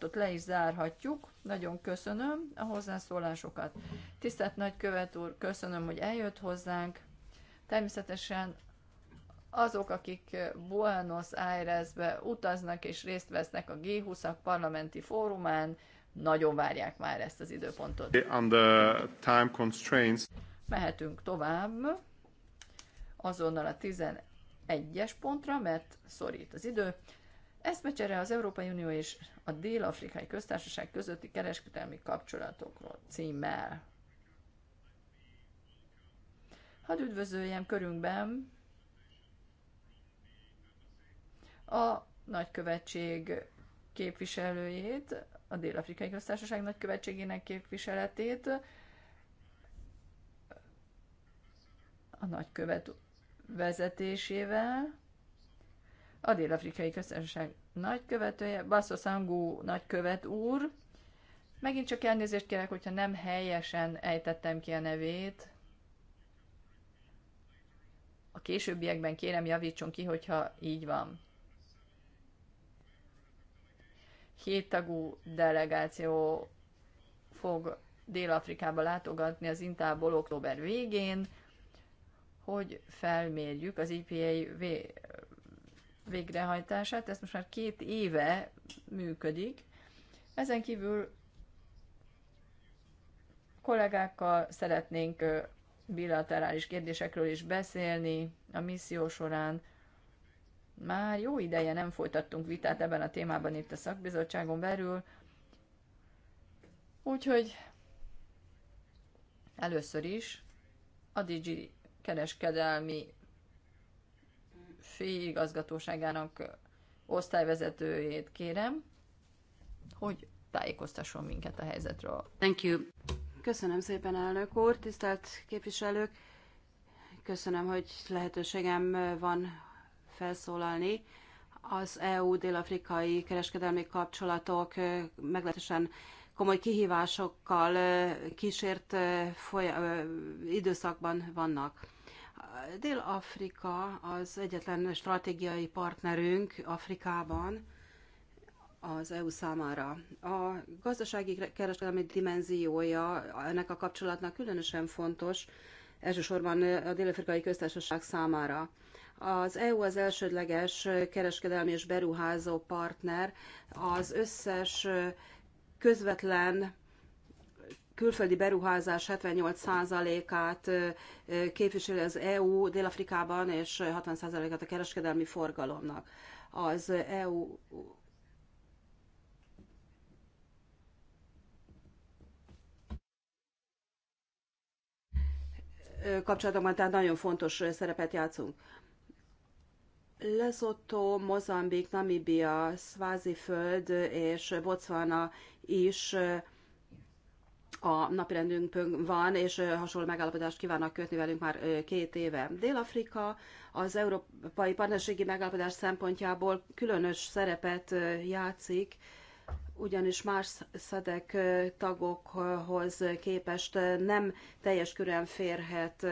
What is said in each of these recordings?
pontot le is zárhatjuk. Nagyon köszönöm a hozzászólásokat. Tisztelt Nagykövet úr, köszönöm, hogy eljött hozzánk. Természetesen azok, akik Buenos Airesbe utaznak és részt vesznek a G20-ak parlamenti fórumán, nagyon várják már ezt az időpontot. Under time constraints. Mehetünk tovább azonnal a 11-es pontra, mert szorít az idő. Eszmecsere az Európai Unió és a Dél-Afrikai Köztársaság közötti kereskedelmi kapcsolatokról címmel. Hadd üdvözöljem körünkben a nagykövetség képviselőjét, a Dél-Afrikai Köztársaság nagykövetségének képviseletét, a nagykövet vezetésével, a Dél-Afrikai Köztársaság nagykövetője, Basso Sangu nagykövet úr. Megint csak elnézést kérek, hogyha nem helyesen ejtettem ki a nevét. A későbbiekben kérem javítson ki, hogyha így van. Héttagú delegáció fog Dél-Afrikába látogatni az Intából október végén, hogy felmérjük az IPA végrehajtását, ez most már két éve működik. Ezen kívül kollégákkal szeretnénk bilaterális kérdésekről is beszélni a misszió során. Már jó ideje nem folytattunk vitát ebben a témában itt a szakbizottságon belül, úgyhogy először is a Digi kereskedelmi főigazgatóságának osztályvezetőjét kérem, hogy tájékoztasson minket a helyzetről. Thank you. Köszönöm szépen, elnök úr, tisztelt képviselők. Köszönöm, hogy lehetőségem van felszólalni. Az EU-dél-afrikai kereskedelmi kapcsolatok meglehetősen komoly kihívásokkal kísért időszakban vannak. Dél-Afrika az egyetlen stratégiai partnerünk Afrikában az EU számára. A gazdasági kereskedelmi dimenziója ennek a kapcsolatnak különösen fontos, elsősorban a dél-afrikai köztársaság számára. Az EU az elsődleges kereskedelmi és beruházó partner az összes közvetlen külföldi beruházás 78%-át képviseli az EU Dél-Afrikában, és 60%-át a kereskedelmi forgalomnak. Az EU kapcsolatokban, tehát nagyon fontos szerepet játszunk. Lesotho, Mozambik, Namibia, Föld és Botswana is a napirendünkön van, és hasonló megállapodást kívánnak kötni velünk már két éve. Dél-Afrika az európai partnerségi megállapodás szempontjából különös szerepet játszik, ugyanis más szedek tagokhoz képest nem teljes körülön férhet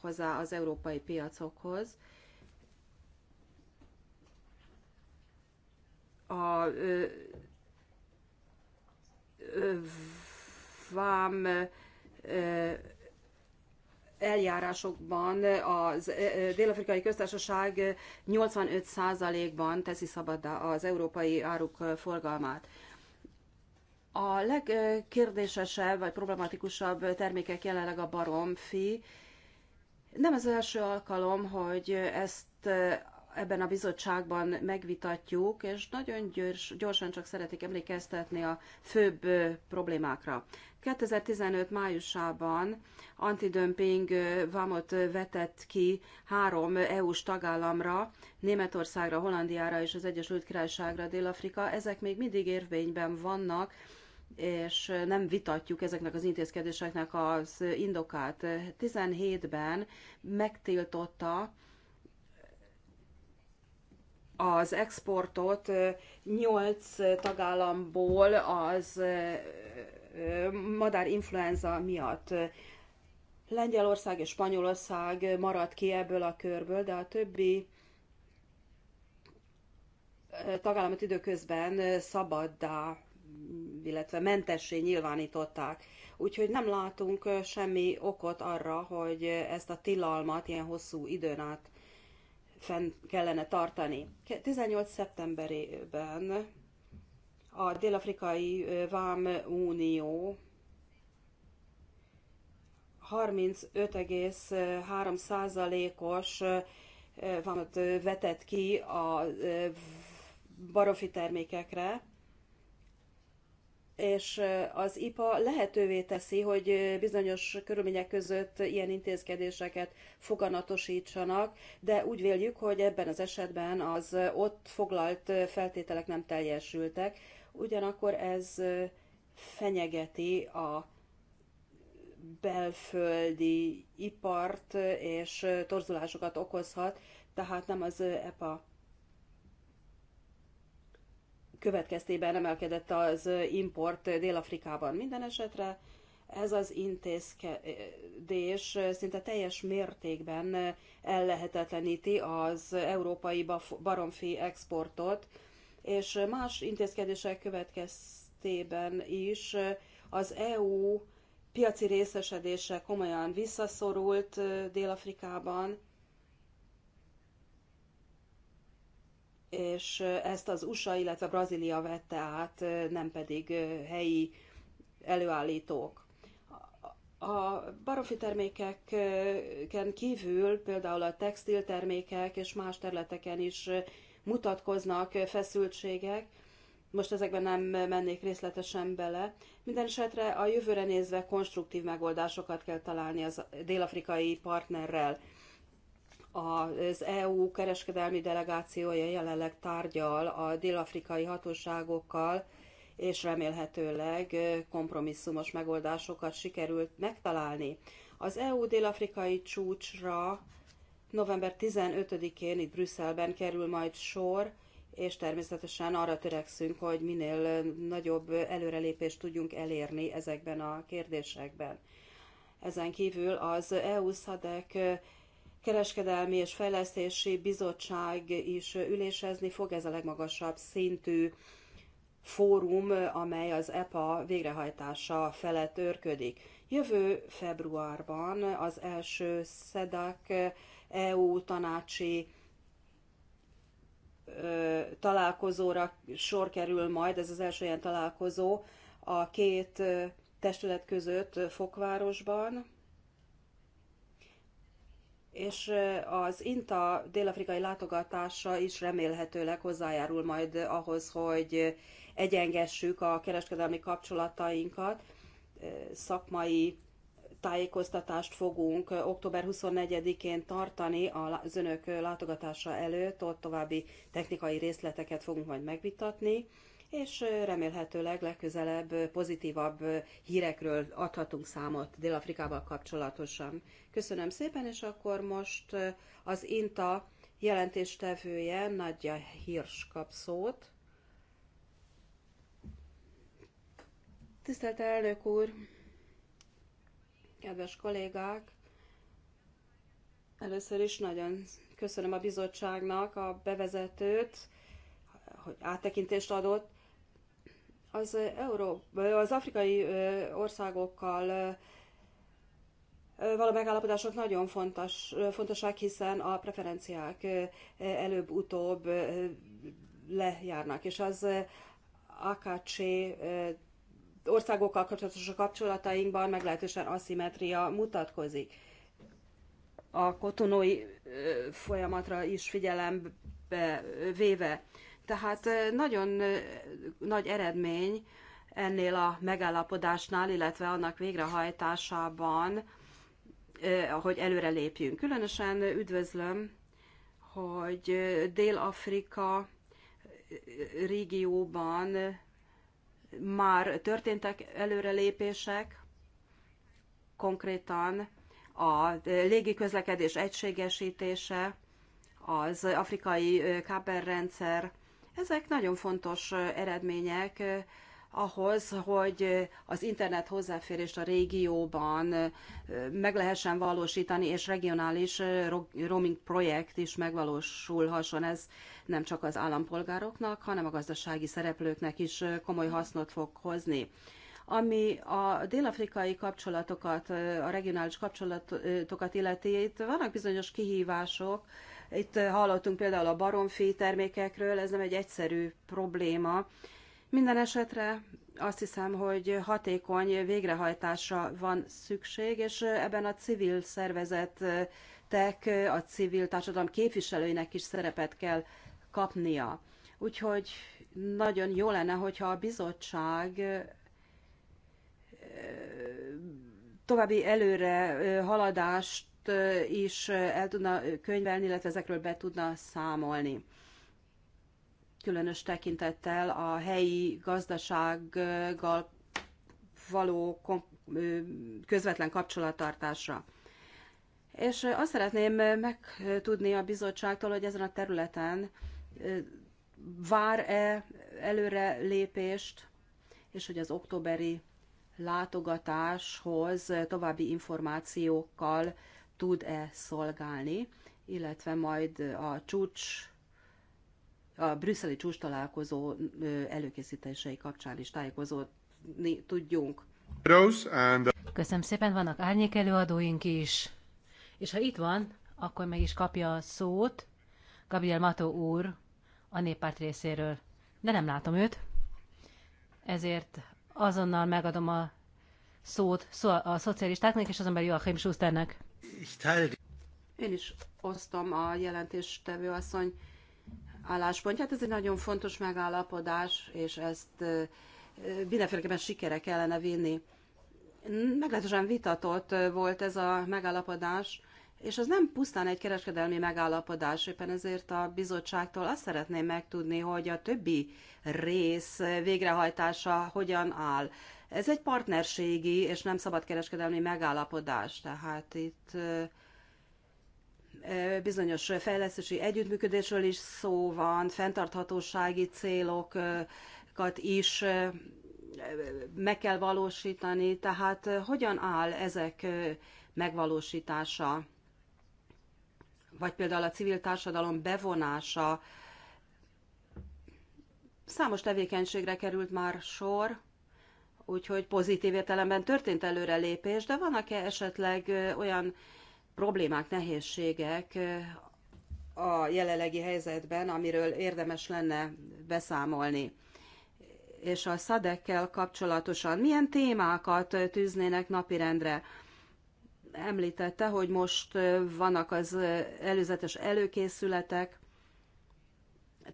hozzá az európai piacokhoz. A ö, ö, vám eljárásokban az Dél-Afrikai Köztársaság 85%-ban teszi szabadá az európai áruk forgalmát. A legkérdésesebb vagy problematikusabb termékek jelenleg a baromfi. Nem az első alkalom, hogy ezt ebben a bizottságban megvitatjuk, és nagyon gyors, gyorsan csak szeretik emlékeztetni a főbb problémákra. 2015 májusában antidömping vámot vetett ki három EU-s tagállamra, Németországra, Hollandiára és az Egyesült Királyságra, Dél-Afrika. Ezek még mindig érvényben vannak, és nem vitatjuk ezeknek az intézkedéseknek az indokát. 17-ben megtiltotta az exportot nyolc tagállamból az madárinfluenza miatt. Lengyelország és Spanyolország maradt ki ebből a körből, de a többi tagállamot időközben szabaddá, illetve mentessé nyilvánították. Úgyhogy nem látunk semmi okot arra, hogy ezt a tilalmat ilyen hosszú időn át fenn kellene tartani. 18. szeptemberében a Dél-Afrikai Vám Unió 35,3%-os vámot vetett ki a barofi termékekre, és az IPA lehetővé teszi, hogy bizonyos körülmények között ilyen intézkedéseket foganatosítsanak, de úgy véljük, hogy ebben az esetben az ott foglalt feltételek nem teljesültek, ugyanakkor ez fenyegeti a belföldi ipart és torzulásokat okozhat, tehát nem az EPA következtében emelkedett az import Dél-Afrikában. Minden esetre ez az intézkedés szinte teljes mértékben ellehetetleníti az európai baromfi exportot, és más intézkedések következtében is az EU piaci részesedése komolyan visszaszorult Dél-Afrikában, és ezt az USA, illetve Brazília vette át, nem pedig helyi előállítók. A barofi termékeken kívül például a textiltermékek és más területeken is mutatkoznak feszültségek. Most ezekben nem mennék részletesen bele. Minden esetre a jövőre nézve konstruktív megoldásokat kell találni az dél-afrikai partnerrel az EU kereskedelmi delegációja jelenleg tárgyal a dél-afrikai hatóságokkal, és remélhetőleg kompromisszumos megoldásokat sikerült megtalálni. Az EU dél-afrikai csúcsra november 15-én itt Brüsszelben kerül majd sor, és természetesen arra törekszünk, hogy minél nagyobb előrelépést tudjunk elérni ezekben a kérdésekben. Ezen kívül az EU-SZADEK kereskedelmi és fejlesztési bizottság is ülésezni fog, ez a legmagasabb szintű fórum, amely az EPA végrehajtása felett őrködik. Jövő februárban az első SZEDAK EU tanácsi találkozóra sor kerül majd, ez az első ilyen találkozó a két testület között Fokvárosban, és az INTA dél-afrikai látogatása is remélhetőleg hozzájárul majd ahhoz, hogy egyengessük a kereskedelmi kapcsolatainkat, szakmai tájékoztatást fogunk október 24-én tartani az önök látogatása előtt, ott további technikai részleteket fogunk majd megvitatni és remélhetőleg legközelebb pozitívabb hírekről adhatunk számot Dél-Afrikával kapcsolatosan. Köszönöm szépen, és akkor most az INTA jelentéstevője Nagyja Hirsch kap szót. Tisztelt elnök úr, kedves kollégák! Először is nagyon köszönöm a bizottságnak a bevezetőt, hogy áttekintést adott. Az, Euró, az afrikai országokkal való megállapodások nagyon fontos, fontosak, hiszen a preferenciák előbb-utóbb lejárnak, és az AKC országokkal kapcsolatos kapcsolatainkban meglehetősen aszimetria mutatkozik. A kotonói folyamatra is figyelembe véve. Tehát nagyon nagy eredmény ennél a megállapodásnál, illetve annak végrehajtásában, hogy előre lépjünk. Különösen üdvözlöm, hogy Dél-Afrika régióban már történtek előrelépések, konkrétan a légiközlekedés egységesítése, az afrikai kábelrendszer ezek nagyon fontos eredmények ahhoz, hogy az internet hozzáférést a régióban meg lehessen valósítani, és regionális roaming projekt is megvalósulhasson. Ez nem csak az állampolgároknak, hanem a gazdasági szereplőknek is komoly hasznot fog hozni ami a dél-afrikai kapcsolatokat, a regionális kapcsolatokat illeti, itt vannak bizonyos kihívások, itt eh, hallottunk például a baromfi termékekről, ez nem egy egyszerű probléma. Minden esetre azt hiszem, hogy hatékony végrehajtásra van szükség, és eh, ebben a civil szervezetek, eh, a civil társadalom képviselőinek is szerepet kell kapnia. Úgyhogy nagyon jó lenne, hogyha a bizottság további előre haladást is el tudna könyvelni, illetve ezekről be tudna számolni. Különös tekintettel a helyi gazdasággal való közvetlen kapcsolattartásra. És azt szeretném megtudni a bizottságtól, hogy ezen a területen vár-e előre lépést, és hogy az októberi látogatáshoz további információkkal tud-e szolgálni, illetve majd a csúcs, a brüsszeli csúcs találkozó előkészítései kapcsán is tájékozódni tudjunk. Köszönöm szépen, vannak árnyék előadóink is, és ha itt van, akkor meg is kapja a szót Gabriel Mató úr a néppárt részéről, de nem látom őt, ezért azonnal megadom a szót a szocialistáknak és az emberi Joachim Schusternek. Én is osztom a jelentéstevő asszony álláspontját. Ez egy nagyon fontos megállapodás, és ezt mindenféleképpen sikere kellene vinni. Meglehetősen vitatott volt ez a megállapodás, és az nem pusztán egy kereskedelmi megállapodás, éppen ezért a bizottságtól azt szeretném megtudni, hogy a többi rész végrehajtása hogyan áll. Ez egy partnerségi és nem szabadkereskedelmi megállapodás, tehát itt bizonyos fejlesztési együttműködésről is szó van, fenntarthatósági célokat is meg kell valósítani, tehát hogyan áll ezek megvalósítása, vagy például a civil társadalom bevonása. Számos tevékenységre került már sor, úgyhogy pozitív értelemben történt előrelépés, de vannak-e esetleg olyan problémák, nehézségek a jelenlegi helyzetben, amiről érdemes lenne beszámolni? És a szadekkel kapcsolatosan milyen témákat tűznének napirendre? Említette, hogy most vannak az előzetes előkészületek,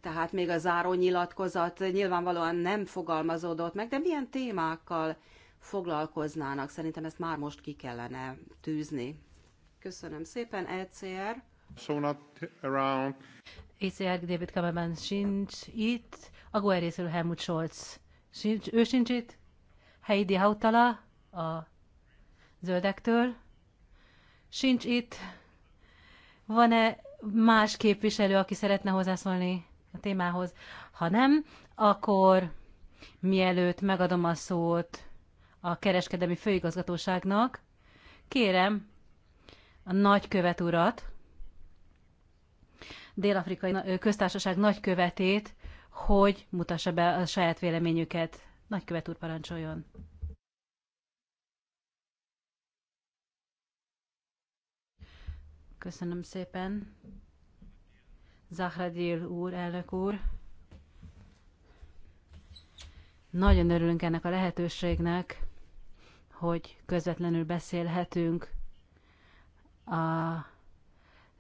tehát még a záró nyilatkozat nyilvánvalóan nem fogalmazódott meg, de milyen témákkal foglalkoznának? Szerintem ezt már most ki kellene tűzni. Köszönöm szépen, ECR. So not around. ECR David Kamerman sincs itt, a GUE részéről Helmut Scholz sincs, ő sincs itt, Heidi Hautala a zöldektől sincs itt. Van-e más képviselő, aki szeretne hozzászólni? a témához. Ha nem, akkor mielőtt megadom a szót a kereskedelmi főigazgatóságnak, kérem a nagykövet urat, dél-afrikai köztársaság nagykövetét, hogy mutassa be a saját véleményüket. Nagykövet úr parancsoljon. Köszönöm szépen. Zahradil úr, elnök úr. Nagyon örülünk ennek a lehetőségnek, hogy közvetlenül beszélhetünk a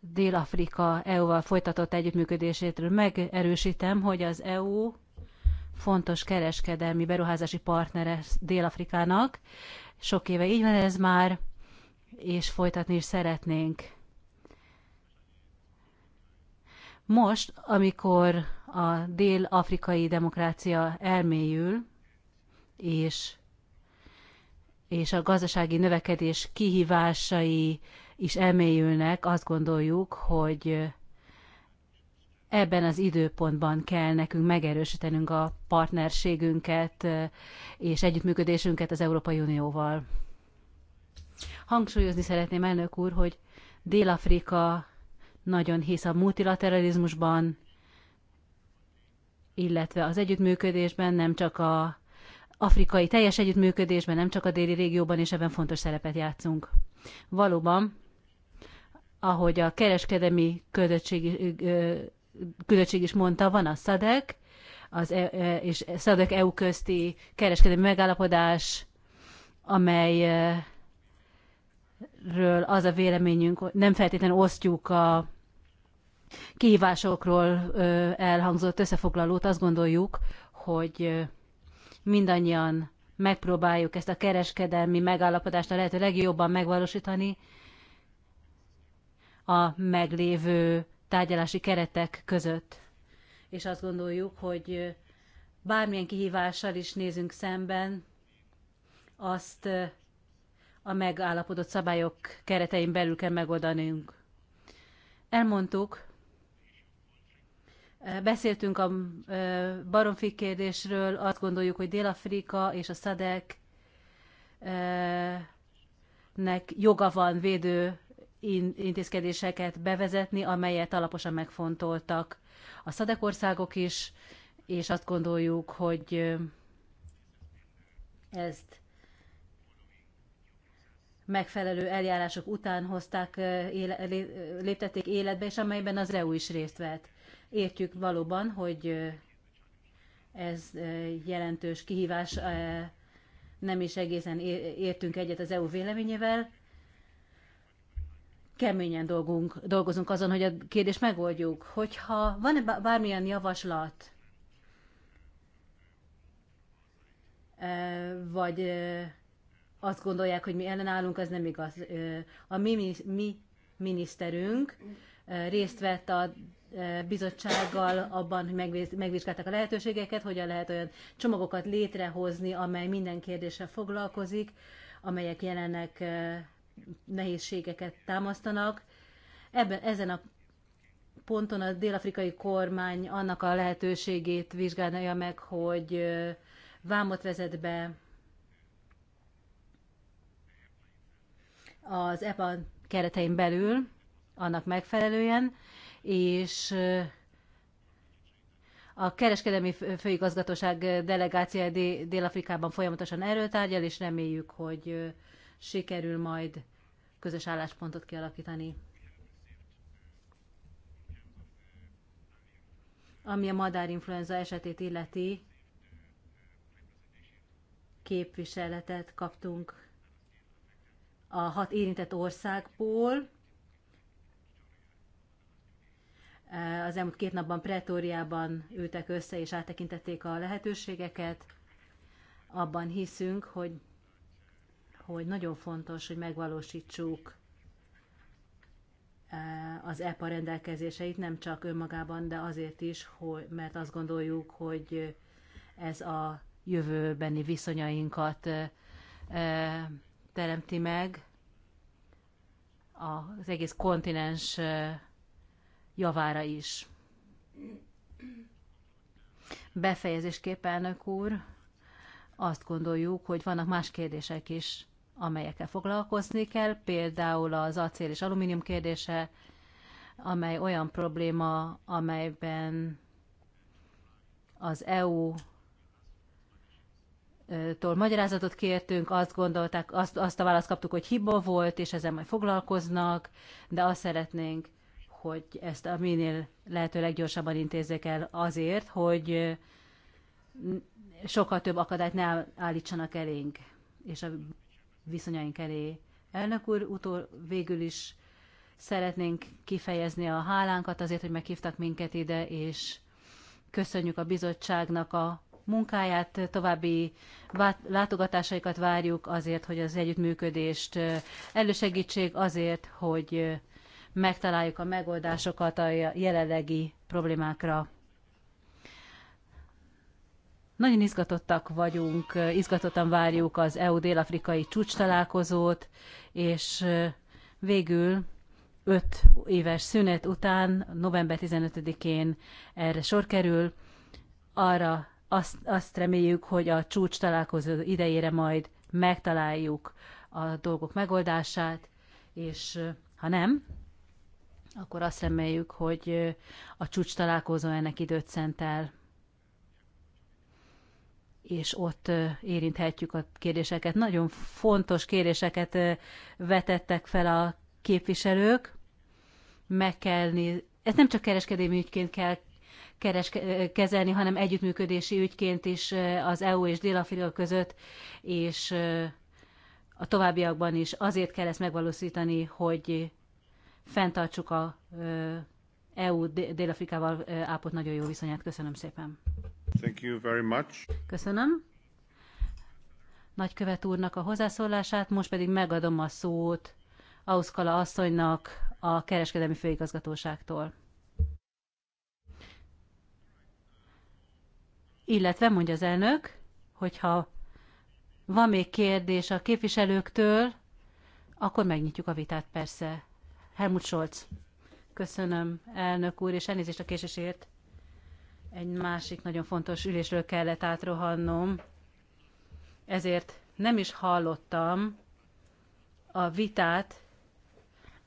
Dél-Afrika EU-val folytatott együttműködésétől. Megerősítem, hogy az EU fontos kereskedelmi beruházási partnere Dél-Afrikának. Sok éve így van ez már, és folytatni is szeretnénk Most, amikor a dél-afrikai demokrácia elmélyül, és, és a gazdasági növekedés kihívásai is elmélyülnek, azt gondoljuk, hogy ebben az időpontban kell nekünk megerősítenünk a partnerségünket és együttműködésünket az Európai Unióval. Hangsúlyozni szeretném, elnök úr, hogy Dél-Afrika nagyon hisz a multilateralizmusban, illetve az együttműködésben, nem csak a afrikai teljes együttműködésben, nem csak a déli régióban, és ebben fontos szerepet játszunk. Valóban, ahogy a kereskedemi ködöttség, küldöttség is mondta, van a SZADEK, az e, e és SZADEK EU közti kereskedelmi megállapodás, amely ről az a véleményünk, nem feltétlenül osztjuk a kihívásokról elhangzott összefoglalót, azt gondoljuk, hogy mindannyian megpróbáljuk ezt a kereskedelmi megállapodást a lehető legjobban megvalósítani a meglévő tárgyalási keretek között. És azt gondoljuk, hogy bármilyen kihívással is nézünk szemben, azt a megállapodott szabályok keretein belül kell megoldanunk. Elmondtuk, eh, beszéltünk a eh, baromfi kérdésről, azt gondoljuk, hogy Dél-Afrika és a SZADEK eh, nek joga van védő intézkedéseket bevezetni, amelyet alaposan megfontoltak a szadek országok is, és azt gondoljuk, hogy ezt megfelelő eljárások után hozták, léptették életbe, és amelyben az EU is részt vett. Értjük valóban, hogy ez jelentős kihívás, nem is egészen értünk egyet az EU véleményével. Keményen dolgunk, dolgozunk azon, hogy a kérdést megoldjuk. Hogyha van-e bármilyen javaslat, vagy azt gondolják, hogy mi ellenállunk, az nem igaz. A mi, mi miniszterünk részt vett a bizottsággal abban, hogy megvizsgálták a lehetőségeket, hogyan lehet olyan csomagokat létrehozni, amely minden kérdéssel foglalkozik, amelyek jelenek nehézségeket támasztanak. Ebben, ezen a ponton a délafrikai kormány annak a lehetőségét vizsgálja meg, hogy vámot vezet be az EPA keretein belül, annak megfelelően, és a kereskedelmi főigazgatóság delegációja Dél-Afrikában folyamatosan erről tárgyal, és reméljük, hogy sikerül majd közös álláspontot kialakítani. Ami a madárinfluenza esetét illeti, képviseletet kaptunk a hat érintett országból. Az elmúlt két napban Pretóriában ültek össze és áttekintették a lehetőségeket. Abban hiszünk, hogy, hogy nagyon fontos, hogy megvalósítsuk e, az EPA rendelkezéseit, nem csak önmagában, de azért is, hogy, mert azt gondoljuk, hogy ez a jövőbeni viszonyainkat e, e, teremti meg az egész kontinens javára is. befejezés elnök úr, azt gondoljuk, hogy vannak más kérdések is, amelyekkel foglalkozni kell, például az acél és alumínium kérdése, amely olyan probléma, amelyben az EU tól magyarázatot kértünk, azt gondolták, azt, azt a választ kaptuk, hogy hiba volt, és ezzel majd foglalkoznak, de azt szeretnénk, hogy ezt a minél lehető leggyorsabban intézzék el azért, hogy sokkal több akadályt ne állítsanak elénk, és a viszonyaink elé. Elnök úr, utol végül is szeretnénk kifejezni a hálánkat azért, hogy meghívtak minket ide, és köszönjük a bizottságnak a munkáját, további látogatásaikat várjuk azért, hogy az együttműködést elősegítsék, azért, hogy megtaláljuk a megoldásokat a jelenlegi problémákra. Nagyon izgatottak vagyunk, izgatottan várjuk az EU dél-afrikai csúcs találkozót, és végül 5 éves szünet után, november 15-én erre sor kerül, arra azt, azt reméljük, hogy a csúcs találkozó idejére majd megtaláljuk a dolgok megoldását, és ha nem, akkor azt reméljük, hogy a csúcs találkozó ennek időt szentel, és ott érinthetjük a kérdéseket. Nagyon fontos kérdéseket vetettek fel a képviselők. Meg kell néz... Ezt nem csak kereskedémi ügyként kell kereske, kezelni, hanem együttműködési ügyként is az EU és Dél-Afrika között, és a továbbiakban is azért kell ezt megvalósítani, hogy fenntartsuk a EU Dél-Afrikával ápolt nagyon jó viszonyát. Köszönöm szépen. Thank you very much. Köszönöm. Nagykövet úrnak a hozzászólását, most pedig megadom a szót Auszkala asszonynak a kereskedelmi főigazgatóságtól. illetve mondja az elnök, hogyha van még kérdés a képviselőktől, akkor megnyitjuk a vitát persze. Helmut Scholz. Köszönöm, elnök úr, és elnézést a késésért. Egy másik nagyon fontos ülésről kellett átrohannom, ezért nem is hallottam a vitát,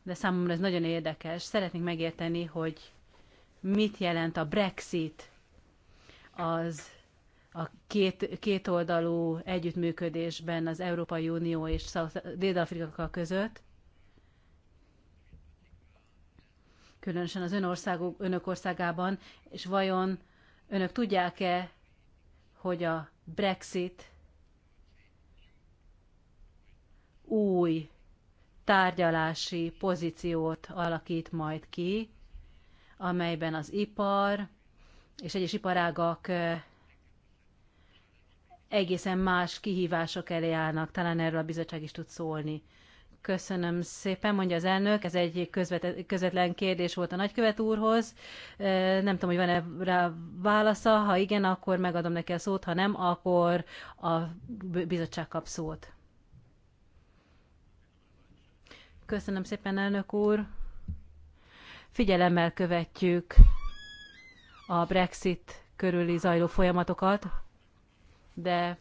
de számomra ez nagyon érdekes. Szeretnénk megérteni, hogy mit jelent a Brexit az a két, kétoldalú együttműködésben az Európai Unió és Dél-Afrika között, különösen az ön országok, önök országában, és vajon önök tudják-e, hogy a Brexit új tárgyalási pozíciót alakít majd ki, amelyben az ipar és egyes iparágak egészen más kihívások elé állnak. Talán erről a bizottság is tud szólni. Köszönöm szépen, mondja az elnök. Ez egy közvet, közvetlen kérdés volt a nagykövet úrhoz. Nem tudom, hogy van-e rá válasza. Ha igen, akkor megadom neki a szót, ha nem, akkor a bizottság kap szót. Köszönöm szépen, elnök úr. Figyelemmel követjük a Brexit körüli zajló folyamatokat de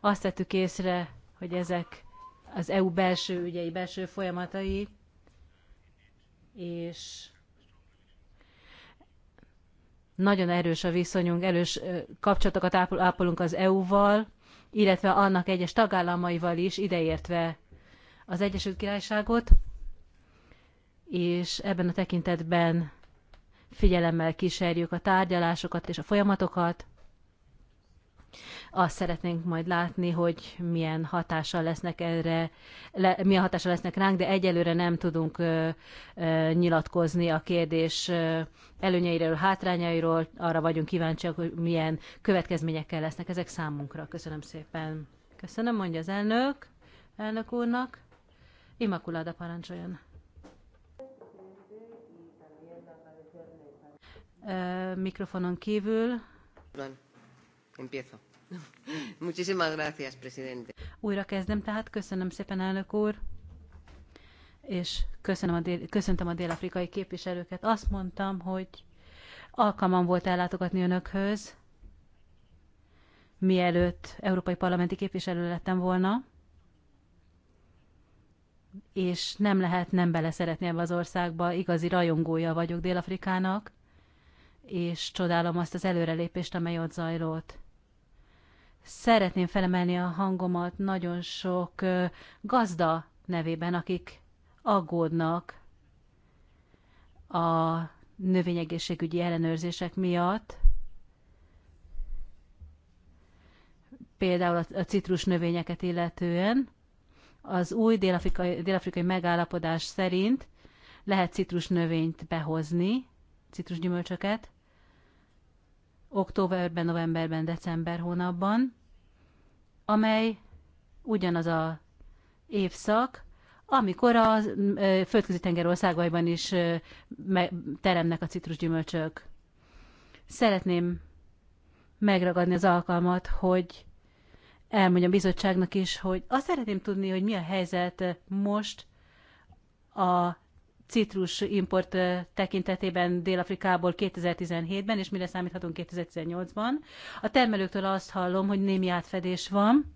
azt tettük észre, hogy ezek az EU belső ügyei, belső folyamatai, és nagyon erős a viszonyunk, erős kapcsolatokat ápolunk az EU-val, illetve annak egyes tagállamaival is, ideértve az Egyesült Királyságot, és ebben a tekintetben figyelemmel kísérjük a tárgyalásokat és a folyamatokat, azt szeretnénk majd látni, hogy milyen hatással lesznek erre, le, milyen hatással lesznek ránk, de egyelőre nem tudunk ö, ö, nyilatkozni a kérdés ö, előnyeiről, hátrányairól. Arra vagyunk kíváncsiak, hogy milyen következményekkel lesznek ezek számunkra. Köszönöm szépen. Köszönöm, mondja az elnök, elnök úrnak. Imakulada parancsoljon. mikrofonon kívül. Van. Empiezo. Muchísimas gracias, presidente. Újra kezdem, tehát köszönöm szépen, elnök úr, és köszönöm a dél, köszöntöm a dél-afrikai képviselőket. Azt mondtam, hogy alkalmam volt ellátogatni önökhöz, mielőtt európai parlamenti képviselő lettem volna, és nem lehet nem beleszeretni ebbe az országba, igazi rajongója vagyok Dél-Afrikának, és csodálom azt az előrelépést, amely ott zajlott. Szeretném felemelni a hangomat nagyon sok gazda nevében, akik aggódnak a növényegészségügyi ellenőrzések miatt. Például a citrus növényeket illetően. Az új dél-afrikai, dél-afrikai megállapodás szerint lehet citrus növényt behozni, citrus gyümölcsöket, októberben, novemberben, december hónapban, amely ugyanaz a évszak, amikor a földközi tenger országaiban is teremnek a citrusgyümölcsök. Szeretném megragadni az alkalmat, hogy elmondjam bizottságnak is, hogy azt szeretném tudni, hogy mi a helyzet most a citrus import tekintetében Dél-Afrikából 2017-ben, és mire számíthatunk 2018-ban. A termelőktől azt hallom, hogy némi átfedés van,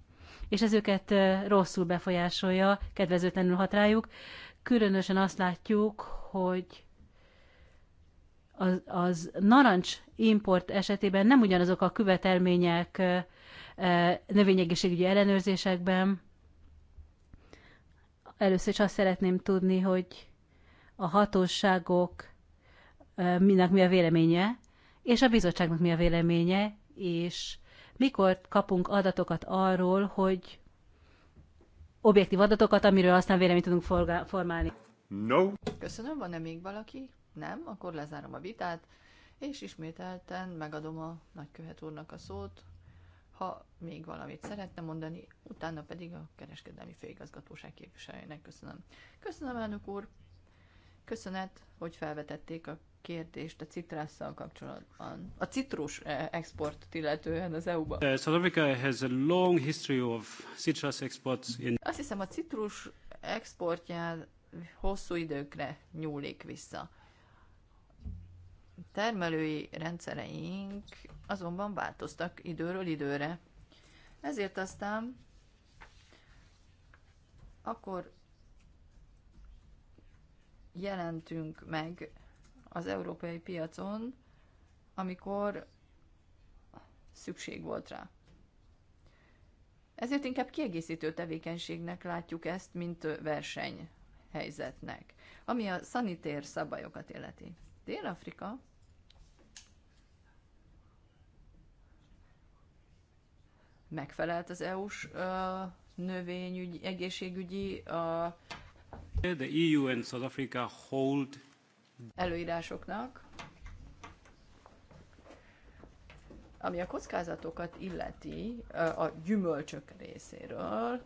és ez őket rosszul befolyásolja, kedvezőtlenül hat rájuk. Különösen azt látjuk, hogy az, az narancs import esetében nem ugyanazok a követelmények növényegészségügyi ellenőrzésekben. Először is azt szeretném tudni, hogy a hatóságok minek mi a véleménye, és a bizottságnak mi a véleménye, és mikor kapunk adatokat arról, hogy objektív adatokat, amiről aztán véleményt tudunk formálni. No. Köszönöm, van-e még valaki? Nem, akkor lezárom a vitát, és ismételten megadom a nagykövet úrnak a szót, ha még valamit szeretne mondani, utána pedig a kereskedelmi főigazgatóság képviselőjének köszönöm. Köszönöm, elnök úr! Köszönet, hogy felvetették a kérdést a citrásszal kapcsolatban. A citrus eh, export illetően az eu ba Uh, eh, South Africa has a long history of citrus exports in... Azt hiszem a citrus exportján hosszú időkre nyúlik vissza. Termelői rendszereink azonban változtak időről időre. Ezért aztán akkor jelentünk meg az európai piacon, amikor szükség volt rá. Ezért inkább kiegészítő tevékenységnek látjuk ezt, mint versenyhelyzetnek, ami a szanitér szabályokat illeti. Dél-Afrika megfelelt az EU-s növényügyi, egészségügyi, a The EU and South Africa hold előírásoknak, ami a kockázatokat illeti a gyümölcsök részéről,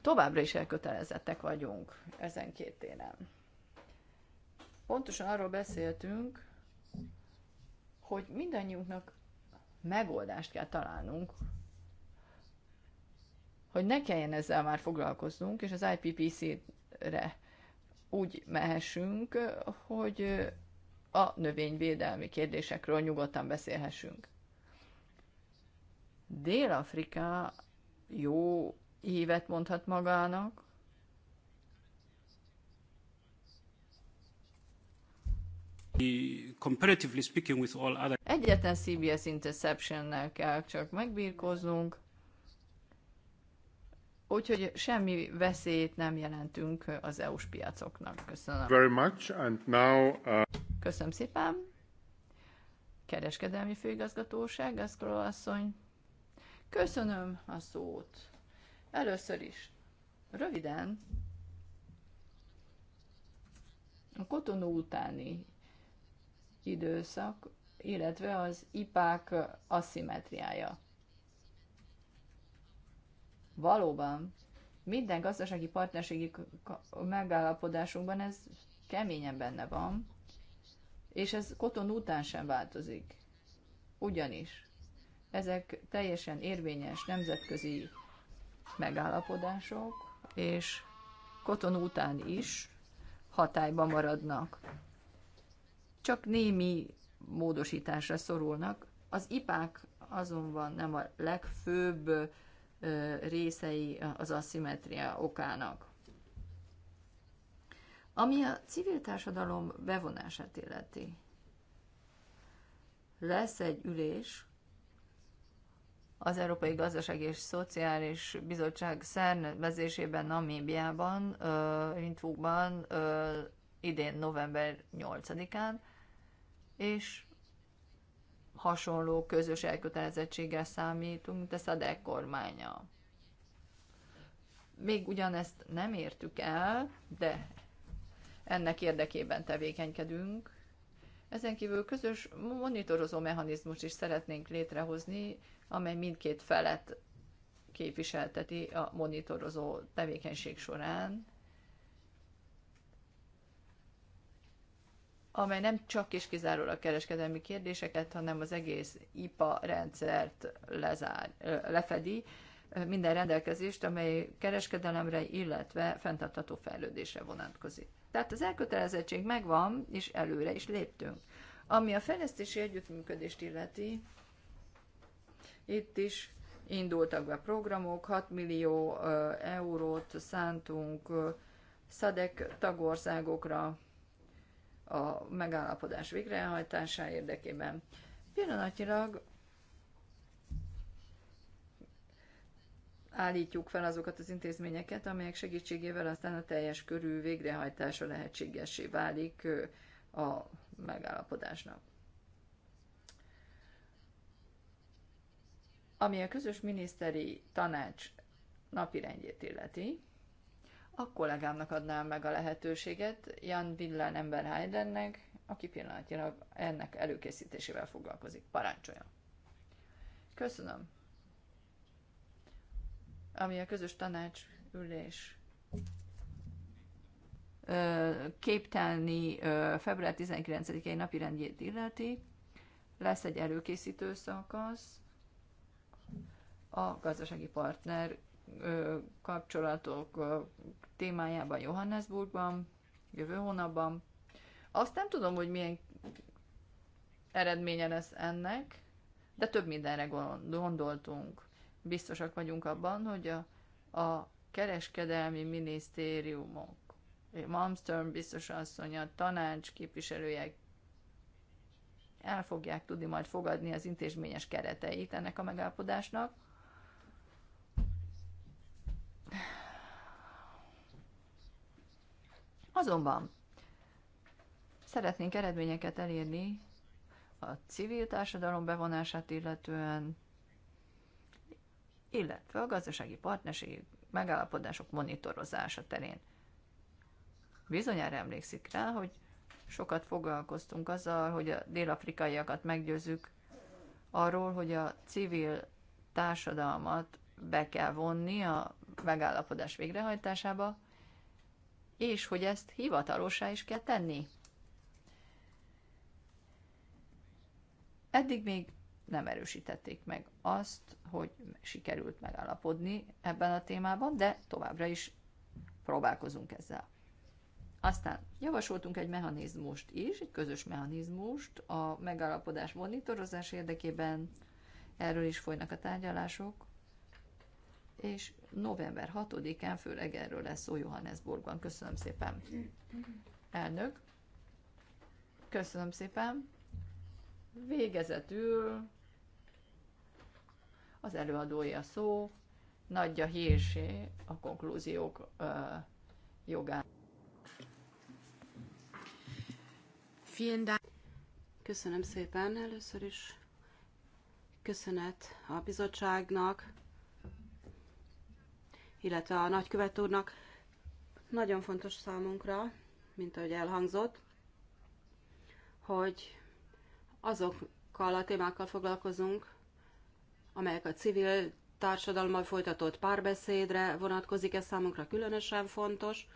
továbbra is elkötelezettek vagyunk ezen két téren. Pontosan arról beszéltünk, hogy mindannyiunknak megoldást kell találnunk, hogy ne kelljen ezzel már foglalkoznunk, és az IPPC re úgy mehessünk, hogy a növényvédelmi kérdésekről nyugodtan beszélhessünk. Dél-Afrika jó évet mondhat magának. Egyetlen CBS interception-nel kell csak megbírkoznunk, úgyhogy semmi veszélyt nem jelentünk az EU-s piacoknak. Köszönöm. Very much, and now, uh... Köszönöm szépen. Kereskedelmi főigazgatóság, az asszony. Köszönöm a szót. Először is, röviden, a kotonó utáni időszak, illetve az ipák aszimetriája. Valóban, minden gazdasági partnerségi megállapodásunkban ez keményen benne van, és ez koton után sem változik. Ugyanis ezek teljesen érvényes nemzetközi megállapodások, és koton után is hatályban maradnak. Csak némi módosításra szorulnak. Az ipák azonban nem a legfőbb részei az aszimetria okának. Ami a civil társadalom bevonását illeti. Lesz egy ülés az Európai gazdaság és Szociális Bizottság szervezésében Namíbiában, Rintvúkban idén november 8-án, és hasonló közös elkötelezettséggel számítunk, mint a SZADEK kormánya. Még ugyanezt nem értük el, de ennek érdekében tevékenykedünk. Ezen kívül közös monitorozó mechanizmus is szeretnénk létrehozni, amely mindkét felet képviselteti a monitorozó tevékenység során, amely nem csak és kizárólag kereskedelmi kérdéseket, hanem az egész IPA rendszert lezár, lefedi, minden rendelkezést, amely kereskedelemre, illetve fenntartható fejlődésre vonatkozik. Tehát az elkötelezettség megvan, és előre is léptünk. Ami a fejlesztési együttműködést illeti, itt is indultak be programok, 6 millió eurót szántunk SZADEK tagországokra, a megállapodás végrehajtása érdekében. Pillanatnyilag állítjuk fel azokat az intézményeket, amelyek segítségével aztán a teljes körű végrehajtása lehetségessé válik a megállapodásnak. Ami a közös miniszteri tanács napirendjét illeti, a kollégámnak adnám meg a lehetőséget, Jan Villan ember Heidennek, aki pillanatilag ennek előkészítésével foglalkozik. Parancsoljon! Köszönöm! Ami a közös tanács ülés, képtelni február 19-i napi rendjét illeti, lesz egy előkészítő szakasz a gazdasági partner kapcsolatok témájában Johannesburgban, jövő hónapban. Azt nem tudom, hogy milyen eredménye lesz ennek, de több mindenre gondoltunk. Biztosak vagyunk abban, hogy a, a kereskedelmi minisztériumok, Malmström biztos asszony, a tanács képviselőjek el fogják tudni majd fogadni az intézményes kereteit ennek a megállapodásnak, Azonban szeretnénk eredményeket elérni a civil társadalom bevonását illetően, illetve a gazdasági partnerségi megállapodások monitorozása terén. Bizonyára emlékszik rá, hogy sokat foglalkoztunk azzal, hogy a Dél-Afrikaiakat meggyőzzük arról, hogy a civil társadalmat be kell vonni a megállapodás végrehajtásába, és hogy ezt hivatalosá is kell tenni. Eddig még nem erősítették meg azt, hogy sikerült megállapodni ebben a témában, de továbbra is próbálkozunk ezzel. Aztán javasoltunk egy mechanizmust is, egy közös mechanizmust a megállapodás monitorozás érdekében, erről is folynak a tárgyalások és november 6-án főleg erről lesz szó Johannesburgban. Köszönöm szépen. Elnök, köszönöm szépen. Végezetül az előadója szó, Nagyja hírsé, a konklúziók ö, jogán. Köszönöm szépen először is. Köszönet a bizottságnak, illetve a nagykövet úrnak. Nagyon fontos számunkra, mint ahogy elhangzott, hogy azokkal a témákkal foglalkozunk, amelyek a civil társadalommal folytatott párbeszédre vonatkozik, ez számunkra különösen fontos,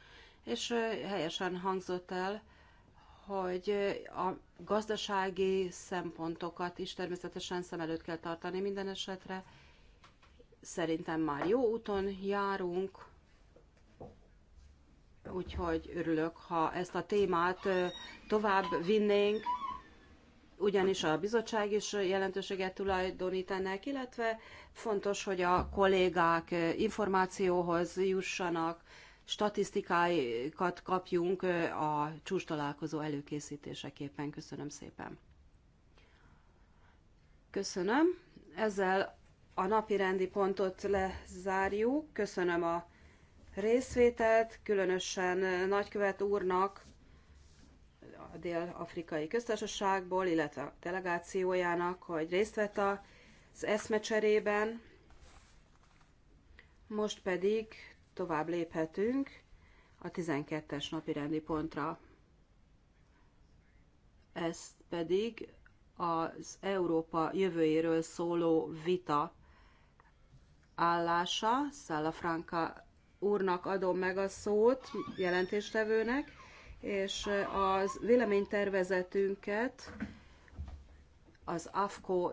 és helyesen hangzott el, hogy a gazdasági szempontokat is természetesen szem előtt kell tartani minden esetre, szerintem már jó úton járunk, úgyhogy örülök, ha ezt a témát tovább vinnénk, ugyanis a bizottság is jelentőséget tulajdonít ennek, illetve fontos, hogy a kollégák információhoz jussanak, statisztikákat kapjunk a csúcs találkozó előkészítéseképpen. Köszönöm szépen. Köszönöm. Ezzel a napi rendi pontot lezárjuk. Köszönöm a részvételt, különösen nagykövet úrnak a Dél-Afrikai Köztársaságból, illetve a delegációjának, hogy részt vett az eszmecserében. Most pedig tovább léphetünk a 12-es napi rendi pontra. Ezt pedig az Európa jövőjéről szóló vita állása. Franka úrnak adom meg a szót, jelentéstevőnek, és az véleménytervezetünket az AFKO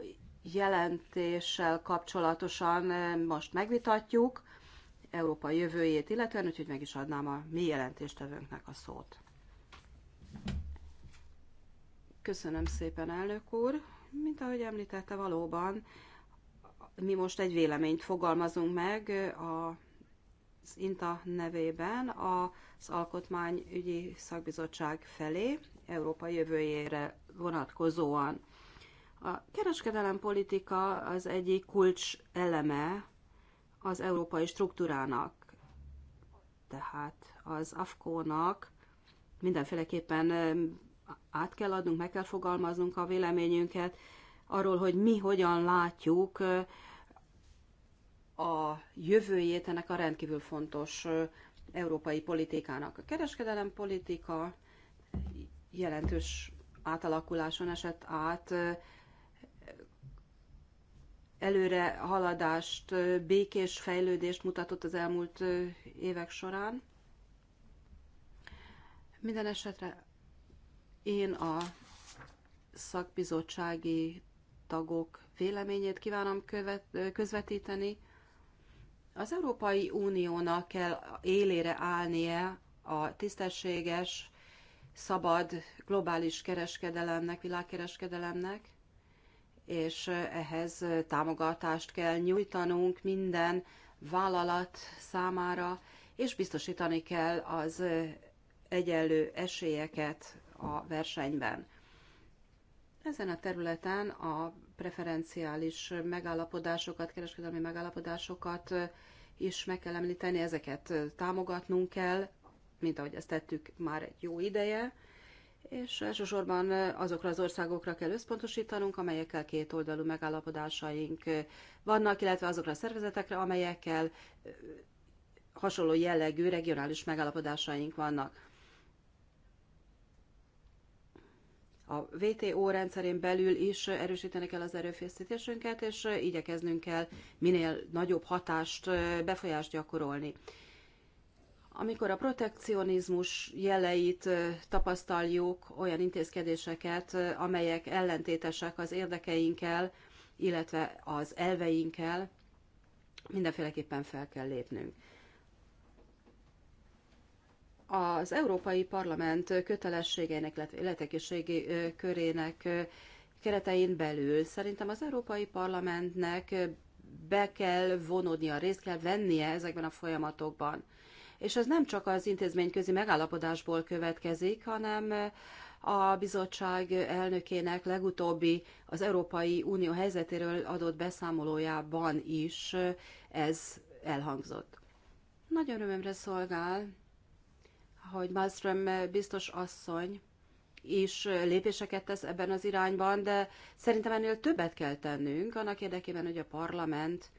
jelentéssel kapcsolatosan eh, most megvitatjuk, Európa jövőjét illetően, úgyhogy meg is adnám a mi jelentéstevőnknek a szót. Köszönöm szépen, elnök úr! Mint ahogy említette, valóban mi most egy véleményt fogalmazunk meg a az INTA nevében az Alkotmányügyi Szakbizottság felé, Európa jövőjére vonatkozóan. A kereskedelem politika az egyik kulcs eleme az európai struktúrának, tehát az afko nak mindenféleképpen át kell adnunk, meg kell fogalmaznunk a véleményünket arról, hogy mi hogyan látjuk a jövőjét ennek a rendkívül fontos európai politikának. A kereskedelem politika jelentős átalakuláson esett át, előre haladást, békés fejlődést mutatott az elmúlt évek során. Minden esetre én a szakbizottsági tagok véleményét kívánom követ, közvetíteni, az Európai Uniónak kell élére állnie a tisztességes, szabad globális kereskedelemnek, világkereskedelemnek, és ehhez támogatást kell nyújtanunk minden vállalat számára, és biztosítani kell az egyenlő esélyeket a versenyben. Ezen a területen a preferenciális megállapodásokat, kereskedelmi megállapodásokat is meg kell említeni, ezeket támogatnunk kell, mint ahogy ezt tettük már egy jó ideje, és elsősorban azokra az országokra kell összpontosítanunk, amelyekkel két oldalú megállapodásaink vannak, illetve azokra a szervezetekre, amelyekkel hasonló jellegű regionális megállapodásaink vannak. a VTO rendszerén belül is erősíteni kell az erőfeszítésünket, és igyekeznünk kell minél nagyobb hatást, befolyást gyakorolni. Amikor a protekcionizmus jeleit tapasztaljuk, olyan intézkedéseket, amelyek ellentétesek az érdekeinkkel, illetve az elveinkkel, mindenféleképpen fel kell lépnünk az Európai Parlament kötelességeinek, illetékiségi körének keretein belül szerintem az Európai Parlamentnek be kell vonódnia, részt kell vennie ezekben a folyamatokban. És ez nem csak az intézményközi megállapodásból következik, hanem a bizottság elnökének legutóbbi az Európai Unió helyzetéről adott beszámolójában is ez elhangzott. nagyon örömömre szolgál, hogy Malmström biztos asszony is lépéseket tesz ebben az irányban, de szerintem ennél többet kell tennünk annak érdekében, hogy a parlament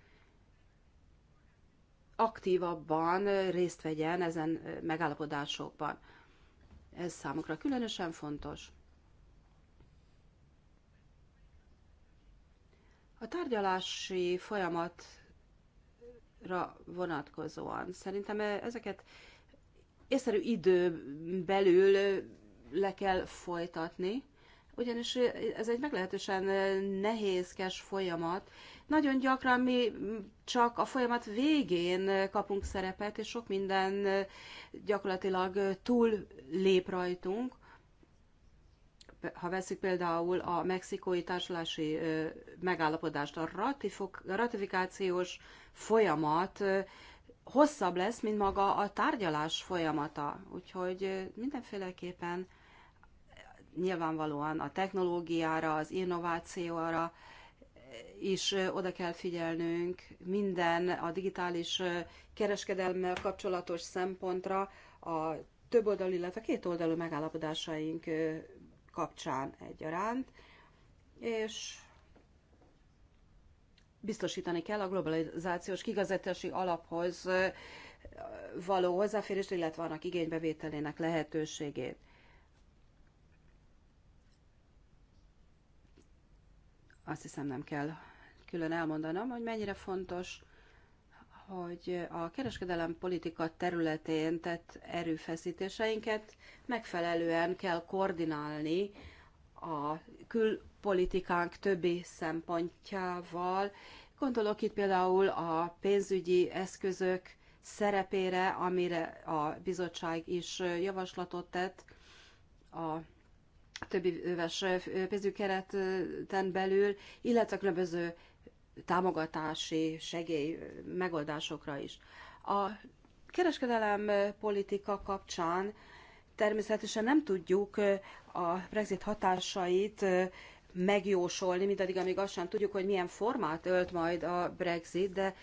aktívabban részt vegyen ezen megállapodásokban. Ez számukra különösen fontos. A tárgyalási folyamatra vonatkozóan szerintem ezeket észszerű idő belül le kell folytatni, ugyanis ez egy meglehetősen nehézkes folyamat. Nagyon gyakran mi csak a folyamat végén kapunk szerepet, és sok minden gyakorlatilag túl lép rajtunk. Ha veszük például a mexikói társulási megállapodást, a ratifikációs folyamat hosszabb lesz, mint maga a tárgyalás folyamata. Úgyhogy mindenféleképpen nyilvánvalóan a technológiára, az innovációra is oda kell figyelnünk, minden a digitális kereskedelmmel kapcsolatos szempontra, a több többoldalú, illetve oldalú megállapodásaink kapcsán egyaránt, és biztosítani kell a globalizációs kigazetési alaphoz való hozzáférést, illetve annak igénybevételének lehetőségét. Azt hiszem nem kell külön elmondanom, hogy mennyire fontos, hogy a kereskedelem politika területén tett erőfeszítéseinket megfelelően kell koordinálni, a külpolitikánk többi szempontjával. Gondolok itt például a pénzügyi eszközök szerepére, amire a bizottság is javaslatot tett a többi öves pénzügyi belül, illetve különböző támogatási segély megoldásokra is. A kereskedelem politika kapcsán Természetesen nem tudjuk a Brexit hatásait megjósolni, mindaddig, amíg azt sem tudjuk, hogy milyen formát ölt majd a Brexit, de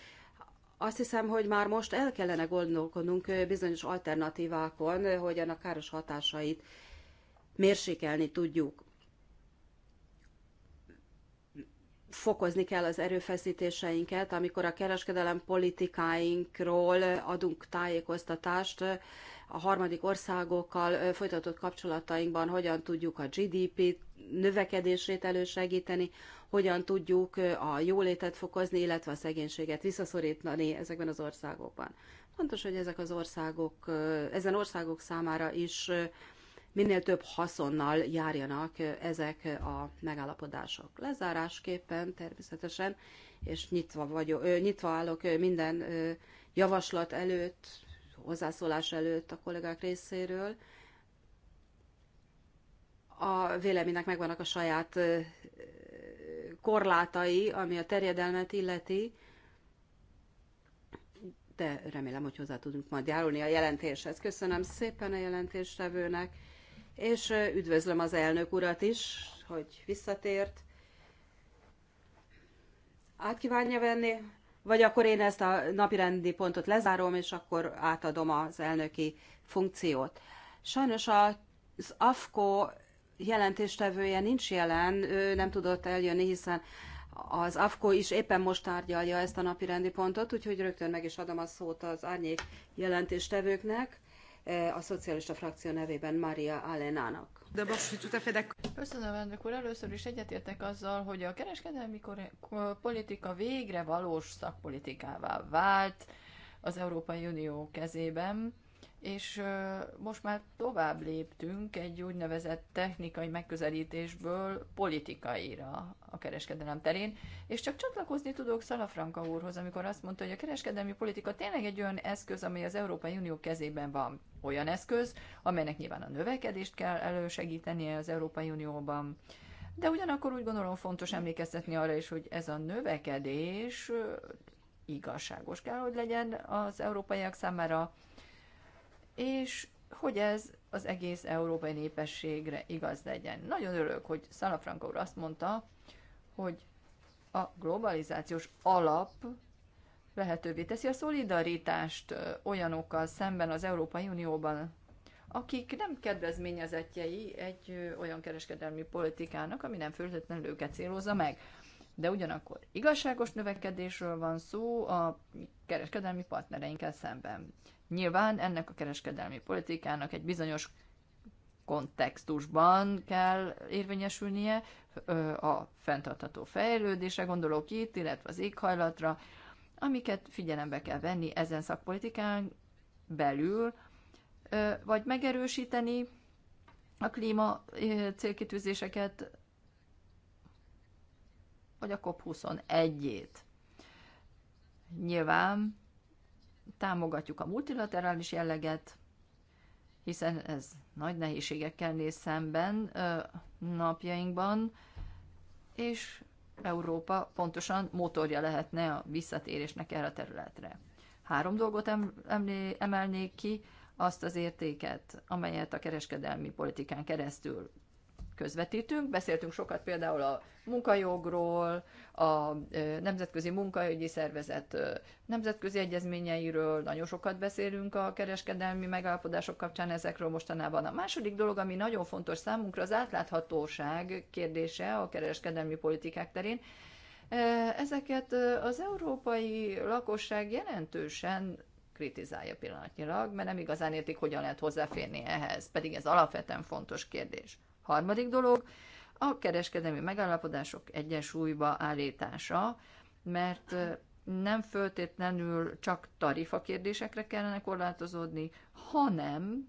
azt hiszem, hogy már most el kellene gondolkodnunk bizonyos alternatívákon, hogy annak káros hatásait mérsékelni tudjuk. Fokozni kell az erőfeszítéseinket, amikor a kereskedelem politikáinkról adunk tájékoztatást, a harmadik országokkal folytatott kapcsolatainkban hogyan tudjuk a GDP növekedését elősegíteni, hogyan tudjuk a jólétet fokozni, illetve a szegénységet visszaszorítani ezekben az országokban. Fontos, hogy ezek az országok, ezen országok számára is minél több haszonnal járjanak ezek a megállapodások. Lezárásképpen természetesen, és nyitva, vagyok, nyitva állok minden javaslat előtt, hozzászólás előtt a kollégák részéről. A véleménynek megvannak a saját korlátai, ami a terjedelmet illeti, de remélem, hogy hozzá tudunk majd járulni a jelentéshez. Köszönöm szépen a jelentéstevőnek, és üdvözlöm az elnök urat is, hogy visszatért. Át kívánja venni vagy akkor én ezt a napirendi pontot lezárom, és akkor átadom az elnöki funkciót. Sajnos az AFKO jelentéstevője nincs jelen, ő nem tudott eljönni, hiszen az AFKO is éppen most tárgyalja ezt a napi rendi pontot, úgyhogy rögtön meg is adom a szót az árnyék jelentéstevőknek, eh, a szocialista frakció nevében Maria Alenának. Köszönöm, elnök úr. Először is egyetértek azzal, hogy a kereskedelmi politika végre valós szakpolitikává vált az Európai Unió kezében és most már tovább léptünk egy úgynevezett technikai megközelítésből politikaira a kereskedelem terén, és csak csatlakozni tudok Szalafranka úrhoz, amikor azt mondta, hogy a kereskedelmi politika tényleg egy olyan eszköz, ami az Európai Unió kezében van. Olyan eszköz, amelynek nyilván a növekedést kell elősegítenie az Európai Unióban, de ugyanakkor úgy gondolom fontos emlékeztetni arra is, hogy ez a növekedés igazságos kell, hogy legyen az európaiak számára, és hogy ez az egész európai népességre igaz legyen. Nagyon örülök, hogy Salafranca úr azt mondta, hogy a globalizációs alap lehetővé teszi a szolidaritást olyanokkal szemben az Európai Unióban, akik nem kedvezményezetjei egy olyan kereskedelmi politikának, ami nem föltétlenül őket célozza meg. De ugyanakkor igazságos növekedésről van szó a kereskedelmi partnereinkkel szemben. Nyilván ennek a kereskedelmi politikának egy bizonyos kontextusban kell érvényesülnie, a fenntartható fejlődésre gondolok itt, illetve az éghajlatra, amiket figyelembe kell venni ezen szakpolitikán belül, vagy megerősíteni a klíma célkitűzéseket, vagy a COP21-ét. Nyilván támogatjuk a multilaterális jelleget, hiszen ez nagy nehézségekkel néz szemben napjainkban, és Európa pontosan motorja lehetne a visszatérésnek erre a területre. Három dolgot emelnék ki, azt az értéket, amelyet a kereskedelmi politikán keresztül közvetítünk. Beszéltünk sokat például a munkajogról, a Nemzetközi Munkaügyi Szervezet nemzetközi egyezményeiről, nagyon sokat beszélünk a kereskedelmi megállapodások kapcsán ezekről mostanában. A második dolog, ami nagyon fontos számunkra, az átláthatóság kérdése a kereskedelmi politikák terén. Ezeket az európai lakosság jelentősen kritizálja pillanatnyilag, mert nem igazán értik, hogyan lehet hozzáférni ehhez, pedig ez alapvetően fontos kérdés. Harmadik dolog, a kereskedelmi megállapodások egyensúlyba állítása, mert nem föltétlenül csak tarifa kérdésekre kellene korlátozódni, hanem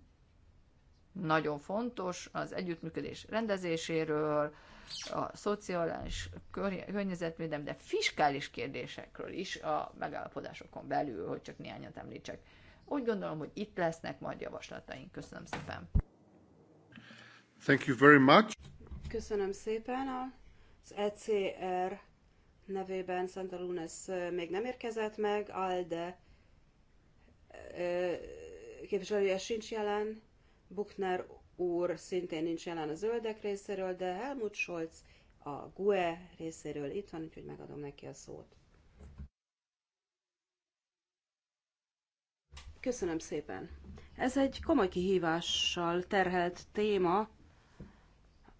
nagyon fontos az együttműködés rendezéséről, a szociális környezetvédelem, de fiskális kérdésekről is a megállapodásokon belül, hogy csak néhányat említsek. Úgy gondolom, hogy itt lesznek majd javaslataink. Köszönöm szépen! Thank you very much. Köszönöm szépen. Az ECR nevében Santa Lunes még nem érkezett meg, Alde képviselője sincs jelen, Buchner úr szintén nincs jelen a zöldek részéről, de Helmut Scholz a GUE részéről itt van, úgyhogy megadom neki a szót. Köszönöm szépen. Ez egy komoly kihívással terhelt téma,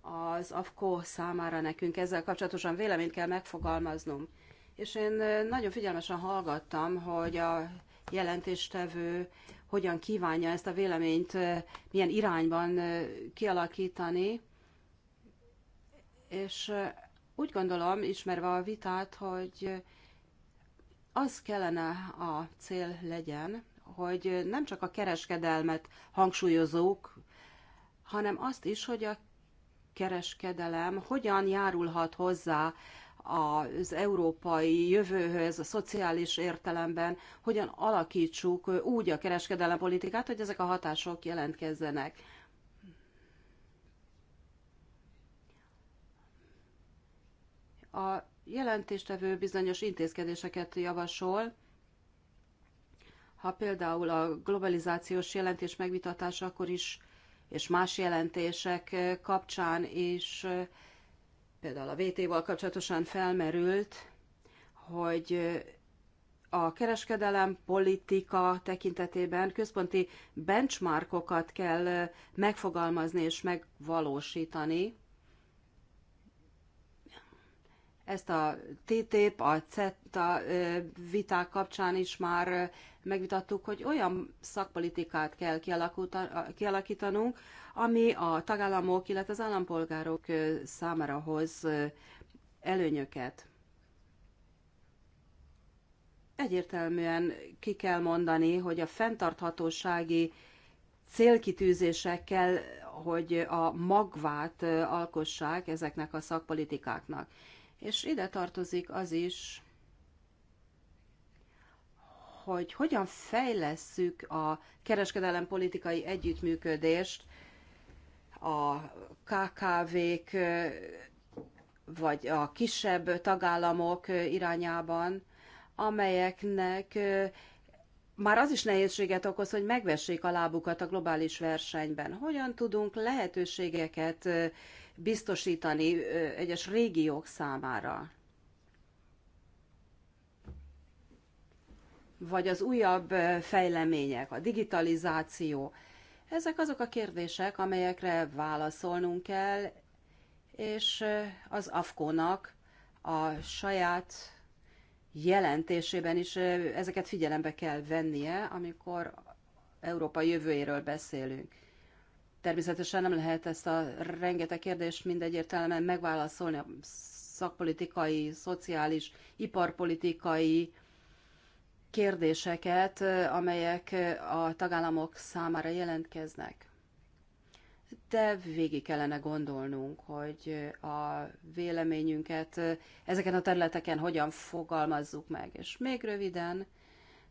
az AFKO számára nekünk ezzel kapcsolatosan véleményt kell megfogalmaznom. És én nagyon figyelmesen hallgattam, hogy a jelentéstevő hogyan kívánja ezt a véleményt, milyen irányban kialakítani. És úgy gondolom, ismerve a vitát, hogy az kellene a cél legyen, hogy nem csak a kereskedelmet hangsúlyozók, hanem azt is, hogy a kereskedelem hogyan járulhat hozzá az európai jövőhöz, a szociális értelemben, hogyan alakítsuk úgy a kereskedelempolitikát, hogy ezek a hatások jelentkezzenek. A jelentéstevő bizonyos intézkedéseket javasol, ha például a globalizációs jelentés megvitatása, akkor is és más jelentések kapcsán is, például a VT-val kapcsolatosan felmerült, hogy a kereskedelem politika tekintetében központi benchmarkokat kell megfogalmazni és megvalósítani. Ezt a TTIP, a CETA viták kapcsán is már megvitattuk, hogy olyan szakpolitikát kell kialakítanunk, ami a tagállamok, illetve az állampolgárok számára hoz előnyöket. Egyértelműen ki kell mondani, hogy a fenntarthatósági célkitűzésekkel, hogy a magvát alkossák ezeknek a szakpolitikáknak. És ide tartozik az is, hogy hogyan fejlesszük a kereskedelem politikai együttműködést a KKV-k vagy a kisebb tagállamok irányában, amelyeknek már az is nehézséget okoz, hogy megvessék a lábukat a globális versenyben. Hogyan tudunk lehetőségeket biztosítani egyes régiók számára? vagy az újabb fejlemények, a digitalizáció. Ezek azok a kérdések, amelyekre válaszolnunk kell, és az AFKO-nak a saját jelentésében is ezeket figyelembe kell vennie, amikor Európa jövőjéről beszélünk. Természetesen nem lehet ezt a rengeteg kérdést mindegyértelműen megválaszolni a szakpolitikai, szociális, iparpolitikai kérdéseket, amelyek a tagállamok számára jelentkeznek. De végig kellene gondolnunk, hogy a véleményünket ezeken a területeken hogyan fogalmazzuk meg. És még röviden,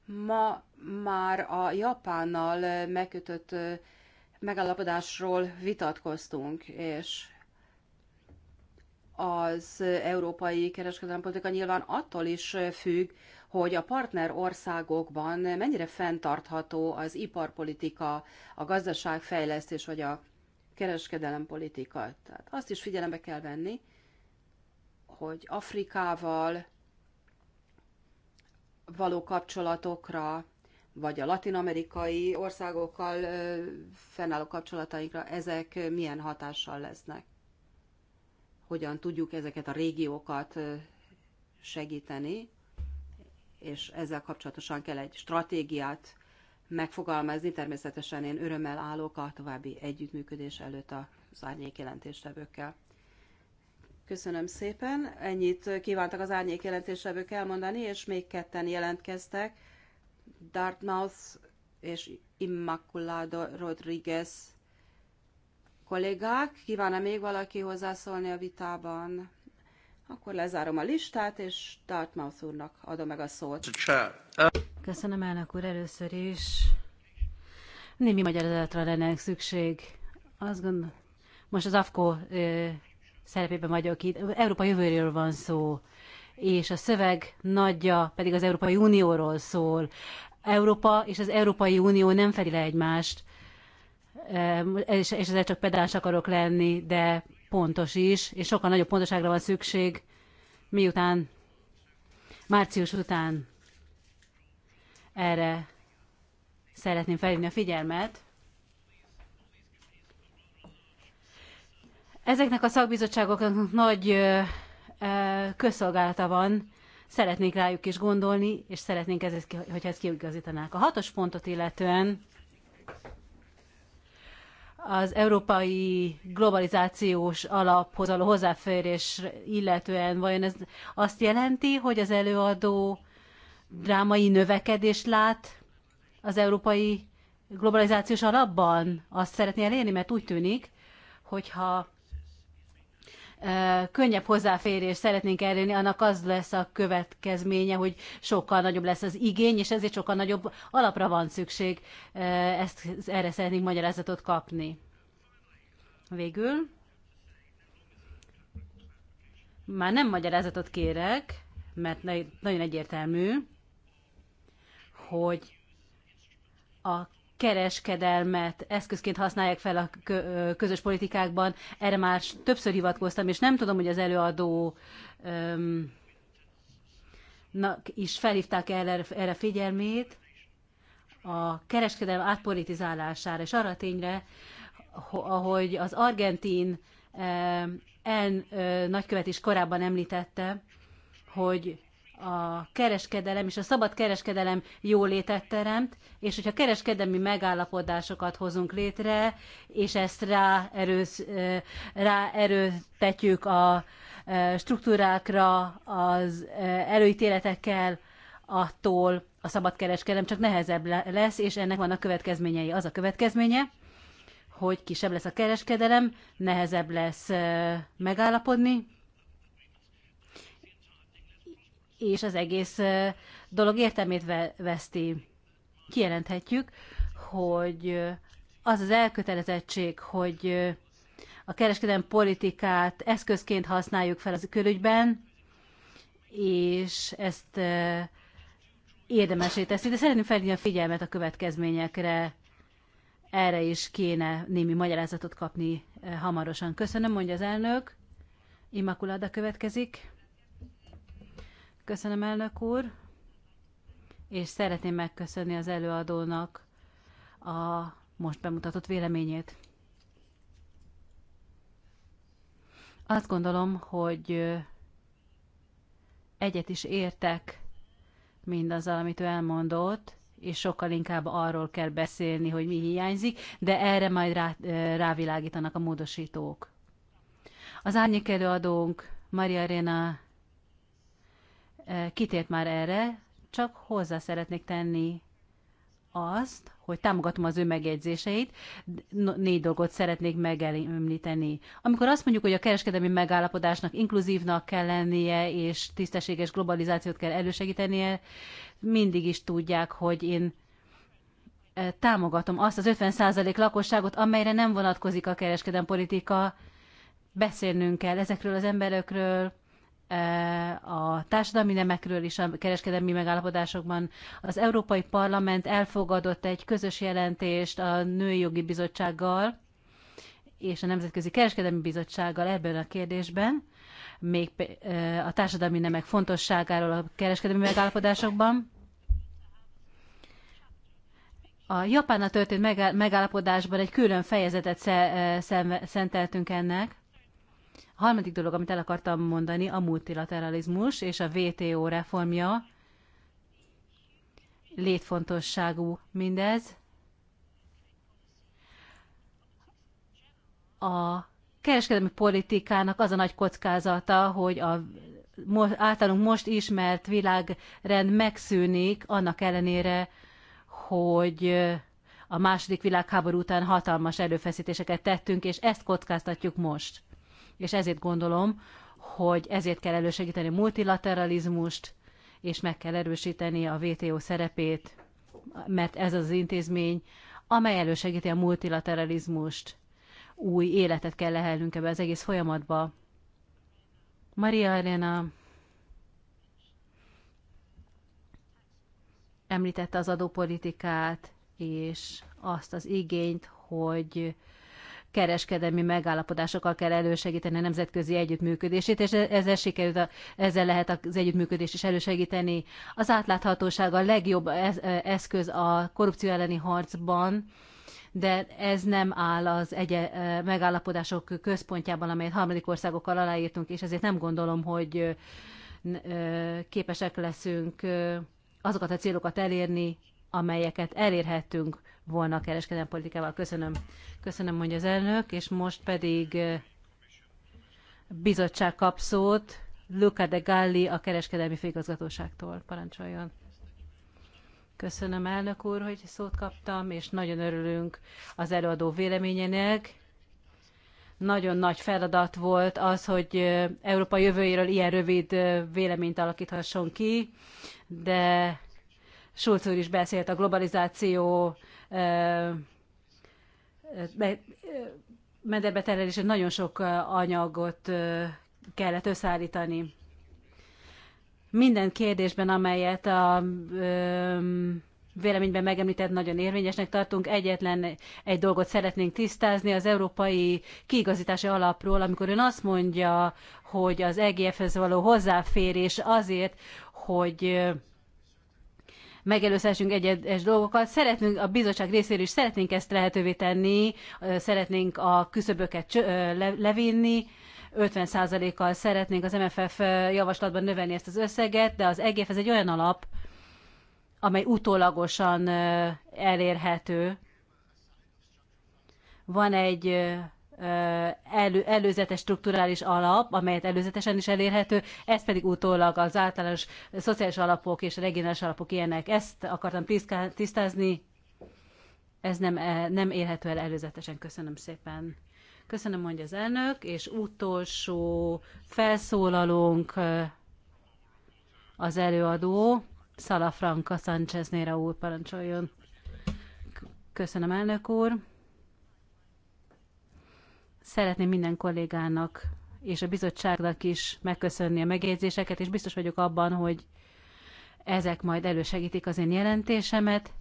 ma már a Japánnal megkötött megállapodásról vitatkoztunk, és az európai kereskedelmi politika nyilván attól is függ, hogy a partner országokban mennyire fenntartható az iparpolitika, a gazdaságfejlesztés vagy a kereskedelempolitika. Tehát azt is figyelembe kell venni, hogy Afrikával való kapcsolatokra, vagy a latinamerikai országokkal fennálló kapcsolatainkra, ezek milyen hatással lesznek? Hogyan tudjuk ezeket a régiókat segíteni? és ezzel kapcsolatosan kell egy stratégiát megfogalmazni. Természetesen én örömmel állok a további együttműködés előtt a árnyék jelentéstevőkkel. Köszönöm szépen. Ennyit kívántak az árnyék jelentéstevők elmondani, és még ketten jelentkeztek. Dartmouth és Immaculado Rodriguez kollégák. Kívánna még valaki hozzászólni a vitában? Akkor lezárom a listát, és Dartmouth úrnak adom meg a szót. Köszönöm, elnök úr, először is. Némi magyarázatra lenne szükség. Azt gondolom, most az AFKO ö, szerepében vagyok itt. Európa jövőről van szó, és a szöveg nagyja pedig az Európai Unióról szól. Európa és az Európai Unió nem fedi le egymást, és ezzel csak pedáns akarok lenni, de pontos is, és sokkal nagyobb pontoságra van szükség, miután március után erre szeretném felhívni a figyelmet. Ezeknek a szakbizottságoknak nagy közszolgálata van, szeretnénk rájuk is gondolni, és szeretnénk, ez, hogyha ezt kiigazítanák. A hatos pontot illetően az európai globalizációs alaphoz való hozzáférés illetően vajon ez azt jelenti, hogy az előadó drámai növekedést lát az európai globalizációs alapban? Azt szeretné elérni, mert úgy tűnik, hogyha könnyebb hozzáférés szeretnénk elérni, annak az lesz a következménye, hogy sokkal nagyobb lesz az igény, és ezért sokkal nagyobb alapra van szükség. Ezt, erre szeretnénk magyarázatot kapni. Végül. Már nem magyarázatot kérek, mert nagyon egyértelmű, hogy a kereskedelmet eszközként használják fel a közös politikákban. Erre már többször hivatkoztam, és nem tudom, hogy az előadó um, is felhívták erre, erre figyelmét a kereskedelem átpolitizálására, és arra a tényre, ahogy az argentin el nagykövet is korábban említette, hogy a kereskedelem és a szabad kereskedelem jólétet teremt, és hogyha kereskedelmi megállapodásokat hozunk létre, és ezt ráerőtetjük rá eh, a eh, struktúrákra, az eh, előítéletekkel, attól a szabad kereskedelem csak nehezebb lesz, és ennek vannak következményei. Az a következménye, hogy kisebb lesz a kereskedelem, nehezebb lesz megállapodni, és az egész dolog értelmét veszti. Kijelenthetjük, hogy az az elkötelezettség, hogy a kereskedelmi politikát eszközként használjuk fel az körügyben, és ezt érdemesé teszi, de szeretném felhívni a figyelmet a következményekre. Erre is kéne némi magyarázatot kapni hamarosan. Köszönöm, mondja az elnök. Immaculada következik. Köszönöm, elnök úr, és szeretném megköszönni az előadónak a most bemutatott véleményét. Azt gondolom, hogy egyet is értek mindazzal, amit ő elmondott, és sokkal inkább arról kell beszélni, hogy mi hiányzik, de erre majd rá, rávilágítanak a módosítók. Az árnyék előadónk Maria Rena kitért már erre, csak hozzá szeretnék tenni azt, hogy támogatom az ő megjegyzéseit, négy dolgot szeretnék megemlíteni. Amikor azt mondjuk, hogy a kereskedelmi megállapodásnak inkluzívnak kell lennie, és tisztességes globalizációt kell elősegítenie, mindig is tudják, hogy én támogatom azt az 50% lakosságot, amelyre nem vonatkozik a kereskedelmi politika. Beszélnünk kell ezekről az emberekről, E, a társadalmi nemekről és a kereskedelmi megállapodásokban az Európai Parlament elfogadott egy közös jelentést a Női Jogi Bizottsággal és a Nemzetközi Kereskedelmi Bizottsággal ebben a kérdésben, még e, a társadalmi nemek fontosságáról a kereskedelmi megállapodásokban. A Japánnal történt megállapodásban egy külön fejezetet e, szenteltünk ennek, a harmadik dolog, amit el akartam mondani, a multilateralizmus és a WTO reformja. Létfontosságú mindez. A kereskedelmi politikának az a nagy kockázata, hogy a általunk most ismert világrend megszűnik, annak ellenére, hogy a második világháború után hatalmas erőfeszítéseket tettünk, és ezt kockáztatjuk most és ezért gondolom, hogy ezért kell elősegíteni a multilateralizmust, és meg kell erősíteni a WTO szerepét, mert ez az intézmény, amely elősegíti a multilateralizmust. Új életet kell lehelnünk ebbe az egész folyamatba. Maria Elena említette az adópolitikát, és azt az igényt, hogy kereskedelmi megállapodásokkal kell elősegíteni a nemzetközi együttműködését, és ezzel, sikerült a, ezzel lehet az együttműködést is elősegíteni. Az átláthatóság a legjobb eszköz a korrupció elleni harcban, de ez nem áll az egye, megállapodások központjában, amelyet harmadik országokkal aláírtunk, és ezért nem gondolom, hogy képesek leszünk azokat a célokat elérni, amelyeket elérhettünk volna a kereskedelmi politikával. Köszönöm. Köszönöm, mondja az elnök, és most pedig bizottság kap szót Luca de Galli a kereskedelmi főigazgatóságtól. Parancsoljon. Köszönöm, elnök úr, hogy szót kaptam, és nagyon örülünk az előadó véleményének. Nagyon nagy feladat volt az, hogy Európa jövőjéről ilyen rövid véleményt alakíthasson ki, de Schulz úr is beszélt a globalizáció mederbe nagyon sok anyagot kellett összeállítani. Minden kérdésben, amelyet a véleményben megemlített nagyon érvényesnek tartunk. Egyetlen egy dolgot szeretnénk tisztázni az európai kiigazítási alapról, amikor ön azt mondja, hogy az EGF-hez való hozzáférés azért, hogy megelőzhessünk egyes dolgokat. Szeretnénk a bizottság részéről is szeretnénk ezt lehetővé tenni, szeretnénk a küszöböket levinni, 50%-kal szeretnénk az MFF javaslatban növelni ezt az összeget, de az EGF ez egy olyan alap, amely utólagosan elérhető. Van egy elő, előzetes strukturális alap, amelyet előzetesen is elérhető, ez pedig utólag az általános szociális alapok és regionális alapok ilyenek. Ezt akartam tisztázni, ez nem, e, nem érhető el előzetesen. Köszönöm szépen. Köszönöm, mondja az elnök, és utolsó felszólalónk az előadó, Franka Sánchez Néra úr parancsoljon. Köszönöm, elnök úr. Szeretném minden kollégának és a bizottságnak is megköszönni a megjegyzéseket, és biztos vagyok abban, hogy ezek majd elősegítik az én jelentésemet.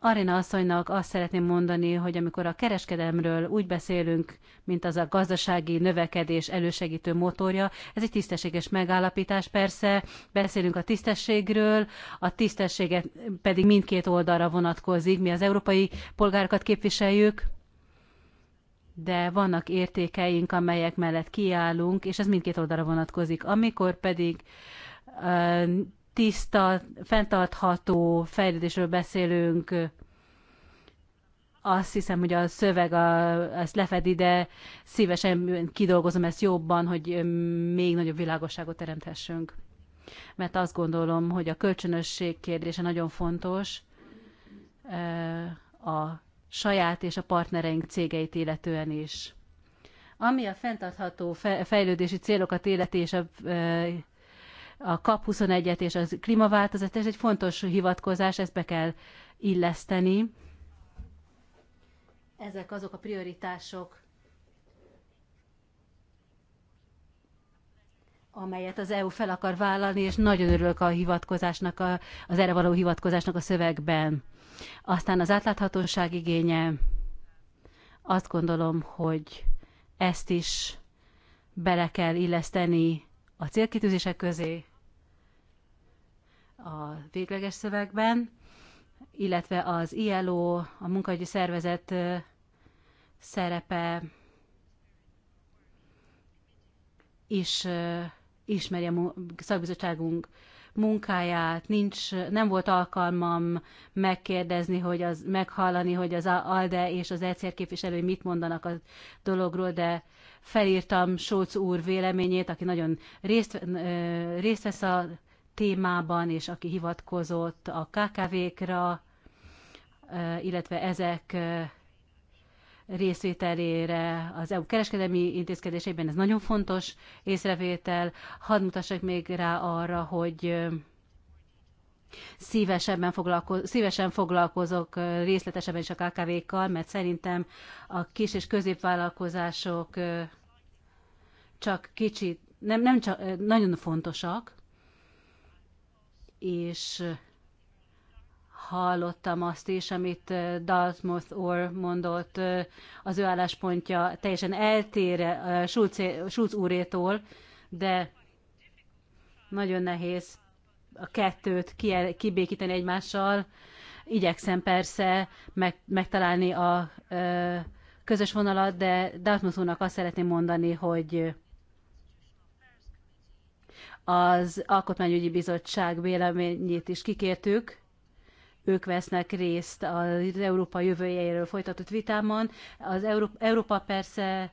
Arina asszonynak azt szeretném mondani, hogy amikor a kereskedelemről úgy beszélünk, mint az a gazdasági növekedés elősegítő motorja, ez egy tisztességes megállapítás persze, beszélünk a tisztességről, a tisztességet pedig mindkét oldalra vonatkozik, mi az európai polgárokat képviseljük, de vannak értékeink, amelyek mellett kiállunk, és ez mindkét oldalra vonatkozik. Amikor pedig tiszta, fenntartható fejlődésről beszélünk, azt hiszem, hogy a szöveg a, ezt lefedi, de szívesen kidolgozom ezt jobban, hogy még nagyobb világosságot teremthessünk. Mert azt gondolom, hogy a kölcsönösség kérdése nagyon fontos. A saját és a partnereink cégeit illetően is. Ami a fenntartható fejlődési célokat életi és a, a CAP21-et és a klímaváltozat, ez egy fontos hivatkozás, ezt be kell illeszteni. Ezek azok a prioritások, amelyet az EU fel akar vállalni, és nagyon örülök a hivatkozásnak, a, az erre való hivatkozásnak a szövegben. Aztán az átláthatóság igénye, azt gondolom, hogy ezt is bele kell illeszteni a célkitűzések közé a végleges szövegben, illetve az ILO, a munkahogyi szervezet szerepe is ismeri a szakbizottságunk munkáját, nincs, nem volt alkalmam megkérdezni, hogy az, meghallani, hogy az ALDE és az ECR képviselői mit mondanak a dologról, de felírtam Sóc úr véleményét, aki nagyon részt, részt vesz a témában, és aki hivatkozott a KKV-kra, illetve ezek részvételére az EU kereskedelmi intézkedéseiben. Ez nagyon fontos észrevétel. Hadd mutassak még rá arra, hogy szívesebben foglalko- szívesen foglalkozok részletesebben is a KKV-kkal, mert szerintem a kis és középvállalkozások csak kicsit, nem, nem csak, nagyon fontosak, és hallottam azt is, amit Dartmouth úr mondott, az ő álláspontja teljesen eltér Schulz, Schulz úrétól, de nagyon nehéz a kettőt kibékíteni egymással. Igyekszem persze meg, megtalálni a közös vonalat, de Dartmouth úrnak azt szeretném mondani, hogy az Alkotmányügyi Bizottság véleményét is kikértük, ők vesznek részt az Európa jövőjéről folytatott vitában. Az Európa, Európa persze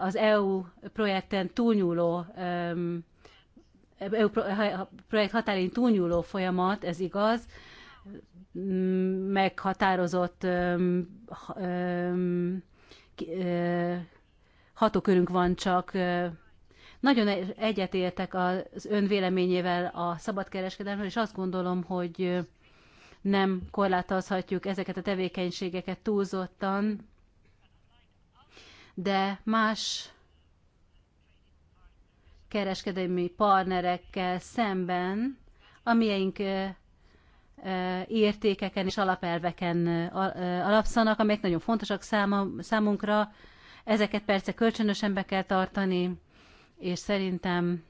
az EU projekten túlnyúló EU projekt határén túlnyúló folyamat, ez igaz, meghatározott hatókörünk van csak. Nagyon egyetértek az véleményével a szabadkereskedelmről, és azt gondolom, hogy nem korlátozhatjuk ezeket a tevékenységeket túlzottan, de más kereskedelmi partnerekkel szemben, amilyeink értékeken és alapelveken alapszanak, amelyek nagyon fontosak számunkra. Ezeket persze kölcsönösen be kell tartani, és szerintem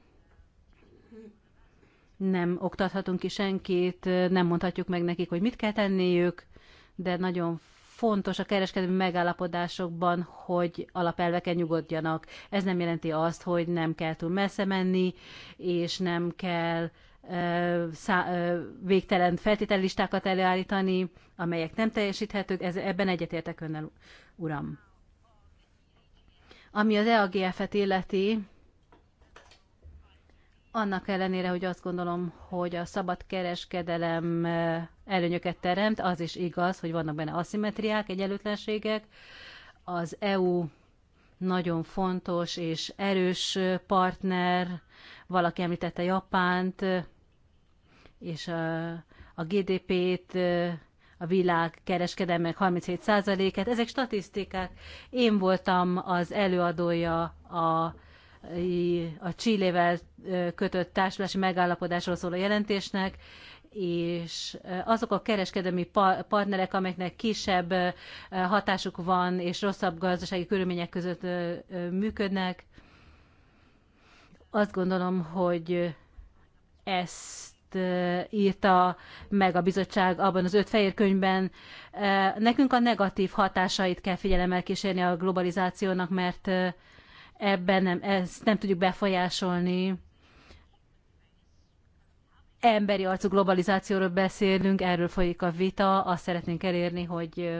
nem oktathatunk ki senkit, nem mondhatjuk meg nekik, hogy mit kell tenniük, de nagyon fontos a kereskedelmi megállapodásokban, hogy alapelveken nyugodjanak. Ez nem jelenti azt, hogy nem kell túl messze menni, és nem kell ö, szá, ö, végtelen feltétellistákat előállítani, amelyek nem teljesíthetők. Ez, ebben egyetértek önnel, uram. Ami az EAGF-et illeti, annak ellenére, hogy azt gondolom, hogy a szabad kereskedelem előnyöket teremt, az is igaz, hogy vannak benne aszimetriák, egyenlőtlenségek. Az EU nagyon fontos és erős partner, valaki említette Japánt, és a, a GDP-t, a világ kereskedelmek 37%-et. Ezek statisztikák. Én voltam az előadója a a Csillével kötött társulási megállapodásról szóló jelentésnek, és azok a kereskedelmi partnerek, amelyeknek kisebb hatásuk van, és rosszabb gazdasági körülmények között működnek, azt gondolom, hogy ezt írta meg a bizottság abban az öt fehér könyvben. Nekünk a negatív hatásait kell figyelemmel kísérni a globalizációnak, mert ebben nem, ezt nem tudjuk befolyásolni. Emberi arcú globalizációról beszélünk, erről folyik a vita, azt szeretnénk elérni, hogy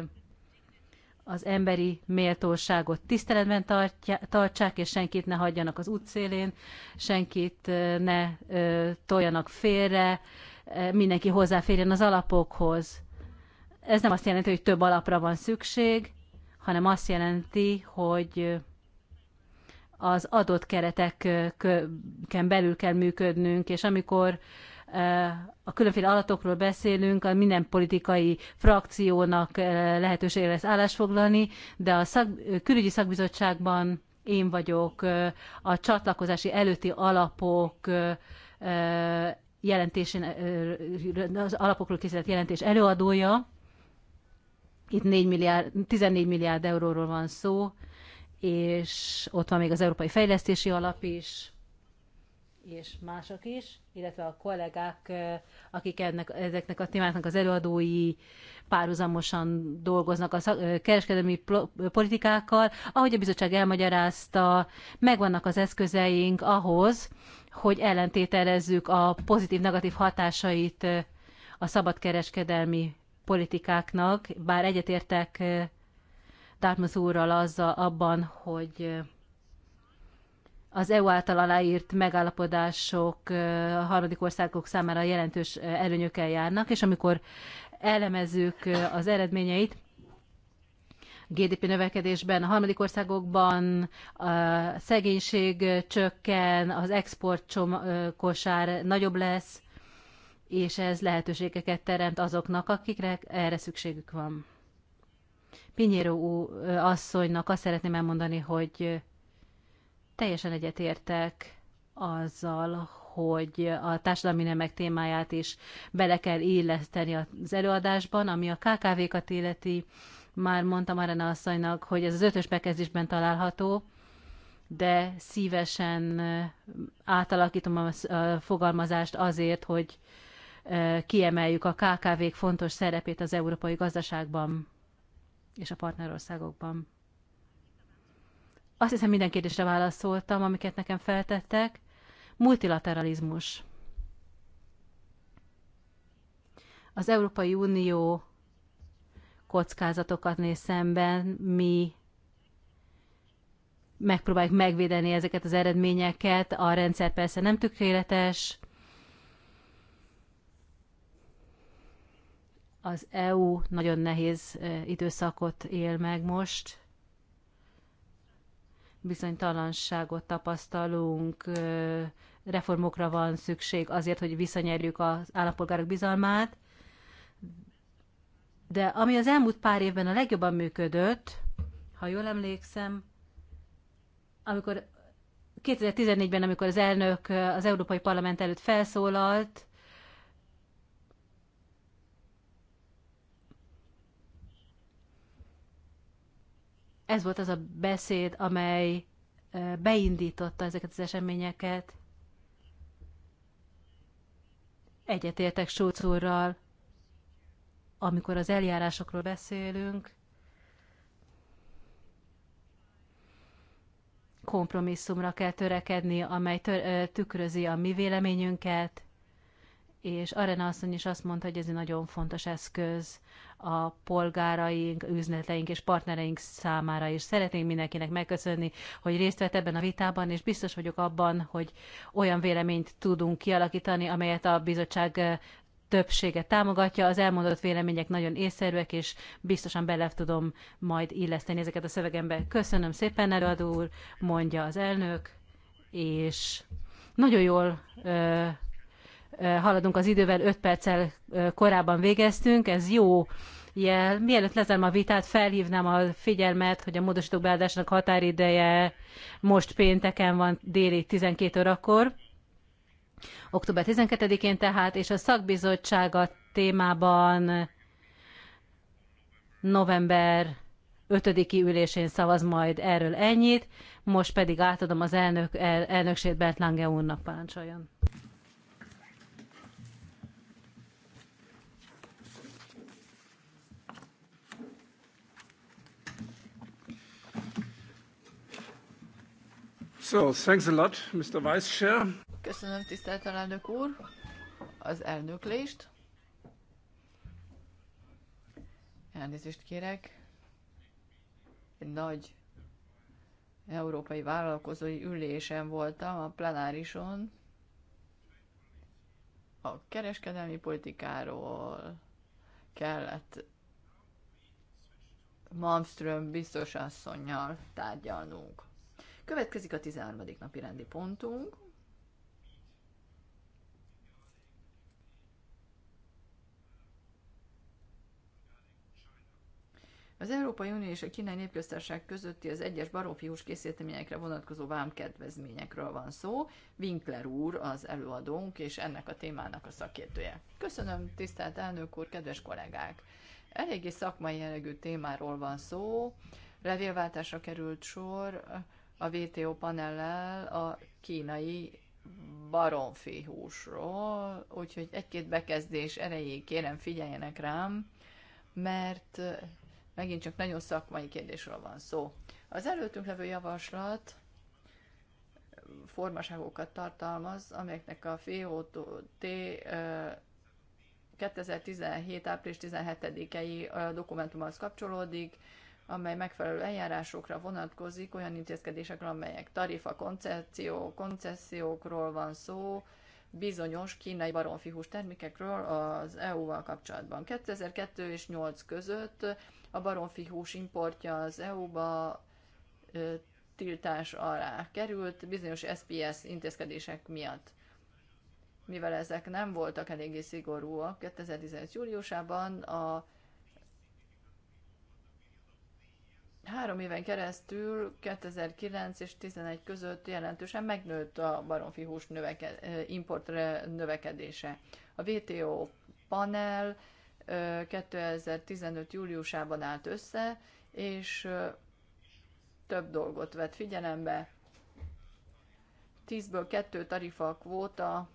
az emberi méltóságot tiszteletben tartja, tartsák, és senkit ne hagyjanak az útszélén, senkit ne ö, toljanak félre, mindenki hozzáférjen az alapokhoz. Ez nem azt jelenti, hogy több alapra van szükség, hanem azt jelenti, hogy az adott kereteken belül kell működnünk, és amikor a különféle alatokról beszélünk, a minden politikai frakciónak lehetősége lesz állásfoglalni, de a szak, külügyi szakbizottságban én vagyok a csatlakozási előtti alapok jelentésén, az alapokról készített jelentés előadója. Itt 4 milliárd, 14 milliárd euróról van szó, és ott van még az Európai Fejlesztési Alap is, és mások is, illetve a kollégák, akik ennek, ezeknek a témáknak az előadói párhuzamosan dolgoznak a kereskedelmi politikákkal. Ahogy a bizottság elmagyarázta, megvannak az eszközeink ahhoz, hogy ellentételezzük a pozitív-negatív hatásait a szabadkereskedelmi politikáknak, bár egyetértek Dartmouth úrral azzal abban, hogy az EU által aláírt megállapodások harmadik országok számára jelentős előnyökkel járnak, és amikor elemezzük az eredményeit, GDP növekedésben, a harmadik országokban a szegénység csökken, az export kosár nagyobb lesz, és ez lehetőségeket teremt azoknak, akikre erre szükségük van. Pinyéró asszonynak azt szeretném elmondani, hogy teljesen egyetértek azzal, hogy a társadalmi nemek témáját is bele kell illeszteni az előadásban, ami a KKV-kat illeti. Már mondtam Arena asszonynak, hogy ez az ötös bekezdésben található, de szívesen átalakítom a fogalmazást azért, hogy kiemeljük a KKV-k fontos szerepét az európai gazdaságban és a partnerországokban. Azt hiszem minden kérdésre válaszoltam, amiket nekem feltettek. Multilateralizmus. Az Európai Unió kockázatokat néz szemben, mi megpróbáljuk megvédeni ezeket az eredményeket. A rendszer persze nem tökéletes, Az EU nagyon nehéz időszakot él meg most. Bizonytalanságot tapasztalunk, reformokra van szükség azért, hogy visszanyerjük az állampolgárok bizalmát. De ami az elmúlt pár évben a legjobban működött, ha jól emlékszem, amikor 2014-ben, amikor az elnök az Európai Parlament előtt felszólalt, ez volt az a beszéd, amely beindította ezeket az eseményeket. Egyetértek Schulz úrral, amikor az eljárásokról beszélünk, kompromisszumra kell törekedni, amely tör, tükrözi a mi véleményünket, és Arena asszony is azt mondta, hogy ez egy nagyon fontos eszköz a polgáraink, üzleteink és partnereink számára is. Szeretnénk mindenkinek megköszönni, hogy részt vett ebben a vitában, és biztos vagyok abban, hogy olyan véleményt tudunk kialakítani, amelyet a bizottság eh, többsége támogatja. Az elmondott vélemények nagyon észszerűek, és biztosan bele tudom majd illeszteni ezeket a szövegembe. Köszönöm szépen, előadó úr, mondja az elnök, és nagyon jól ö, eh, haladunk az idővel, 5 perccel korábban végeztünk, ez jó jel. Mielőtt lezárom a vitát, felhívnám a figyelmet, hogy a módosítók beadásának határideje most pénteken van déli 12 órakor, október 12-én tehát, és a szakbizottsága témában november 5-i ülésén szavaz majd erről ennyit, most pedig átadom az elnök, el, elnökség Bert Lange úrnak parancsoljon. So, thanks a lot, Mr. Vice Chair. Köszönöm, tisztelt elnök úr, az elnöklést. Elnézést kérek. Egy nagy európai vállalkozói ülésen voltam a plenárison, a kereskedelmi politikáról kellett Malmström biztos asszonynal tárgyalnunk. Következik a 13. napi rendi pontunk. Az Európai Unió és a Kínai Népköztársaság közötti az egyes barófiús készítményekre vonatkozó vámkedvezményekről van szó. Winkler úr az előadónk és ennek a témának a szakértője. Köszönöm, tisztelt elnök úr, kedves kollégák! Eléggé szakmai jellegű témáról van szó. Levélváltásra került sor a WTO panellel a kínai baromfi húsról, úgyhogy egy-két bekezdés erejéig kérem figyeljenek rám, mert megint csak nagyon szakmai kérdésről van szó. Az előttünk levő javaslat formaságokat tartalmaz, amelyeknek a FIOT e 2017. április 17-i dokumentumhoz kapcsolódik, amely megfelelő eljárásokra vonatkozik, olyan intézkedésekre, amelyek tarifa koncepció, koncesziókról van szó, bizonyos kínai baromfihús termékekről az EU-val kapcsolatban. 2002 és 8 között a baromfihús importja az EU-ba tiltás alá került bizonyos SPS intézkedések miatt. Mivel ezek nem voltak eléggé szigorúak, 2010. júliusában a Három éven keresztül, 2009 és 2011 között jelentősen megnőtt a baromfi hús növeke, import növekedése. A WTO panel 2015. júliusában állt össze, és több dolgot vett figyelembe. 10-ből 2 tarifa kvóta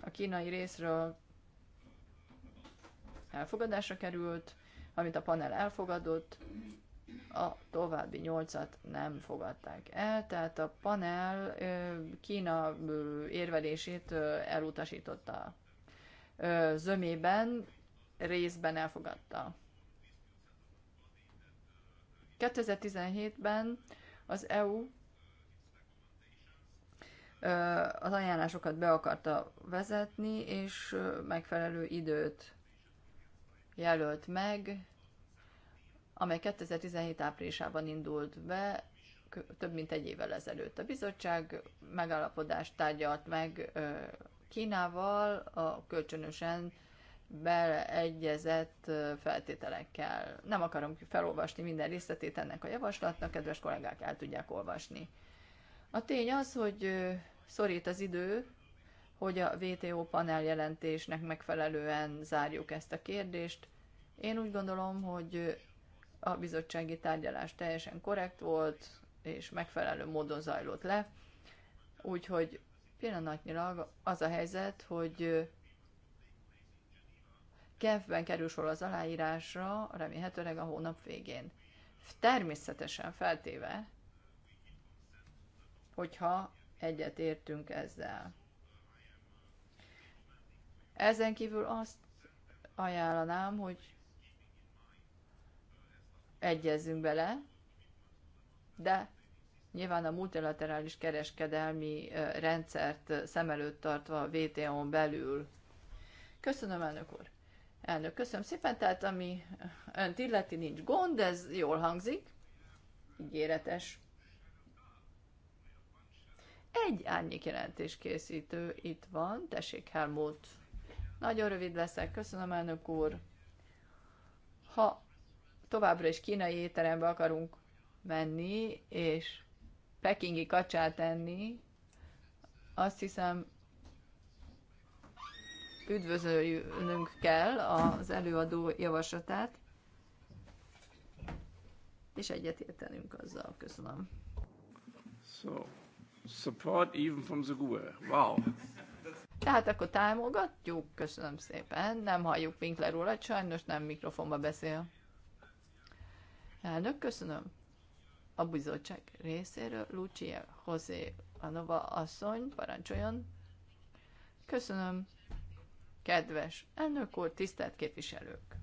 a kínai részről elfogadásra került, amit a panel elfogadott, a további nyolcat nem fogadták el, tehát a panel Kína érvelését elutasította zömében, részben elfogadta. 2017-ben az EU az ajánlásokat be akarta vezetni, és megfelelő időt jelölt meg, amely 2017 áprilisában indult be, több mint egy évvel ezelőtt. A bizottság megállapodást tárgyalt meg Kínával a kölcsönösen beleegyezett feltételekkel. Nem akarom felolvasni minden részletét ennek a javaslatnak, kedves kollégák el tudják olvasni. A tény az, hogy szorít az idő, hogy a VTO panel jelentésnek megfelelően zárjuk ezt a kérdést. Én úgy gondolom, hogy a bizottsági tárgyalás teljesen korrekt volt, és megfelelő módon zajlott le. Úgyhogy pillanatnyilag az a helyzet, hogy Kevben kerül sor az aláírásra, remélhetőleg a hónap végén. Természetesen feltéve, hogyha egyet értünk ezzel. Ezen kívül azt ajánlanám, hogy egyezzünk bele, de nyilván a multilaterális kereskedelmi rendszert szem előtt tartva a vto n belül. Köszönöm, elnök úr. Elnök, köszönöm szépen, tehát ami önt illeti, nincs gond, de ez jól hangzik, ígéretes. Egy árnyék jelentés készítő itt van, tessék Helmut nagyon rövid leszek, köszönöm elnök úr. Ha továbbra is kínai étterembe akarunk menni, és pekingi kacsát enni, azt hiszem üdvözölnünk kell az előadó javaslatát, és egyetértenünk azzal. Köszönöm. So, support even from the Google. Wow. Tehát akkor támogatjuk? Köszönöm szépen. Nem halljuk Winkler urat, sajnos nem mikrofonba beszél. Elnök, köszönöm. A bizottság részéről Lucia José Anova asszony, parancsoljon. Köszönöm. Kedves elnök úr, tisztelt képviselők.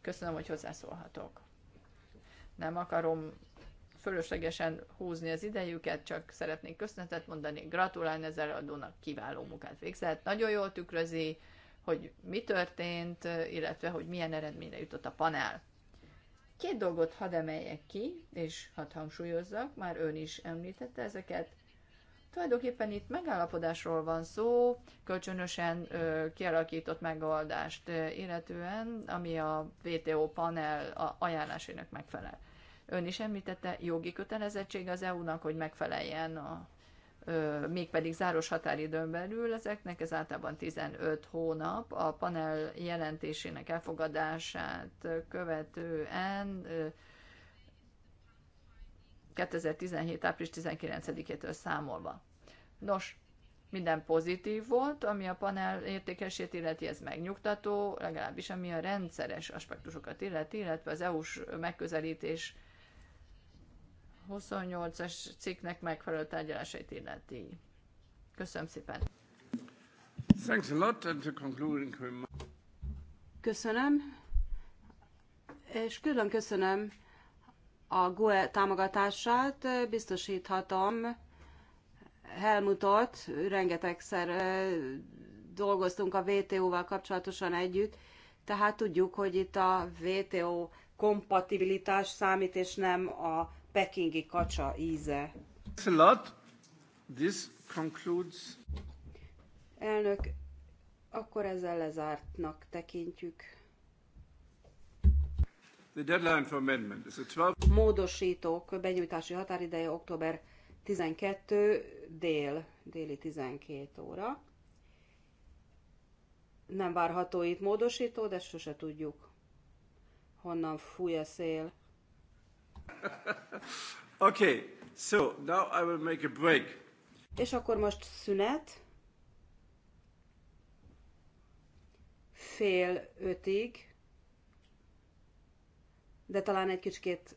Köszönöm, hogy hozzászólhatok. Nem akarom fölöslegesen húzni az idejüket, csak szeretnék köszönetet mondani, gratulálni az előadónak, kiváló munkát végzett, nagyon jól tükrözi, hogy mi történt, illetve hogy milyen eredményre jutott a panel. Két dolgot hadd emeljek ki, és hadd hangsúlyozzak, már ön is említette ezeket. Tulajdonképpen itt megállapodásról van szó, kölcsönösen ö, kialakított megoldást illetően, ami a VTO panel ajánlásainak megfelel ön is említette, jogi kötelezettség az EU-nak, hogy megfeleljen a mégpedig záros határidőn belül ezeknek, ez általában 15 hónap, a panel jelentésének elfogadását követően 2017. április 19-től számolva. Nos, minden pozitív volt, ami a panel értékesét illeti, ez megnyugtató, legalábbis ami a rendszeres aspektusokat illeti, illetve az EU-s megközelítés 28-as cikknek megfelelő tárgyalásait illeti. Köszönöm szépen. Thanks a lot and to concluding Köszönöm. És külön köszönöm a GUE támogatását. Biztosíthatom Helmutot, rengetegszer dolgoztunk a VTO-val kapcsolatosan együtt, tehát tudjuk, hogy itt a VTO kompatibilitás számít, és nem a pekingi kacsa íze. This concludes. Elnök, akkor ezzel lezártnak tekintjük. The deadline for amendment is a 12... Módosítók benyújtási határideje október 12 dél, déli 12 óra. Nem várható itt módosító, de sose tudjuk, honnan fúj a szél. okay, so now I will make a break. És akkor most szünet. Fél ötig. De talán egy kicsit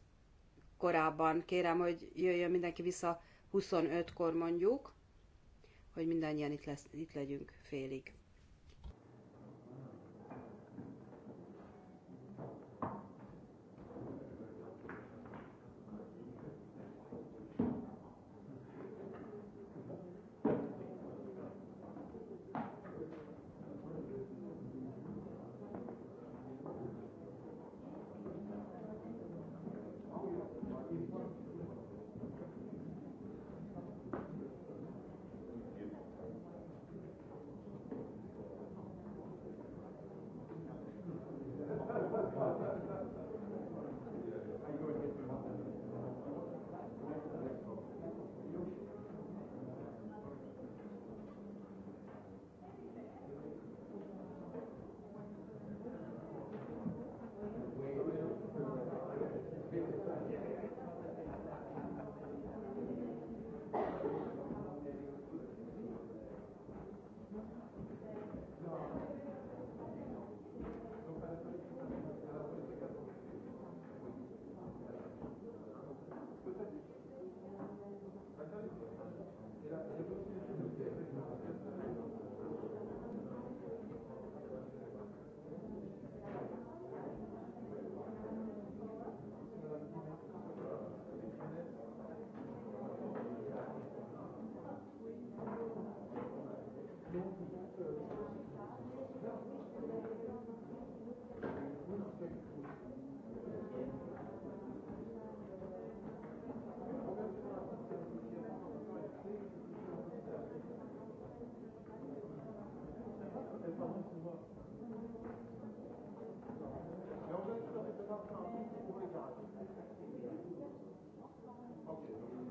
korábban. Kérem, hogy jöjjön mindenki vissza 25-kor mondjuk, hogy mindannyian itt, lesz, itt legyünk félig. Okay.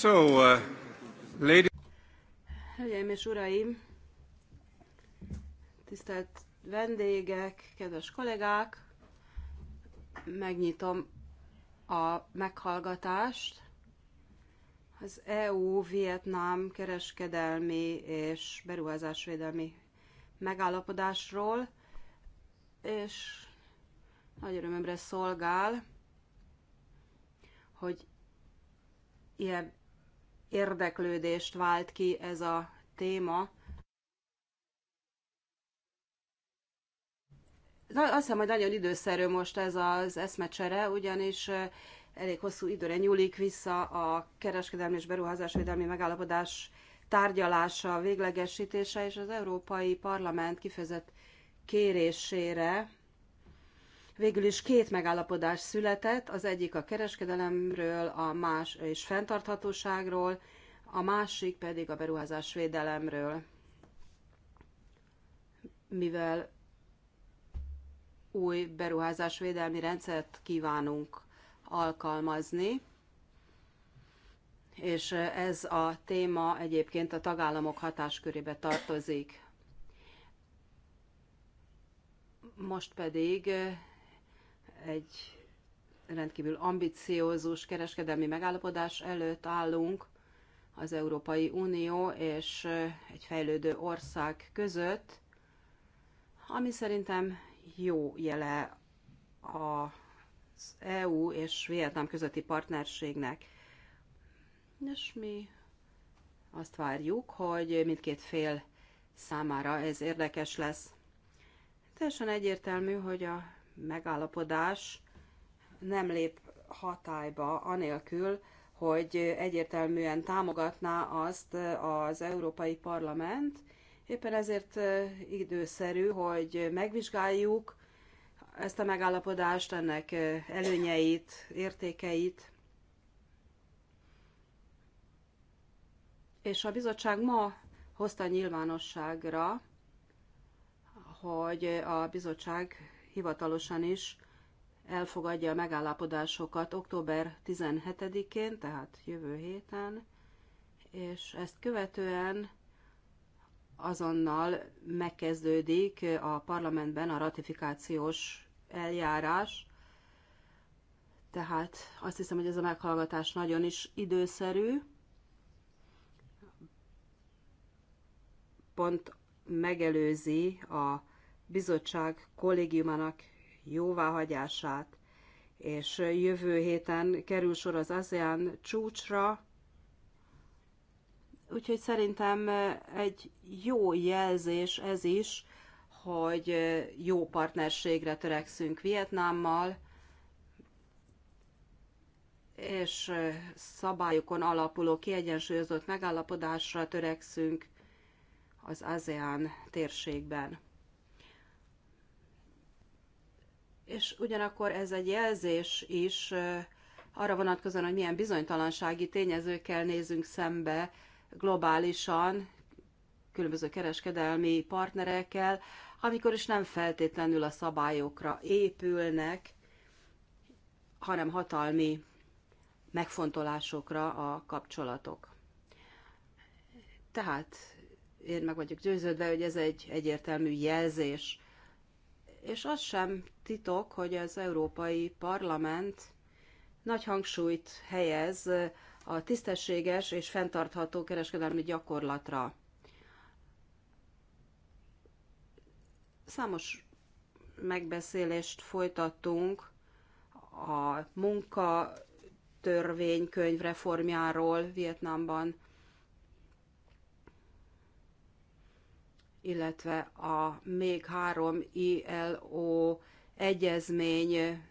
So, uh, lady... Hölgyeim és uraim, tisztelt vendégek, kedves kollégák, megnyitom a meghallgatást. Az EU-Vietnám kereskedelmi és beruházásvédelmi megállapodásról, és nagy örömömre szolgál, hogy ilyen érdeklődést vált ki ez a téma. Na, azt hiszem, hogy nagyon időszerű most ez az eszmecsere, ugyanis elég hosszú időre nyúlik vissza a kereskedelmi és beruházásvédelmi megállapodás tárgyalása, véglegesítése, és az Európai Parlament kifejezett kérésére Végül is két megállapodás született, az egyik a kereskedelemről, a más és fenntarthatóságról, a másik pedig a beruházás védelemről. Mivel új beruházásvédelmi rendszert kívánunk alkalmazni, és ez a téma egyébként a tagállamok hatáskörébe tartozik. Most pedig egy rendkívül ambiciózus kereskedelmi megállapodás előtt állunk az Európai Unió és egy fejlődő ország között, ami szerintem jó jele az EU és Vietnám közötti partnerségnek. És mi azt várjuk, hogy mindkét fél számára ez érdekes lesz. Teljesen egyértelmű, hogy a megállapodás nem lép hatályba anélkül, hogy egyértelműen támogatná azt az Európai Parlament. Éppen ezért időszerű, hogy megvizsgáljuk ezt a megállapodást, ennek előnyeit, értékeit. És a bizottság ma hozta nyilvánosságra, hogy a bizottság hivatalosan is elfogadja a megállapodásokat október 17-én, tehát jövő héten, és ezt követően azonnal megkezdődik a parlamentben a ratifikációs eljárás, tehát azt hiszem, hogy ez a meghallgatás nagyon is időszerű. Pont megelőzi a bizottság kollégiumának jóváhagyását, és jövő héten kerül sor az ASEAN csúcsra, úgyhogy szerintem egy jó jelzés ez is, hogy jó partnerségre törekszünk Vietnámmal, és szabályokon alapuló kiegyensúlyozott megállapodásra törekszünk az ASEAN térségben. és ugyanakkor ez egy jelzés is arra vonatkozóan, hogy milyen bizonytalansági tényezőkkel nézünk szembe globálisan, különböző kereskedelmi partnerekkel, amikor is nem feltétlenül a szabályokra épülnek, hanem hatalmi megfontolásokra a kapcsolatok. Tehát én meg vagyok győződve, hogy ez egy egyértelmű jelzés és az sem titok, hogy az Európai Parlament nagy hangsúlyt helyez a tisztességes és fenntartható kereskedelmi gyakorlatra. Számos megbeszélést folytattunk a munka törvénykönyv reformjáról Vietnámban, illetve a még három ILO egyezmény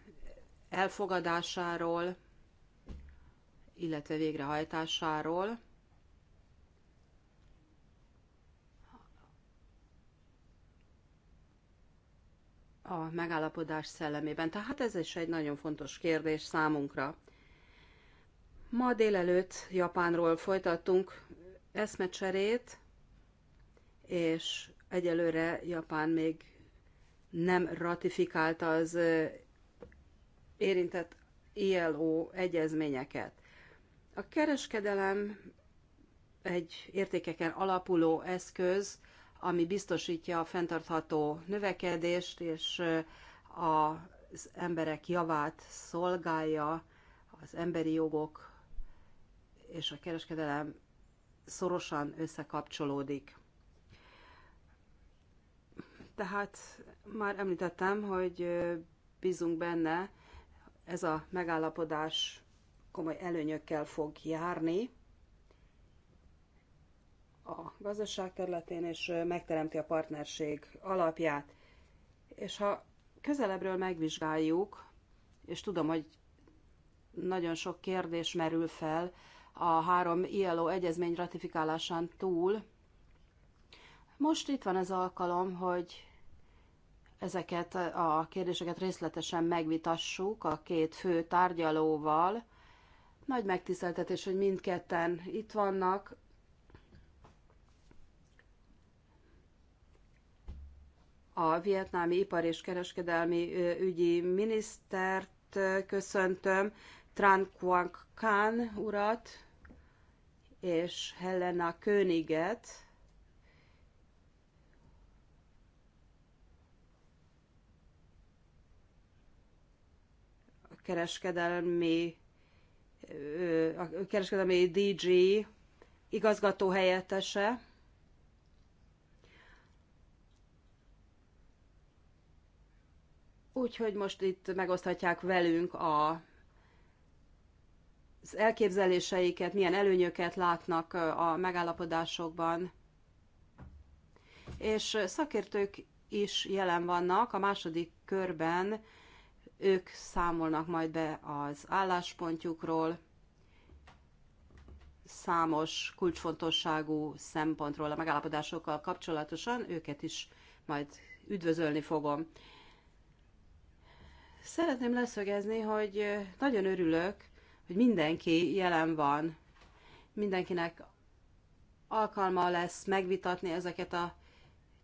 elfogadásáról, illetve végrehajtásáról. a megállapodás szellemében. Tehát ez is egy nagyon fontos kérdés számunkra. Ma délelőtt Japánról folytattunk eszmecserét, és egyelőre Japán még nem ratifikálta az érintett ILO egyezményeket. A kereskedelem egy értékeken alapuló eszköz, ami biztosítja a fenntartható növekedést, és az emberek javát szolgálja, az emberi jogok és a kereskedelem szorosan összekapcsolódik. Tehát már említettem, hogy bízunk benne, ez a megállapodás komoly előnyökkel fog járni a gazdaság területén, és megteremti a partnerség alapját. És ha közelebbről megvizsgáljuk, és tudom, hogy nagyon sok kérdés merül fel a három ILO egyezmény ratifikálásán túl, most itt van az alkalom, hogy ezeket a kérdéseket részletesen megvitassuk a két fő tárgyalóval. Nagy megtiszteltetés, hogy mindketten itt vannak. A vietnámi ipar és kereskedelmi ügyi minisztert köszöntöm, Tran Quang Khan urat és Helena Königet kereskedelmi, a kereskedelmi DG igazgató helyettese, Úgyhogy most itt megoszthatják velünk a, az elképzeléseiket, milyen előnyöket látnak a megállapodásokban. És szakértők is jelen vannak a második körben ők számolnak majd be az álláspontjukról, számos kulcsfontosságú szempontról a megállapodásokkal kapcsolatosan, őket is majd üdvözölni fogom. Szeretném leszögezni, hogy nagyon örülök, hogy mindenki jelen van, mindenkinek alkalma lesz megvitatni ezeket a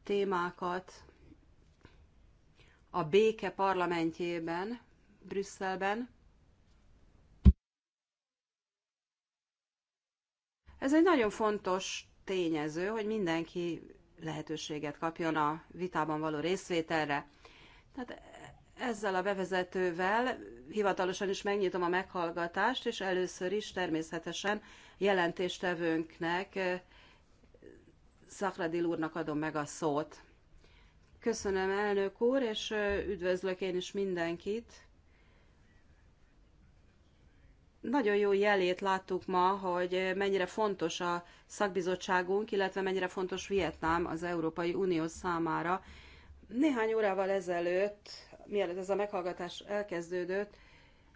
témákat, a béke parlamentjében, Brüsszelben. Ez egy nagyon fontos tényező, hogy mindenki lehetőséget kapjon a vitában való részvételre. Tehát ezzel a bevezetővel hivatalosan is megnyitom a meghallgatást, és először is természetesen jelentéstevőnknek, Szakradil úrnak adom meg a szót. Köszönöm, elnök úr, és üdvözlök én is mindenkit. Nagyon jó jelét láttuk ma, hogy mennyire fontos a szakbizottságunk, illetve mennyire fontos Vietnám az Európai Unió számára. Néhány órával ezelőtt, mielőtt ez a meghallgatás elkezdődött,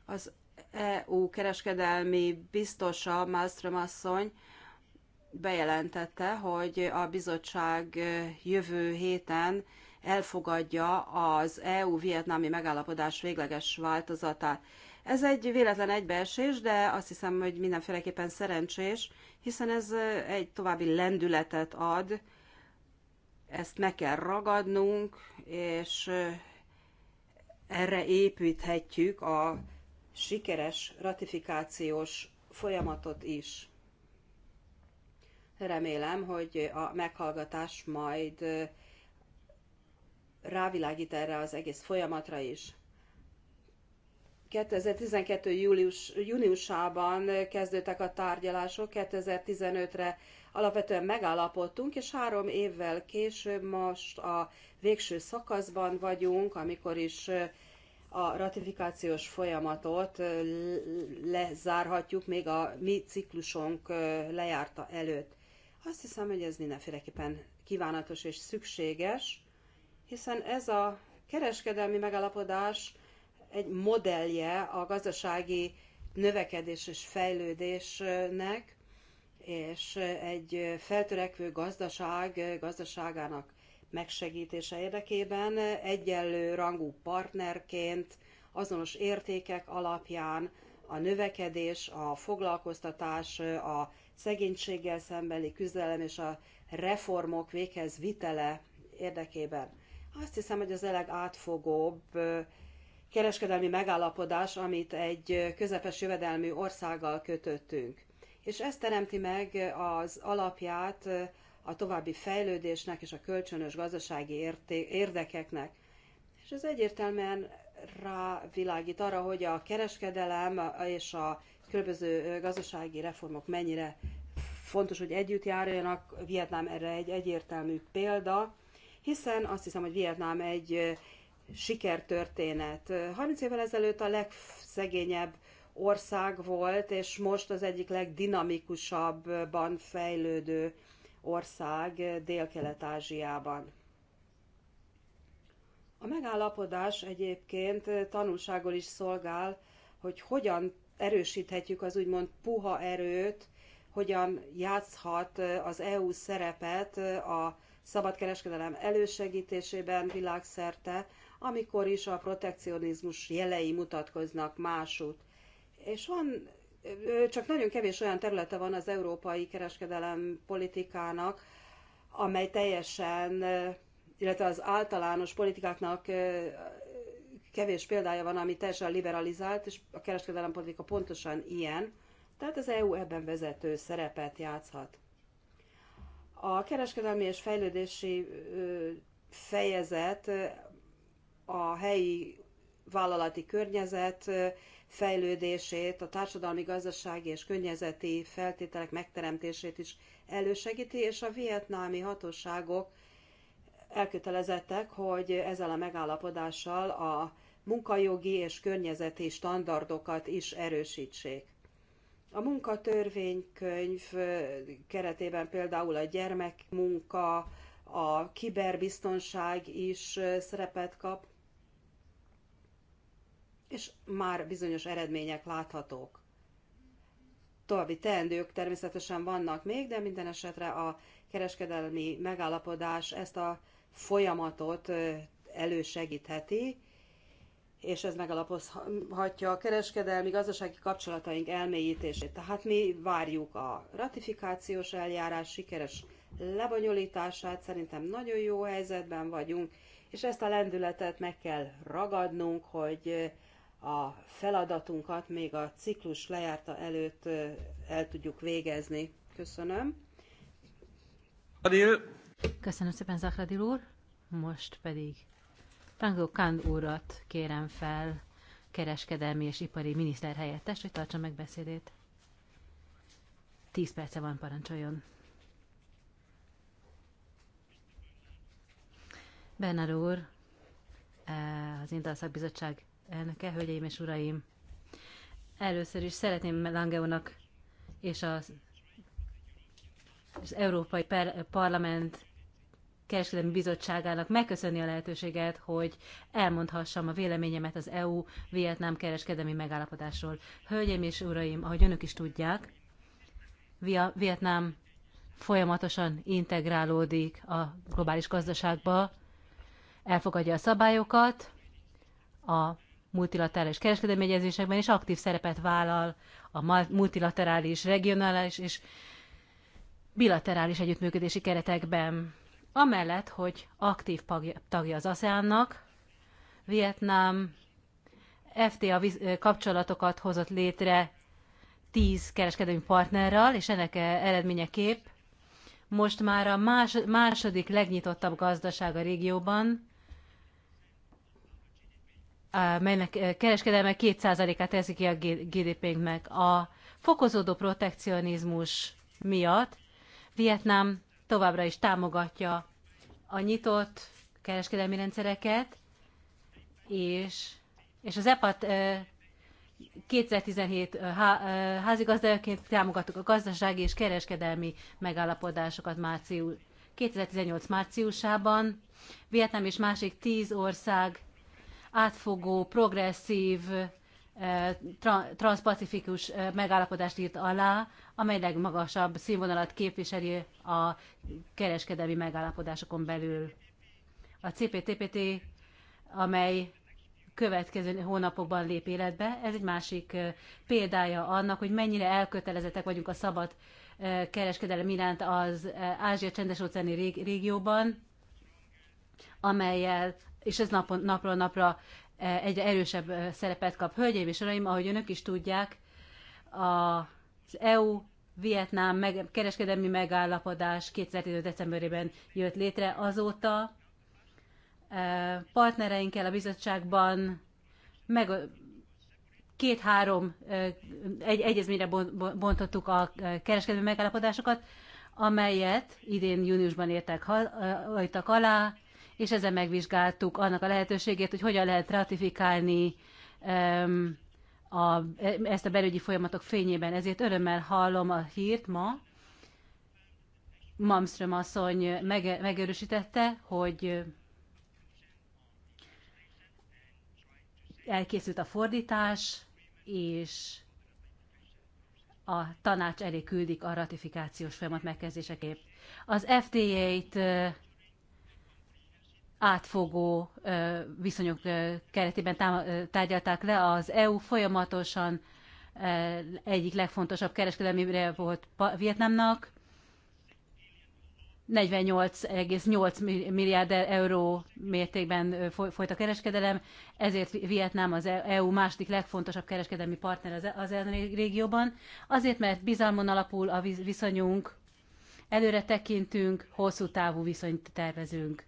az EU kereskedelmi biztosa Malmström asszony bejelentette, hogy a bizottság jövő héten elfogadja az EU-vietnámi megállapodás végleges változatát. Ez egy véletlen egybeesés, de azt hiszem, hogy mindenféleképpen szerencsés, hiszen ez egy további lendületet ad, ezt meg kell ragadnunk, és erre építhetjük a sikeres ratifikációs folyamatot is. Remélem, hogy a meghallgatás majd rávilágít erre az egész folyamatra is. 2012. Július, júniusában kezdődtek a tárgyalások, 2015-re alapvetően megállapodtunk, és három évvel később most a végső szakaszban vagyunk, amikor is a ratifikációs folyamatot lezárhatjuk még a mi ciklusunk lejárta előtt. Azt hiszem, hogy ez mindenféleképpen kívánatos és szükséges, hiszen ez a kereskedelmi megállapodás egy modellje a gazdasági növekedés és fejlődésnek, és egy feltörekvő gazdaság gazdaságának megsegítése érdekében egyenlő rangú partnerként, azonos értékek alapján a növekedés, a foglalkoztatás, a szegénységgel szembeni küzdelem és a reformok véghez vitele érdekében. Azt hiszem, hogy az a legátfogóbb kereskedelmi megállapodás, amit egy közepes jövedelmű országgal kötöttünk. És ez teremti meg az alapját a további fejlődésnek és a kölcsönös gazdasági érdekeknek. És ez egyértelműen rávilágít arra, hogy a kereskedelem és a különböző gazdasági reformok mennyire fontos, hogy együtt járjanak. Vietnám erre egy egyértelmű példa hiszen azt hiszem, hogy Vietnám egy sikertörténet. 30 évvel ezelőtt a legszegényebb ország volt, és most az egyik legdinamikusabban fejlődő ország Dél-Kelet-Ázsiában. A megállapodás egyébként tanulságol is szolgál, hogy hogyan erősíthetjük az úgymond puha erőt, hogyan játszhat az EU szerepet a szabadkereskedelem elősegítésében világszerte, amikor is a protekcionizmus jelei mutatkoznak másút. És van, csak nagyon kevés olyan területe van az európai kereskedelem politikának, amely teljesen, illetve az általános politikáknak kevés példája van, ami teljesen liberalizált, és a kereskedelem politika pontosan ilyen. Tehát az EU ebben vezető szerepet játszhat. A kereskedelmi és fejlődési fejezet a helyi vállalati környezet fejlődését, a társadalmi, gazdasági és környezeti feltételek megteremtését is elősegíti, és a vietnámi hatóságok elkötelezettek, hogy ezzel a megállapodással a munkajogi és környezeti standardokat is erősítsék. A munkatörvénykönyv keretében például a gyermekmunka, a kiberbiztonság is szerepet kap, és már bizonyos eredmények láthatók. További teendők természetesen vannak még, de minden esetre a kereskedelmi megállapodás ezt a folyamatot elősegítheti, és ez megalapozhatja a kereskedelmi gazdasági kapcsolataink elmélyítését. Tehát mi várjuk a ratifikációs eljárás sikeres lebonyolítását, szerintem nagyon jó helyzetben vagyunk, és ezt a lendületet meg kell ragadnunk, hogy a feladatunkat még a ciklus lejárta előtt el tudjuk végezni. Köszönöm. Adil. Köszönöm szépen, Zahradil úr. Most pedig Franco Kand úrat kérem fel, kereskedelmi és ipari miniszter helyettes, hogy tartsa meg beszédét. Tíz perce van, parancsoljon. Bernard úr, eh, az Indal Szakbizottság elnöke, hölgyeim és uraim, először is szeretném Langeónak és az, az Európai Parlament Kereskedelmi Bizottságának megköszönni a lehetőséget, hogy elmondhassam a véleményemet az EU-Vietnám kereskedelmi megállapodásról. Hölgyeim és uraim, ahogy önök is tudják, Vietnám folyamatosan integrálódik a globális gazdaságba, elfogadja a szabályokat, a multilaterális kereskedelmi egyezésekben is aktív szerepet vállal a multilaterális, regionális és bilaterális együttműködési keretekben. Amellett, hogy aktív tagja az ASEAN-nak, Vietnám FTA kapcsolatokat hozott létre tíz kereskedelmi partnerrel, és ennek e- eredményeképp most már a második legnyitottabb gazdaság a régióban, melynek kereskedelme 2%-át teszi ki a GDP-nknek. A fokozódó protekcionizmus miatt Vietnám továbbra is támogatja a nyitott kereskedelmi rendszereket, és, és az EPAT 2017 házigazdájaként támogattuk a gazdasági és kereskedelmi megállapodásokat március, 2018 márciusában. Vietnám és másik tíz ország átfogó, progresszív transpacifikus megállapodást írt alá, amely legmagasabb színvonalat képviseli a kereskedelmi megállapodásokon belül. A CPTPT, amely következő hónapokban lép életbe, ez egy másik példája annak, hogy mennyire elkötelezettek vagyunk a szabad kereskedelem iránt az Ázsia csendes óceáni régióban, amelyel, és ez napon, napról napra egyre erősebb szerepet kap. Hölgyeim és uraim, ahogy önök is tudják, az EU Vietnám meg, kereskedelmi megállapodás 2015. decemberében jött létre. Azóta partnereinkkel a bizottságban meg két-három egy, egyezményre bontottuk a kereskedelmi megállapodásokat, amelyet idén júniusban értek hajtak alá, és ezzel megvizsgáltuk annak a lehetőségét, hogy hogyan lehet ratifikálni um, a, ezt a belügyi folyamatok fényében. Ezért örömmel hallom a hírt ma. Malmström asszony mege, megerősítette, hogy elkészült a fordítás, és a tanács elé küldik a ratifikációs folyamat megkezdéseképp. Az FDA-t átfogó viszonyok keretében tárgyalták le. Az EU folyamatosan egyik legfontosabb kereskedelmi volt Vietnámnak. 48,8 milliárd euró mértékben folyt a kereskedelem, ezért Vietnám az EU második legfontosabb kereskedelmi partner az EU e-, régióban, azért mert bizalmon alapul a viszonyunk, előre tekintünk, hosszú távú viszonyt tervezünk.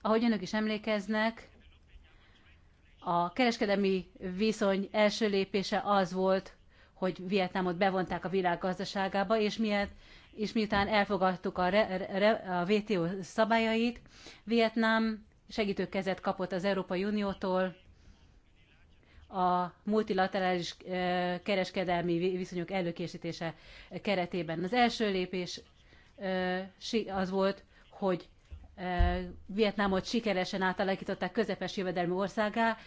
Ahogy önök is emlékeznek, a kereskedelmi viszony első lépése az volt, hogy Vietnámot bevonták a világ gazdaságába, és, miért, és miután elfogadtuk a, re, re, a WTO szabályait, Vietnám segítőkezet kapott az Európai Uniótól a multilaterális eh, kereskedelmi viszonyok előkészítése keretében. Az első lépés eh, az volt, hogy Eh, Vietnámot sikeresen átalakították közepes jövedelmi országá,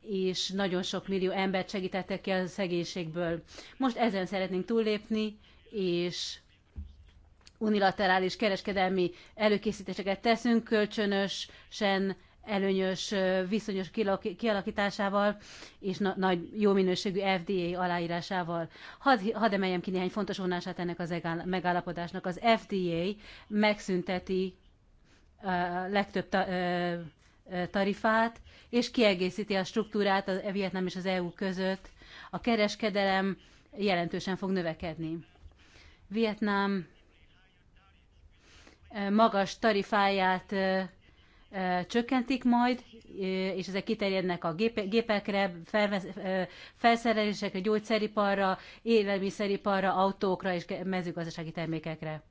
és nagyon sok millió embert segítettek ki a szegénységből. Most ezen szeretnénk túllépni, és unilaterális kereskedelmi előkészítéseket teszünk, kölcsönösen előnyös eh, viszonyos kialakításával és na- nagy jó minőségű FDA aláírásával. Hadd had emeljem ki néhány fontos vonását ennek az megállapodásnak. Az FDA megszünteti legtöbb tarifát, és kiegészíti a struktúrát a Vietnám és az EU között. A kereskedelem jelentősen fog növekedni. Vietnám magas tarifáját csökkentik majd, és ezek kiterjednek a gépekre, felszerelésekre, gyógyszeriparra, élelmiszeriparra, autókra és mezőgazdasági termékekre.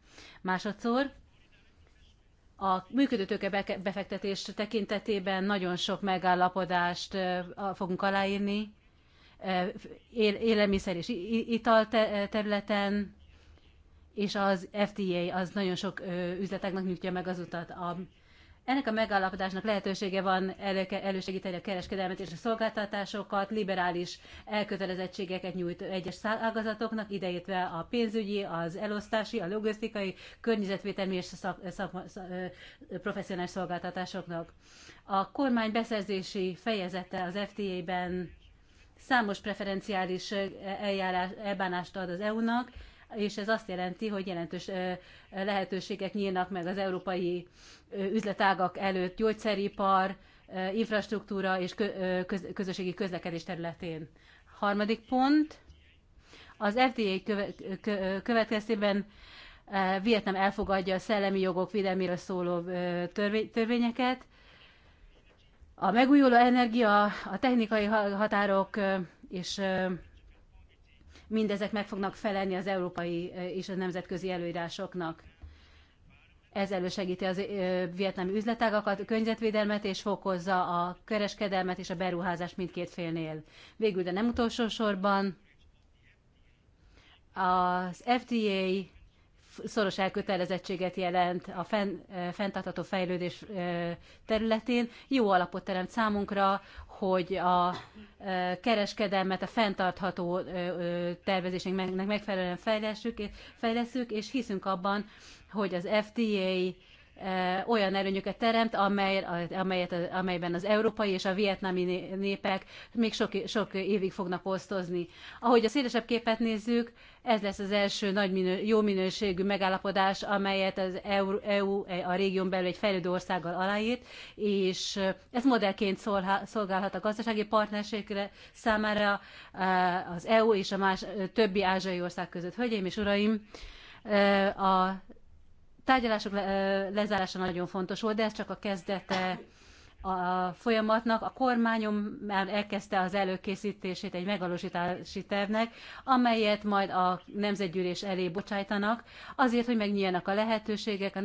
Másodszor a működőtőke befektetés tekintetében nagyon sok megállapodást fogunk aláírni, élelmiszer és ital területen, és az FTA az nagyon sok üzleteknek nyújtja meg az utat. A ennek a megállapodásnak lehetősége van elősegíteni a kereskedelmet és a szolgáltatásokat, liberális elkötelezettségeket nyújt egyes ágazatoknak, ideértve a pénzügyi, az elosztási, a logisztikai, környezetvédelmi és szak, szak, professzionális szolgáltatásoknak. A kormány beszerzési fejezete az FTA-ben számos preferenciális eljárás, elbánást ad az EU-nak, és ez azt jelenti, hogy jelentős lehetőségek nyílnak meg az európai üzletágak előtt, gyógyszeripar, infrastruktúra és közösségi közlekedés területén. Harmadik pont, az FDA következtében Vietnam elfogadja a szellemi jogok védelmére szóló törvényeket, a megújuló energia, a technikai határok és mindezek meg fognak felelni az európai és a nemzetközi előírásoknak. Ez elősegíti az vietnámi üzletágakat, a környezetvédelmet és fokozza a kereskedelmet és a beruházást mindkét félnél. Végül, de nem utolsó sorban, az FDA szoros elkötelezettséget jelent a fenn, fenntartható fejlődés területén, jó alapot teremt számunkra, hogy a kereskedelmet a fenntartható tervezésnek megfelelően fejleszünk, és hiszünk abban, hogy az FTA olyan erőnyöket teremt, amely, amelyet, amelyben az európai és a vietnámi népek még sok, sok évig fognak osztozni. Ahogy a szélesebb képet nézzük, ez lesz az első nagy minő, jó minőségű megállapodás, amelyet az EU, EU a régión belül egy fejlődő országgal aláírt, és ez modellként szolgálhat a gazdasági partnerségre számára az EU és a más többi ázsiai ország között. Hölgyeim és uraim, a tárgyalások lezárása nagyon fontos volt, de ez csak a kezdete a folyamatnak. A kormányom már elkezdte az előkészítését egy megvalósítási tervnek, amelyet majd a nemzetgyűlés elé bocsájtanak, azért, hogy megnyíljanak a lehetőségek a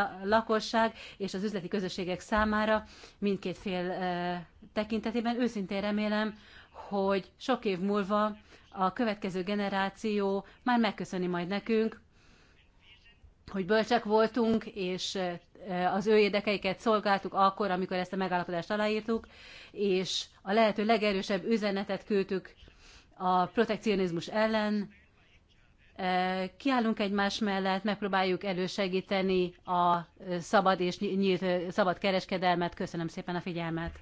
a lakosság és az üzleti közösségek számára mindkét fél tekintetében. Őszintén remélem, hogy sok év múlva a következő generáció már megköszöni majd nekünk, hogy bölcsek voltunk, és az ő érdekeiket szolgáltuk akkor, amikor ezt a megállapodást aláírtuk, és a lehető legerősebb üzenetet küldtük a protekcionizmus ellen. Kiállunk egymás mellett, megpróbáljuk elősegíteni a szabad és nyílt szabad kereskedelmet. Köszönöm szépen a figyelmet!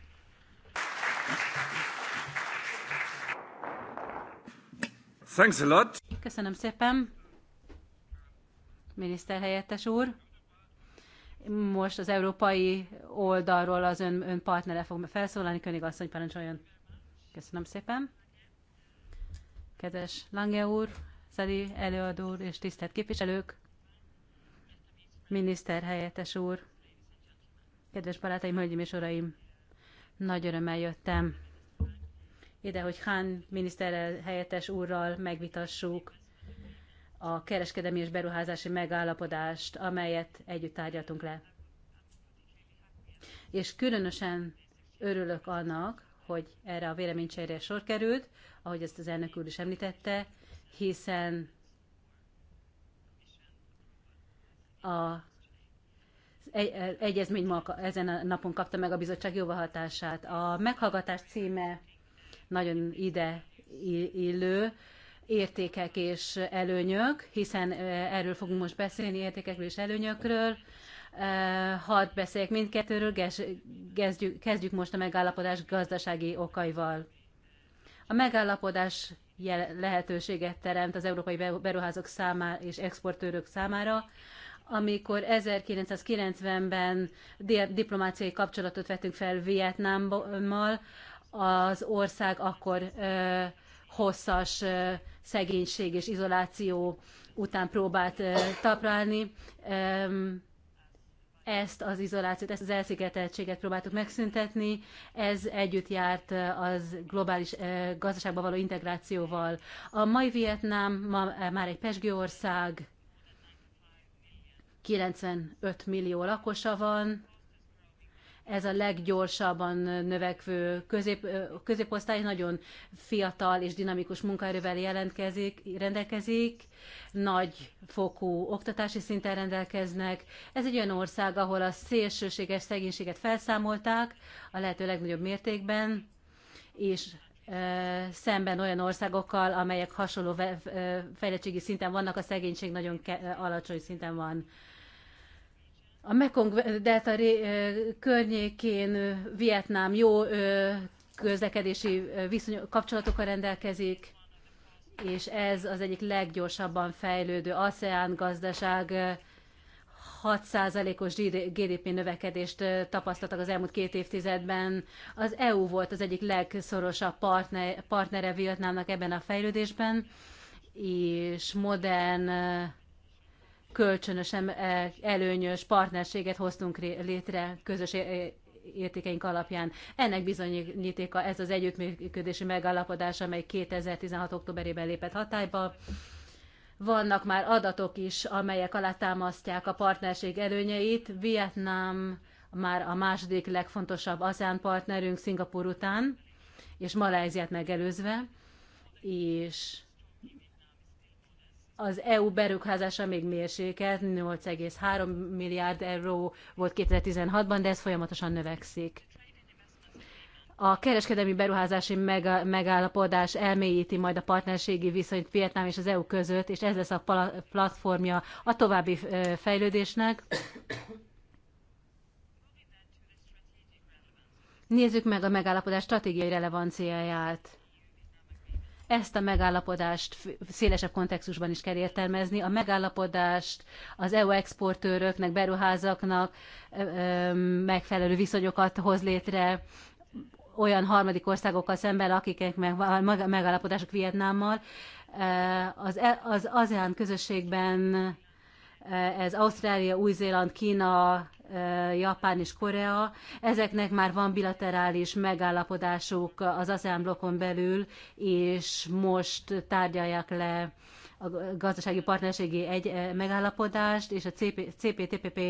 Thanks a lot. Köszönöm szépen! miniszterhelyettes úr. Most az európai oldalról az ön, ön partnere fog felszólalni, Königasszony parancsoljon. Köszönöm szépen. Kedves Lange úr, Szeli előadó úr és tisztelt képviselők, miniszterhelyettes úr, kedves barátaim, hölgyeim és uraim, nagy örömmel jöttem ide, hogy Hán helyettes úrral megvitassuk a kereskedelmi és beruházási megállapodást, amelyet együtt tárgyaltunk le. És különösen örülök annak, hogy erre a véleménycserére sor került, ahogy ezt az elnök úr is említette, hiszen a egy, egyezmény ma ezen a napon kapta meg a bizottság jóváhatását. A meghallgatás címe nagyon ide illő, értékek és előnyök, hiszen erről fogunk most beszélni, értékekről és előnyökről. Hadd beszéljek mindkettőről, kezdjük, kezdjük most a megállapodás gazdasági okaival. A megállapodás lehetőséget teremt az európai beruházók számára és exportőrök számára, amikor 1990-ben diplomáciai kapcsolatot vettünk fel Vietnámmal, az ország akkor ö, hosszas szegénység és izoláció után próbált taprálni. Ezt az izolációt, ezt az elszigeteltséget próbáltuk megszüntetni. Ez együtt járt az globális gazdaságba való integrációval. A mai Vietnám ma már egy pesgő ország, 95 millió lakosa van, ez a leggyorsabban növekvő közép, középosztály, nagyon fiatal és dinamikus munkaerővel jelentkezik, rendelkezik, nagy fokú oktatási szinten rendelkeznek. Ez egy olyan ország, ahol a szélsőséges szegénységet felszámolták a lehető legnagyobb mértékben, és szemben olyan országokkal, amelyek hasonló fejlettségi szinten vannak, a szegénység nagyon alacsony szinten van a Mekong delta környékén Vietnám jó közlekedési viszony, kapcsolatokkal rendelkezik, és ez az egyik leggyorsabban fejlődő ASEAN gazdaság 6%-os GDP növekedést tapasztaltak az elmúlt két évtizedben. Az EU volt az egyik legszorosabb partner, partnere Vietnámnak ebben a fejlődésben, és modern kölcsönösen e- előnyös partnerséget hoztunk létre közös értékeink alapján. Ennek bizonyítéka ez az együttműködési megállapodás, amely 2016. októberében lépett hatályba. Vannak már adatok is, amelyek alátámasztják a partnerség előnyeit. Vietnám már a második legfontosabb ASEAN partnerünk Szingapur után, és Malajziát megelőzve, és az EU beruházása még mérsékelt, 8,3 milliárd euró volt 2016-ban, de ez folyamatosan növekszik. A kereskedelmi beruházási megállapodás elmélyíti majd a partnerségi viszonyt Vietnám és az EU között, és ez lesz a platformja a további fejlődésnek. Nézzük meg a megállapodás stratégiai relevanciáját. Ezt a megállapodást szélesebb kontextusban is kell értelmezni. A megállapodást az EU exportőröknek, beruházaknak megfelelő viszonyokat hoz létre, olyan harmadik országokkal szemben, akiknek meg, megállapodások Vietnámmal. Az, e, az ASEAN közösségben ez Ausztrália, Új-Zéland, Kína, Eh, Japán és Korea. Ezeknek már van bilaterális megállapodásuk az ASEAN blokkon belül, és most tárgyalják le a gazdasági partnerségi egy eh, megállapodást, és a CPTPP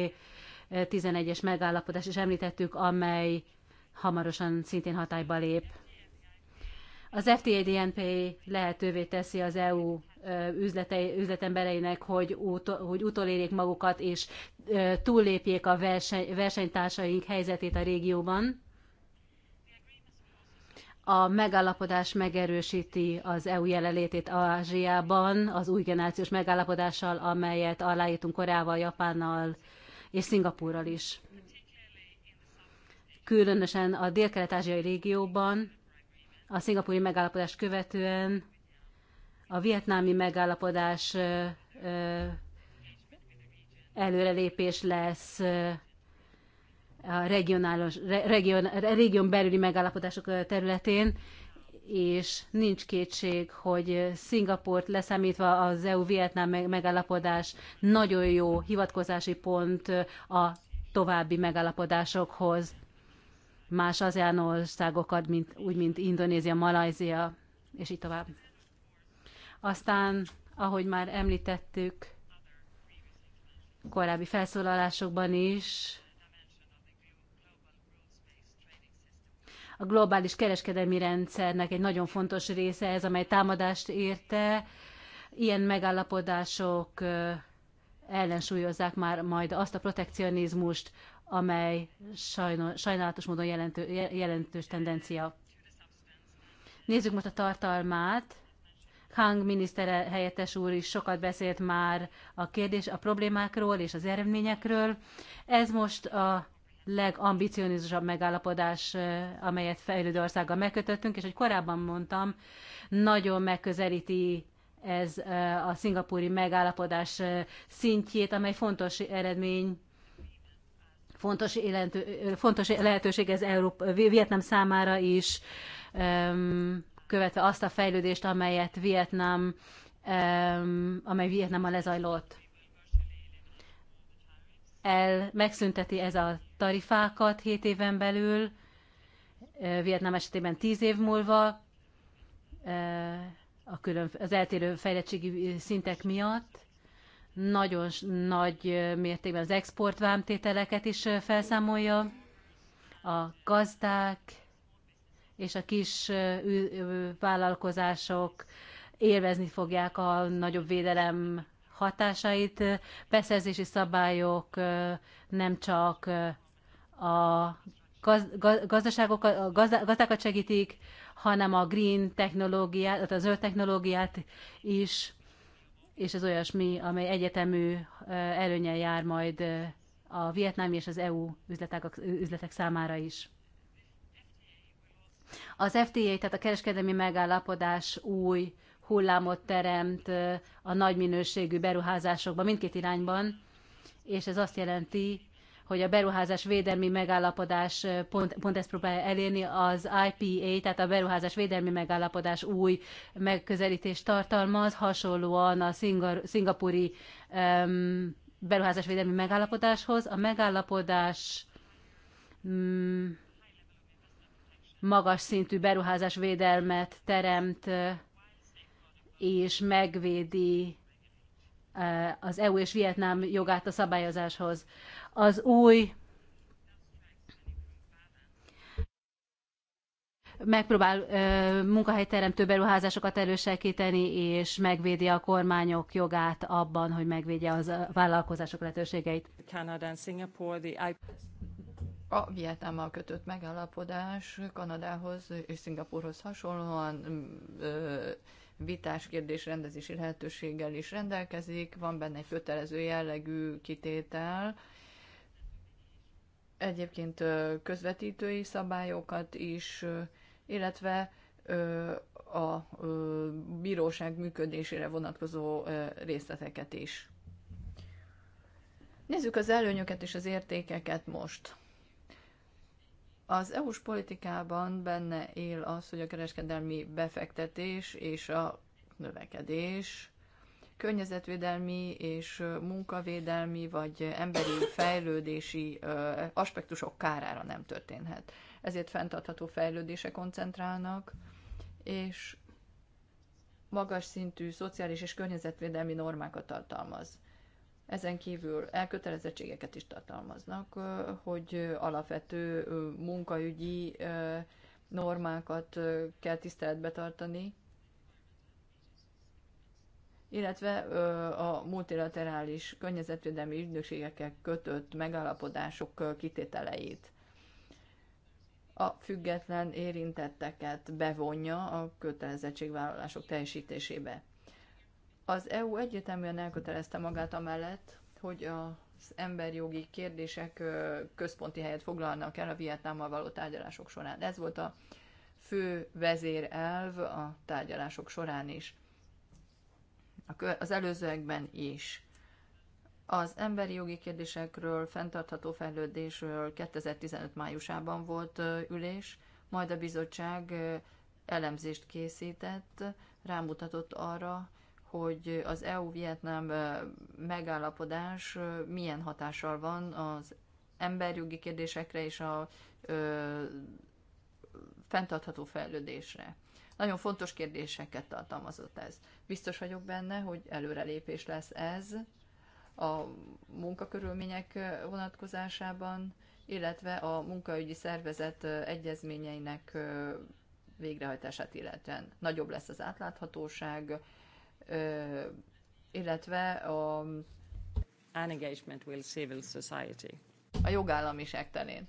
11-es eh, megállapodást is említettük, amely hamarosan szintén hatályba lép. Az FTA-DNP lehetővé teszi az EU üzlete, üzletembereinek, hogy, utol, hogy utolérjék magukat, és túllépjék a verseny, versenytársaink helyzetét a régióban. A megállapodás megerősíti az EU jelenlétét Ázsiában az új generációs megállapodással, amelyet aláírtunk Koreával, Japánnal és Szingapúrral is. Különösen a dél-kelet-ázsiai régióban a szingapúri megállapodást követően a vietnámi megállapodás előrelépés lesz, a regionális, region, region belüli megállapodások területén, és nincs kétség, hogy Szingaport leszámítva az EU-Vietnám megállapodás nagyon jó hivatkozási pont a további megállapodásokhoz más az országokat, mint, úgy, mint Indonézia, Malajzia, és így tovább. Aztán, ahogy már említettük korábbi felszólalásokban is, a globális kereskedelmi rendszernek egy nagyon fontos része ez, amely támadást érte. Ilyen megállapodások ellensúlyozzák már majd azt a protekcionizmust, amely sajnos, sajnálatos módon jelentő, jelentős tendencia. Nézzük most a tartalmát. Kang minisztere helyettes úr is sokat beszélt már a kérdés, a problémákról és az eredményekről. Ez most a legambicionizusabb megállapodás, amelyet fejlődő országgal megkötöttünk, és hogy korábban mondtam, nagyon megközelíti ez a szingapúri megállapodás szintjét, amely fontos eredmény, fontos, élentő, fontos lehetőség ez Európa, Vietnám számára is követve azt a fejlődést, amelyet Vietnám, amely Vietnámmal lezajlott. El megszünteti ez a tarifákat 7 éven belül, eh, Vietnám esetében 10 év múlva, eh, a külön, az eltérő fejlettségi szintek miatt nagyon nagy eh, mértékben az exportvámtételeket is felszámolja, a gazdák és a kis vállalkozások élvezni fogják a nagyobb védelem hatásait. Beszerzési szabályok nem csak a gazdaságokat, a gazdákat segítik, hanem a green technológiát, a zöld technológiát is, és ez olyasmi, amely egyetemű előnyel jár majd a vietnámi és az EU üzletek, üzletek számára is. Az FTA, tehát a kereskedelmi megállapodás új hullámot teremt a nagy minőségű beruházásokban mindkét irányban, és ez azt jelenti, hogy a beruházás védelmi megállapodás pont, pont ezt próbálja elérni, az IPA, tehát a beruházás védelmi megállapodás új megközelítést tartalmaz, hasonlóan a szingar, szingapúri um, beruházás védelmi megállapodáshoz. A megállapodás um, magas szintű beruházás védelmet teremt és megvédi az EU és Vietnám jogát a szabályozáshoz. Az új megpróbál munkahelyteremtő beruházásokat elősegíteni, és megvédi a kormányok jogát abban, hogy megvédje az vállalkozások lehetőségeit. A Vietnámmal kötött megállapodás Kanadához és Szingapurhoz hasonlóan mm, ö, vitás kérdés rendezési lehetőséggel is rendelkezik, van benne egy kötelező jellegű kitétel, egyébként közvetítői szabályokat is, illetve a bíróság működésére vonatkozó részleteket is. Nézzük az előnyöket és az értékeket most. Az EU-s politikában benne él az, hogy a kereskedelmi befektetés és a növekedés környezetvédelmi és munkavédelmi vagy emberi fejlődési aspektusok kárára nem történhet. Ezért fenntartható fejlődése koncentrálnak, és magas szintű szociális és környezetvédelmi normákat tartalmaz. Ezen kívül elkötelezettségeket is tartalmaznak, hogy alapvető munkaügyi normákat kell tiszteletbe tartani, illetve a multilaterális környezetvédelmi ügynökségekkel kötött megállapodások kitételeit. A független érintetteket bevonja a kötelezettségvállalások teljesítésébe. Az EU egyértelműen elkötelezte magát amellett, hogy az emberjogi kérdések központi helyet foglalnak el a Vietnámmal való tárgyalások során. Ez volt a fő vezérelv a tárgyalások során is, az előzőekben is. Az emberi jogi kérdésekről, fenntartható fejlődésről 2015 májusában volt ülés, majd a bizottság elemzést készített, rámutatott arra, hogy az EU-Vietnám megállapodás milyen hatással van az emberjogi kérdésekre és a ö, fenntartható fejlődésre. Nagyon fontos kérdéseket tartalmazott ez. Biztos vagyok benne, hogy előrelépés lesz ez a munkakörülmények vonatkozásában, illetve a munkaügyi szervezet egyezményeinek végrehajtását illetően. Nagyobb lesz az átláthatóság, illetve a an engagement with civil society. A jogállamiság terén.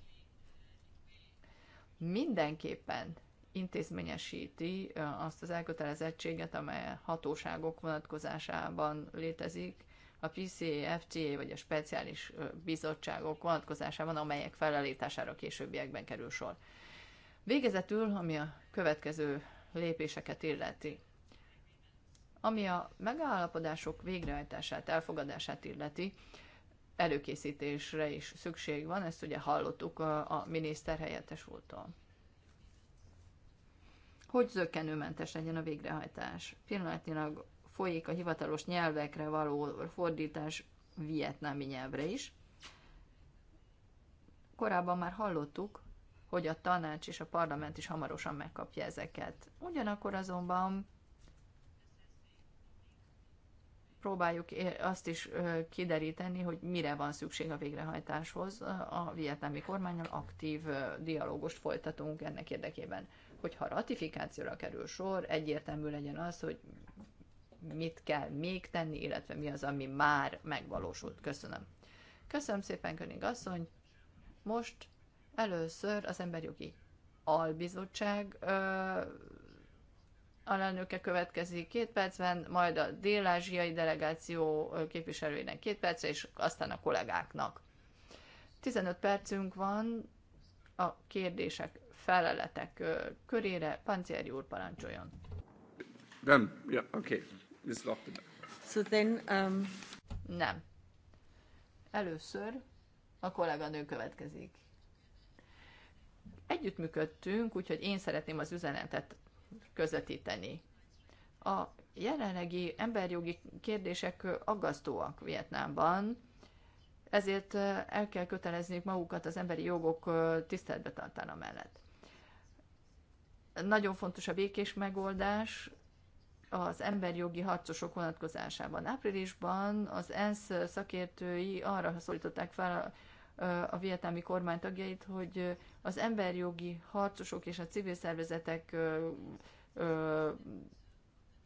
Mindenképpen intézményesíti azt az elkötelezettséget, amely hatóságok vonatkozásában létezik, a PCA, FTA vagy a speciális bizottságok vonatkozásában, amelyek felállítására későbbiekben kerül sor. Végezetül, ami a következő lépéseket illeti. Ami a megállapodások végrehajtását, elfogadását illeti, előkészítésre is szükség van, ezt ugye hallottuk a miniszter helyettes úrtól. Hogy zökkenőmentes legyen a végrehajtás? Pillanatnyilag folyik a hivatalos nyelvekre való fordítás vietnámi nyelvre is. Korábban már hallottuk, hogy a tanács és a parlament is hamarosan megkapja ezeket. Ugyanakkor azonban próbáljuk azt is kideríteni, hogy mire van szükség a végrehajtáshoz. A vietnámi kormányal aktív dialógust folytatunk ennek érdekében, hogyha ratifikációra kerül sor, egyértelmű legyen az, hogy mit kell még tenni, illetve mi az, ami már megvalósult. Köszönöm. Köszönöm szépen, König asszony. Most először az Emberjogi Albizottság alelnöke következik két percben, majd a dél-ázsiai delegáció képviselőinek két perce, és aztán a kollégáknak. 15 percünk van a kérdések, feleletek körére. Pancieri úr parancsoljon. Nem, yeah, okay. This so then, um... Nem. Először a kolléganő következik. Együttműködtünk, úgyhogy én szeretném az üzenetet közvetíteni. A jelenlegi emberjogi kérdések aggasztóak Vietnámban, ezért el kell kötelezniük magukat az emberi jogok tiszteletbe tartana mellett. Nagyon fontos a békés megoldás az emberjogi harcosok vonatkozásában. Áprilisban az ENSZ szakértői arra szólították fel a vietnámi kormány tagjait, hogy az emberjogi harcosok és a civil szervezetek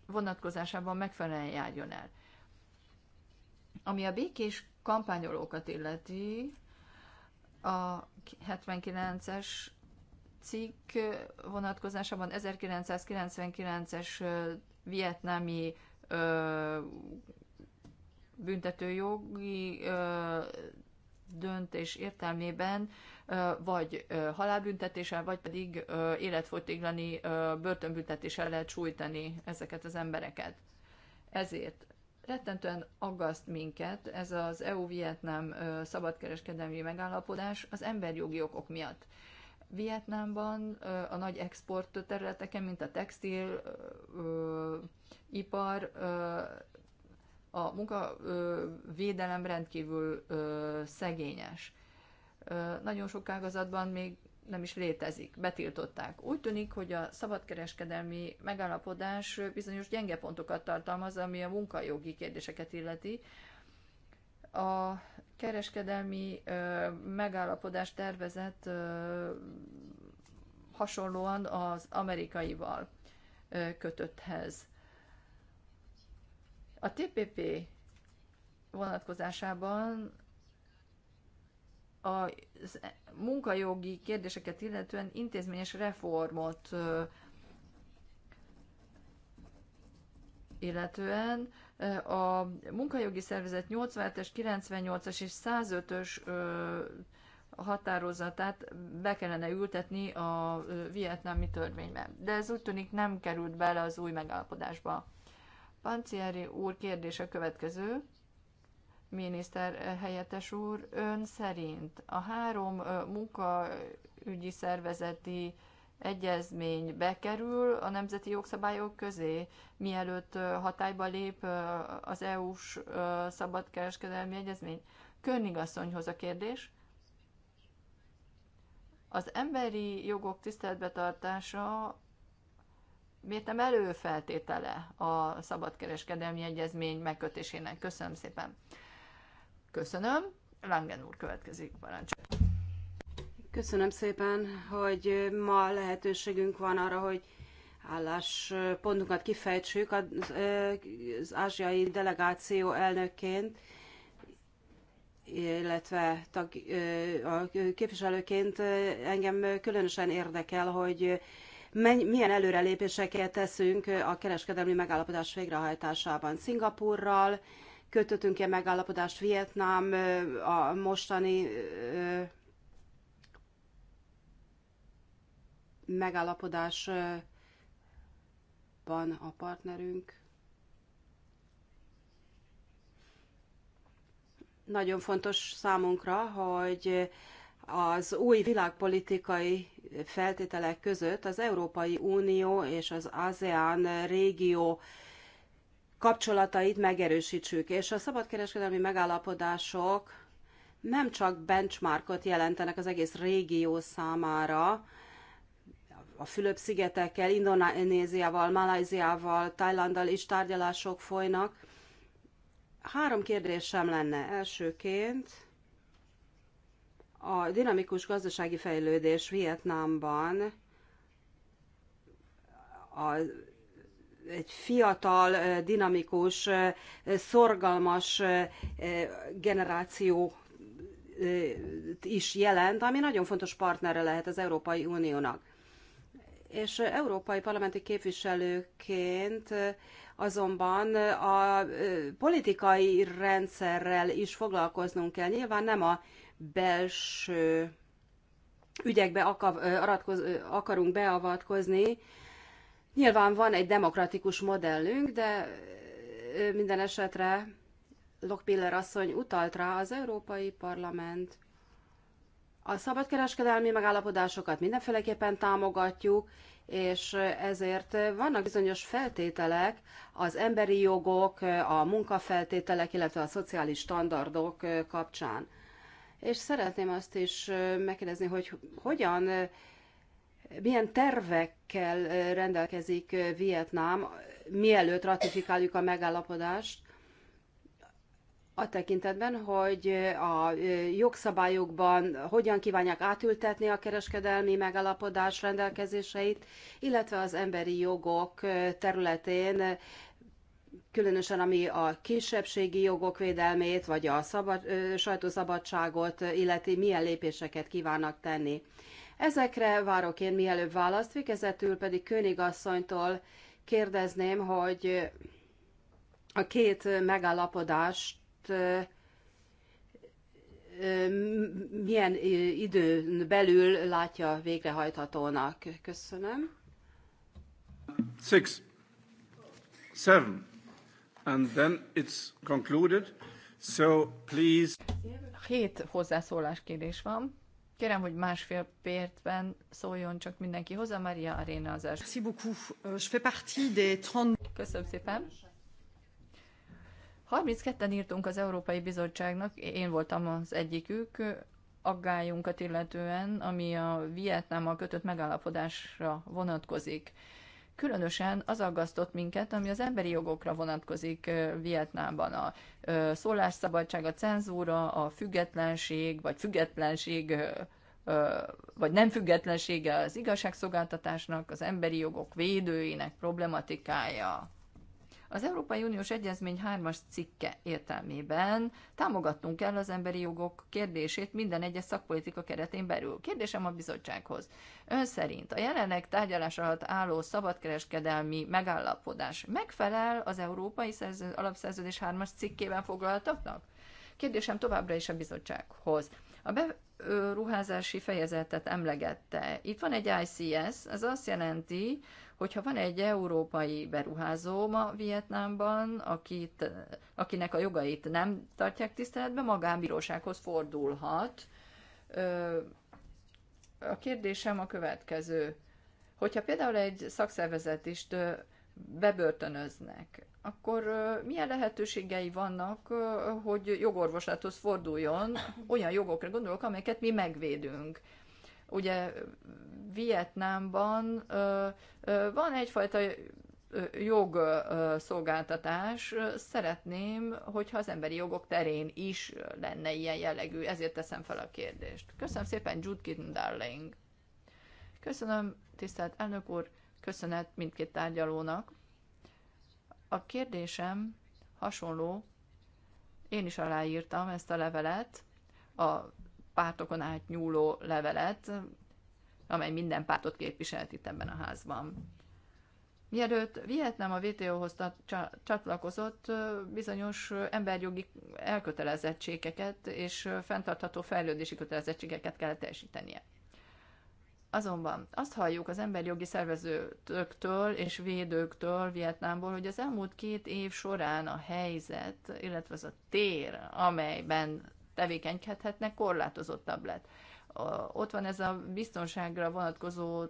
vonatkozásában megfelelően járjon el. Ami a békés kampányolókat illeti, a 79-es cikk vonatkozásában 1999-es vietnámi büntetőjogi döntés értelmében vagy halálbüntetéssel, vagy pedig életfogytiglani börtönbüntetéssel lehet sújtani ezeket az embereket. Ezért rettentően aggaszt minket ez az EU-Vietnám szabadkereskedelmi megállapodás az emberjogi okok miatt. Vietnámban a nagy export területeken, mint a textil ipar, a munkavédelem rendkívül szegényes. Nagyon sok ágazatban még nem is létezik, betiltották. Úgy tűnik, hogy a szabadkereskedelmi megállapodás bizonyos gyenge pontokat tartalmaz, ami a munkajogi kérdéseket illeti. A kereskedelmi ö, megállapodás tervezett ö, hasonlóan az amerikaival ö, kötötthez. A TPP vonatkozásában a munkajogi kérdéseket illetően intézményes reformot illetően a munkajogi szervezet 87-es, 98-as és 105-ös határozatát be kellene ültetni a vietnámi törvénybe. De ez úgy tűnik nem került bele az új megállapodásba. Pancieri úr kérdése következő. Miniszter eh, helyettes úr, ön szerint a három eh, munkaügyi szervezeti egyezmény bekerül a nemzeti jogszabályok közé, mielőtt eh, hatályba lép az EU-s szabadkereskedelmi egyezmény? Környigasszonyhoz a kérdés. Az emberi jogok tiszteletbetartása miért nem előfeltétele a szabadkereskedelmi egyezmény megkötésének? Köszönöm szépen. Köszönöm. Langen úr következik, parancsol. Köszönöm szépen, hogy ma lehetőségünk van arra, hogy álláspontunkat kifejtsük az ázsiai delegáció elnökként, illetve tag, a képviselőként engem különösen érdekel, hogy milyen előrelépéseket teszünk a kereskedelmi megállapodás végrehajtásában. Szingapurral kötöttünk e megállapodást, Vietnám a mostani megállapodásban a partnerünk. Nagyon fontos számunkra, hogy az új világpolitikai feltételek között az Európai Unió és az ASEAN régió kapcsolatait megerősítsük, és a szabadkereskedelmi megállapodások nem csak benchmarkot jelentenek az egész régió számára, a Fülöp-szigetekkel, Indonéziával, Malajziával, Tajlanddal is tárgyalások folynak. Három kérdésem lenne. Elsőként, a dinamikus gazdasági fejlődés Vietnámban a, egy fiatal, dinamikus, szorgalmas generáció is jelent, ami nagyon fontos partnere lehet az Európai Uniónak. És európai parlamenti képviselőként azonban a politikai rendszerrel is foglalkoznunk kell. Nyilván nem a belső ügyekbe akarunk beavatkozni. Nyilván van egy demokratikus modellünk, de minden esetre Lockpiller asszony utalt rá az Európai Parlament. A szabadkereskedelmi megállapodásokat mindenféleképpen támogatjuk, és ezért vannak bizonyos feltételek, az emberi jogok, a munkafeltételek, illetve a szociális standardok kapcsán és szeretném azt is megkérdezni, hogy hogyan, milyen tervekkel rendelkezik Vietnám, mielőtt ratifikáljuk a megállapodást, a tekintetben, hogy a jogszabályokban hogyan kívánják átültetni a kereskedelmi megállapodás rendelkezéseit, illetve az emberi jogok területén különösen ami a kisebbségi jogok védelmét, vagy a szabad, sajtószabadságot illeti, milyen lépéseket kívánnak tenni. Ezekre várok én mielőbb választ, vikezetül pedig Königasszonytól kérdezném, hogy a két megállapodást milyen időn belül látja végrehajthatónak. Köszönöm. Six. Seven and then it's concluded. So please... Hét hozzászóláskérés van. Kérem, hogy másfél percben szóljon csak mindenki hozzá. Maria Arena az első. Euh, Köszönöm szépen. 32-en írtunk az Európai Bizottságnak, én voltam az egyikük, aggályunkat illetően, ami a Vietnámmal kötött megállapodásra vonatkozik. Különösen az aggasztott minket, ami az emberi jogokra vonatkozik Vietnámban. A szólásszabadság, a cenzúra, a függetlenség, vagy függetlenség, vagy nem függetlensége az igazságszolgáltatásnak, az emberi jogok védőinek problematikája. Az Európai Uniós Egyezmény 3-as cikke értelmében támogatnunk kell az emberi jogok kérdését minden egyes szakpolitika keretén belül. Kérdésem a bizottsághoz. Ön szerint a jelenleg tárgyalás alatt álló szabadkereskedelmi megállapodás megfelel az Európai Szerző, Alapszerződés 3-as cikkében foglaltaknak? Kérdésem továbbra is a bizottsághoz. A beruházási fejezetet emlegette. Itt van egy ICS, ez azt jelenti, Hogyha van egy európai beruházó ma Vietnámban, akit, akinek a jogait nem tartják tiszteletben, magánbírósághoz fordulhat. A kérdésem a következő. Hogyha például egy szakszervezet is bebörtönöznek, akkor milyen lehetőségei vannak, hogy jogorvoslathoz forduljon? Olyan jogokra gondolok, amelyeket mi megvédünk. Ugye Vietnámban van egyfajta jogszolgáltatás, szeretném, hogyha az emberi jogok terén is lenne ilyen jellegű, ezért teszem fel a kérdést. Köszönöm szépen, Jude Kitten Darling. Köszönöm, tisztelt elnök úr, köszönet mindkét tárgyalónak. A kérdésem hasonló, én is aláírtam ezt a levelet a pártokon átnyúló levelet, amely minden pártot képviselt itt ebben a házban. Mielőtt Vietnám a WTO-hoz csatlakozott, bizonyos emberjogi elkötelezettségeket és fenntartható fejlődési kötelezettségeket kellett teljesítenie. Azonban azt halljuk az emberjogi szervezőtöktől és védőktől Vietnámból, hogy az elmúlt két év során a helyzet, illetve az a tér, amelyben tevékenykedhetnek, korlátozottabb lett. Ott van ez a biztonságra vonatkozó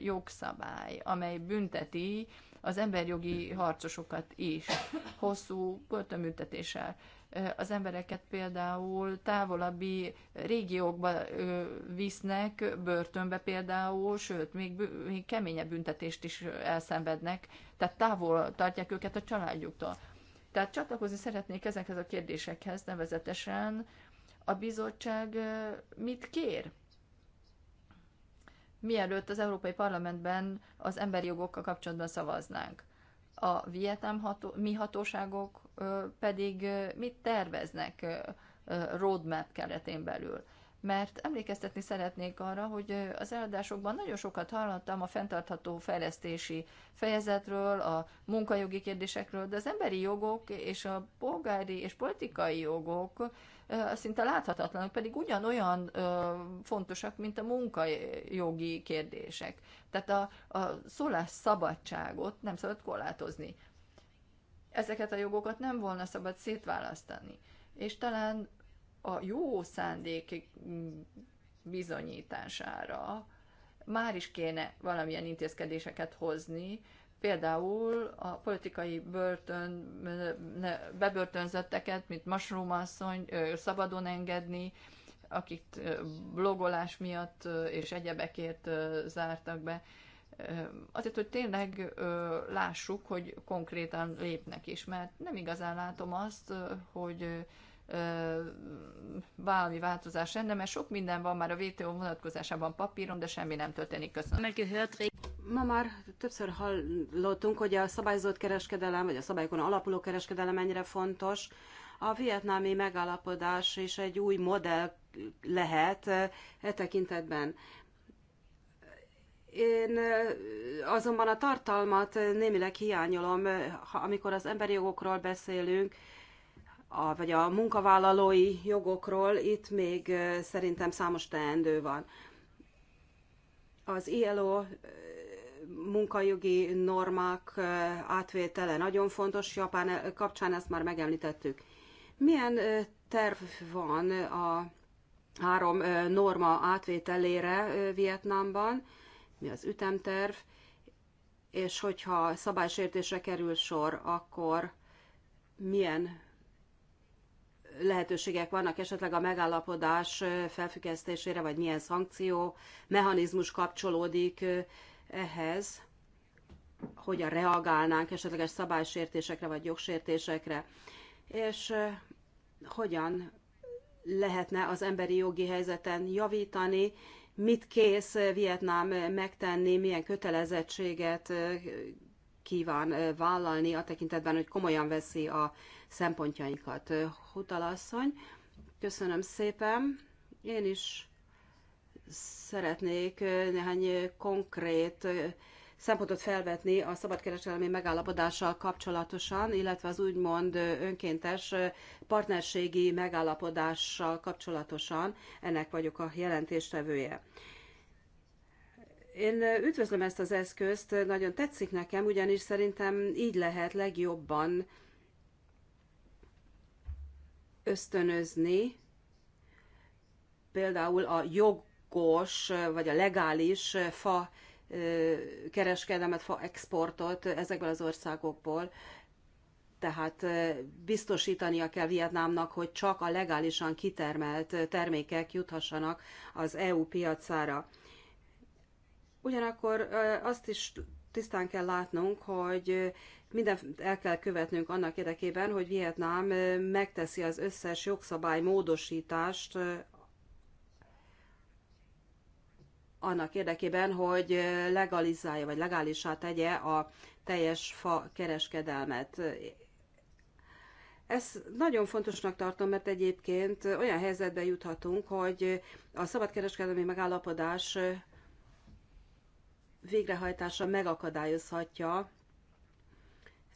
jogszabály, amely bünteti az emberjogi harcosokat is, hosszú börtönbüntetéssel. Az embereket például távolabbi régiókba visznek, börtönbe például, sőt, még, még keményebb büntetést is elszenvednek, tehát távol tartják őket a családjuktól. Tehát csatlakozni szeretnék ezekhez a kérdésekhez nevezetesen, a bizottság mit kér? Mielőtt az Európai Parlamentben az emberi jogokkal kapcsolatban szavaznánk. A Vietnám ható, mi hatóságok pedig mit terveznek roadmap keretén belül? mert emlékeztetni szeretnék arra, hogy az eladásokban nagyon sokat hallottam a fenntartható fejlesztési fejezetről, a munkajogi kérdésekről, de az emberi jogok és a polgári és politikai jogok szinte láthatatlanok, pedig ugyanolyan fontosak, mint a munkajogi kérdések. Tehát a, a szólás szabadságot nem szabad korlátozni. Ezeket a jogokat nem volna szabad szétválasztani. És talán a jó szándék bizonyítására már is kéne valamilyen intézkedéseket hozni, Például a politikai börtön, bebörtönzötteket, mint Masrum asszony, szabadon engedni, akit blogolás miatt és egyebekért zártak be. Azért, hogy tényleg lássuk, hogy konkrétan lépnek is, mert nem igazán látom azt, hogy valami változás lenne, mert sok minden van már a VTO vonatkozásában papíron, de semmi nem történik. Köszönöm. Ma már többször hallottunk, hogy a szabályozott kereskedelem, vagy a szabályokon alapuló kereskedelem ennyire fontos. A vietnámi megállapodás is egy új modell lehet e tekintetben. Én azonban a tartalmat némileg hiányolom, amikor az emberi jogokról beszélünk, a, vagy a munkavállalói jogokról, itt még szerintem számos teendő van. Az ILO munkajogi normák átvétele nagyon fontos, Japán kapcsán ezt már megemlítettük. Milyen terv van a három norma átvételére Vietnámban, mi az ütemterv, és hogyha szabálysértésre kerül sor, akkor milyen lehetőségek vannak esetleg a megállapodás felfüggesztésére, vagy milyen szankció mechanizmus kapcsolódik ehhez, hogyan reagálnánk esetleges szabálysértésekre vagy jogsértésekre, és hogyan lehetne az emberi jogi helyzeten javítani, mit kész Vietnám megtenni, milyen kötelezettséget kíván vállalni a tekintetben, hogy komolyan veszi a szempontjainkat. Hutalasszony, köszönöm szépen. Én is szeretnék néhány konkrét szempontot felvetni a szabadkereskedelmi megállapodással kapcsolatosan, illetve az úgymond önkéntes partnerségi megállapodással kapcsolatosan. Ennek vagyok a jelentéstevője. Én üdvözlöm ezt az eszközt, nagyon tetszik nekem, ugyanis szerintem így lehet legjobban ösztönözni például a jogos vagy a legális fa kereskedelmet, fa exportot ezekből az országokból. Tehát biztosítania kell Vietnámnak, hogy csak a legálisan kitermelt termékek juthassanak az EU piacára. Ugyanakkor azt is tisztán kell látnunk, hogy mindent el kell követnünk annak érdekében, hogy Vietnám megteszi az összes jogszabály módosítást annak érdekében, hogy legalizálja vagy legálisá tegye a teljes fa kereskedelmet. Ezt nagyon fontosnak tartom, mert egyébként olyan helyzetbe juthatunk, hogy a szabadkereskedelmi megállapodás végrehajtása megakadályozhatja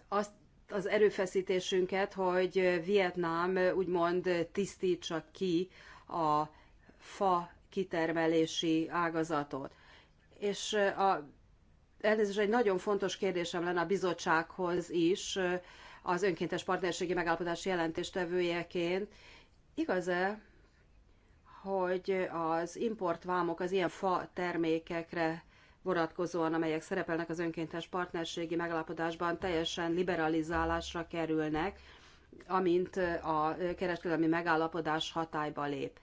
azt az erőfeszítésünket, hogy Vietnám úgymond tisztítsa ki a fa kitermelési ágazatot. És a, egy nagyon fontos kérdésem lenne a bizottsághoz is, az önkéntes partnerségi megállapodás jelentéstevőjeként. Igaz-e, hogy az importvámok az ilyen fa termékekre vonatkozóan, amelyek szerepelnek az önkéntes partnerségi megállapodásban, teljesen liberalizálásra kerülnek, amint a kereskedelmi megállapodás hatályba lép.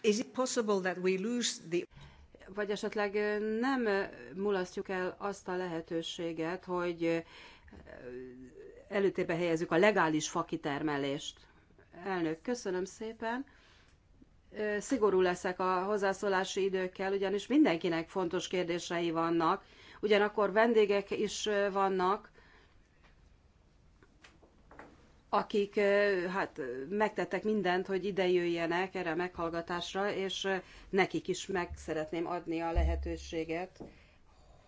Is it possible that we lose the... Vagy esetleg nem mulasztjuk el azt a lehetőséget, hogy előtérbe helyezzük a legális fakitermelést. Elnök, köszönöm szépen. Szigorú leszek a hozzászólási időkkel, ugyanis mindenkinek fontos kérdései vannak, ugyanakkor vendégek is vannak, akik hát megtettek mindent, hogy ide jöjjenek erre a meghallgatásra, és nekik is meg szeretném adni a lehetőséget,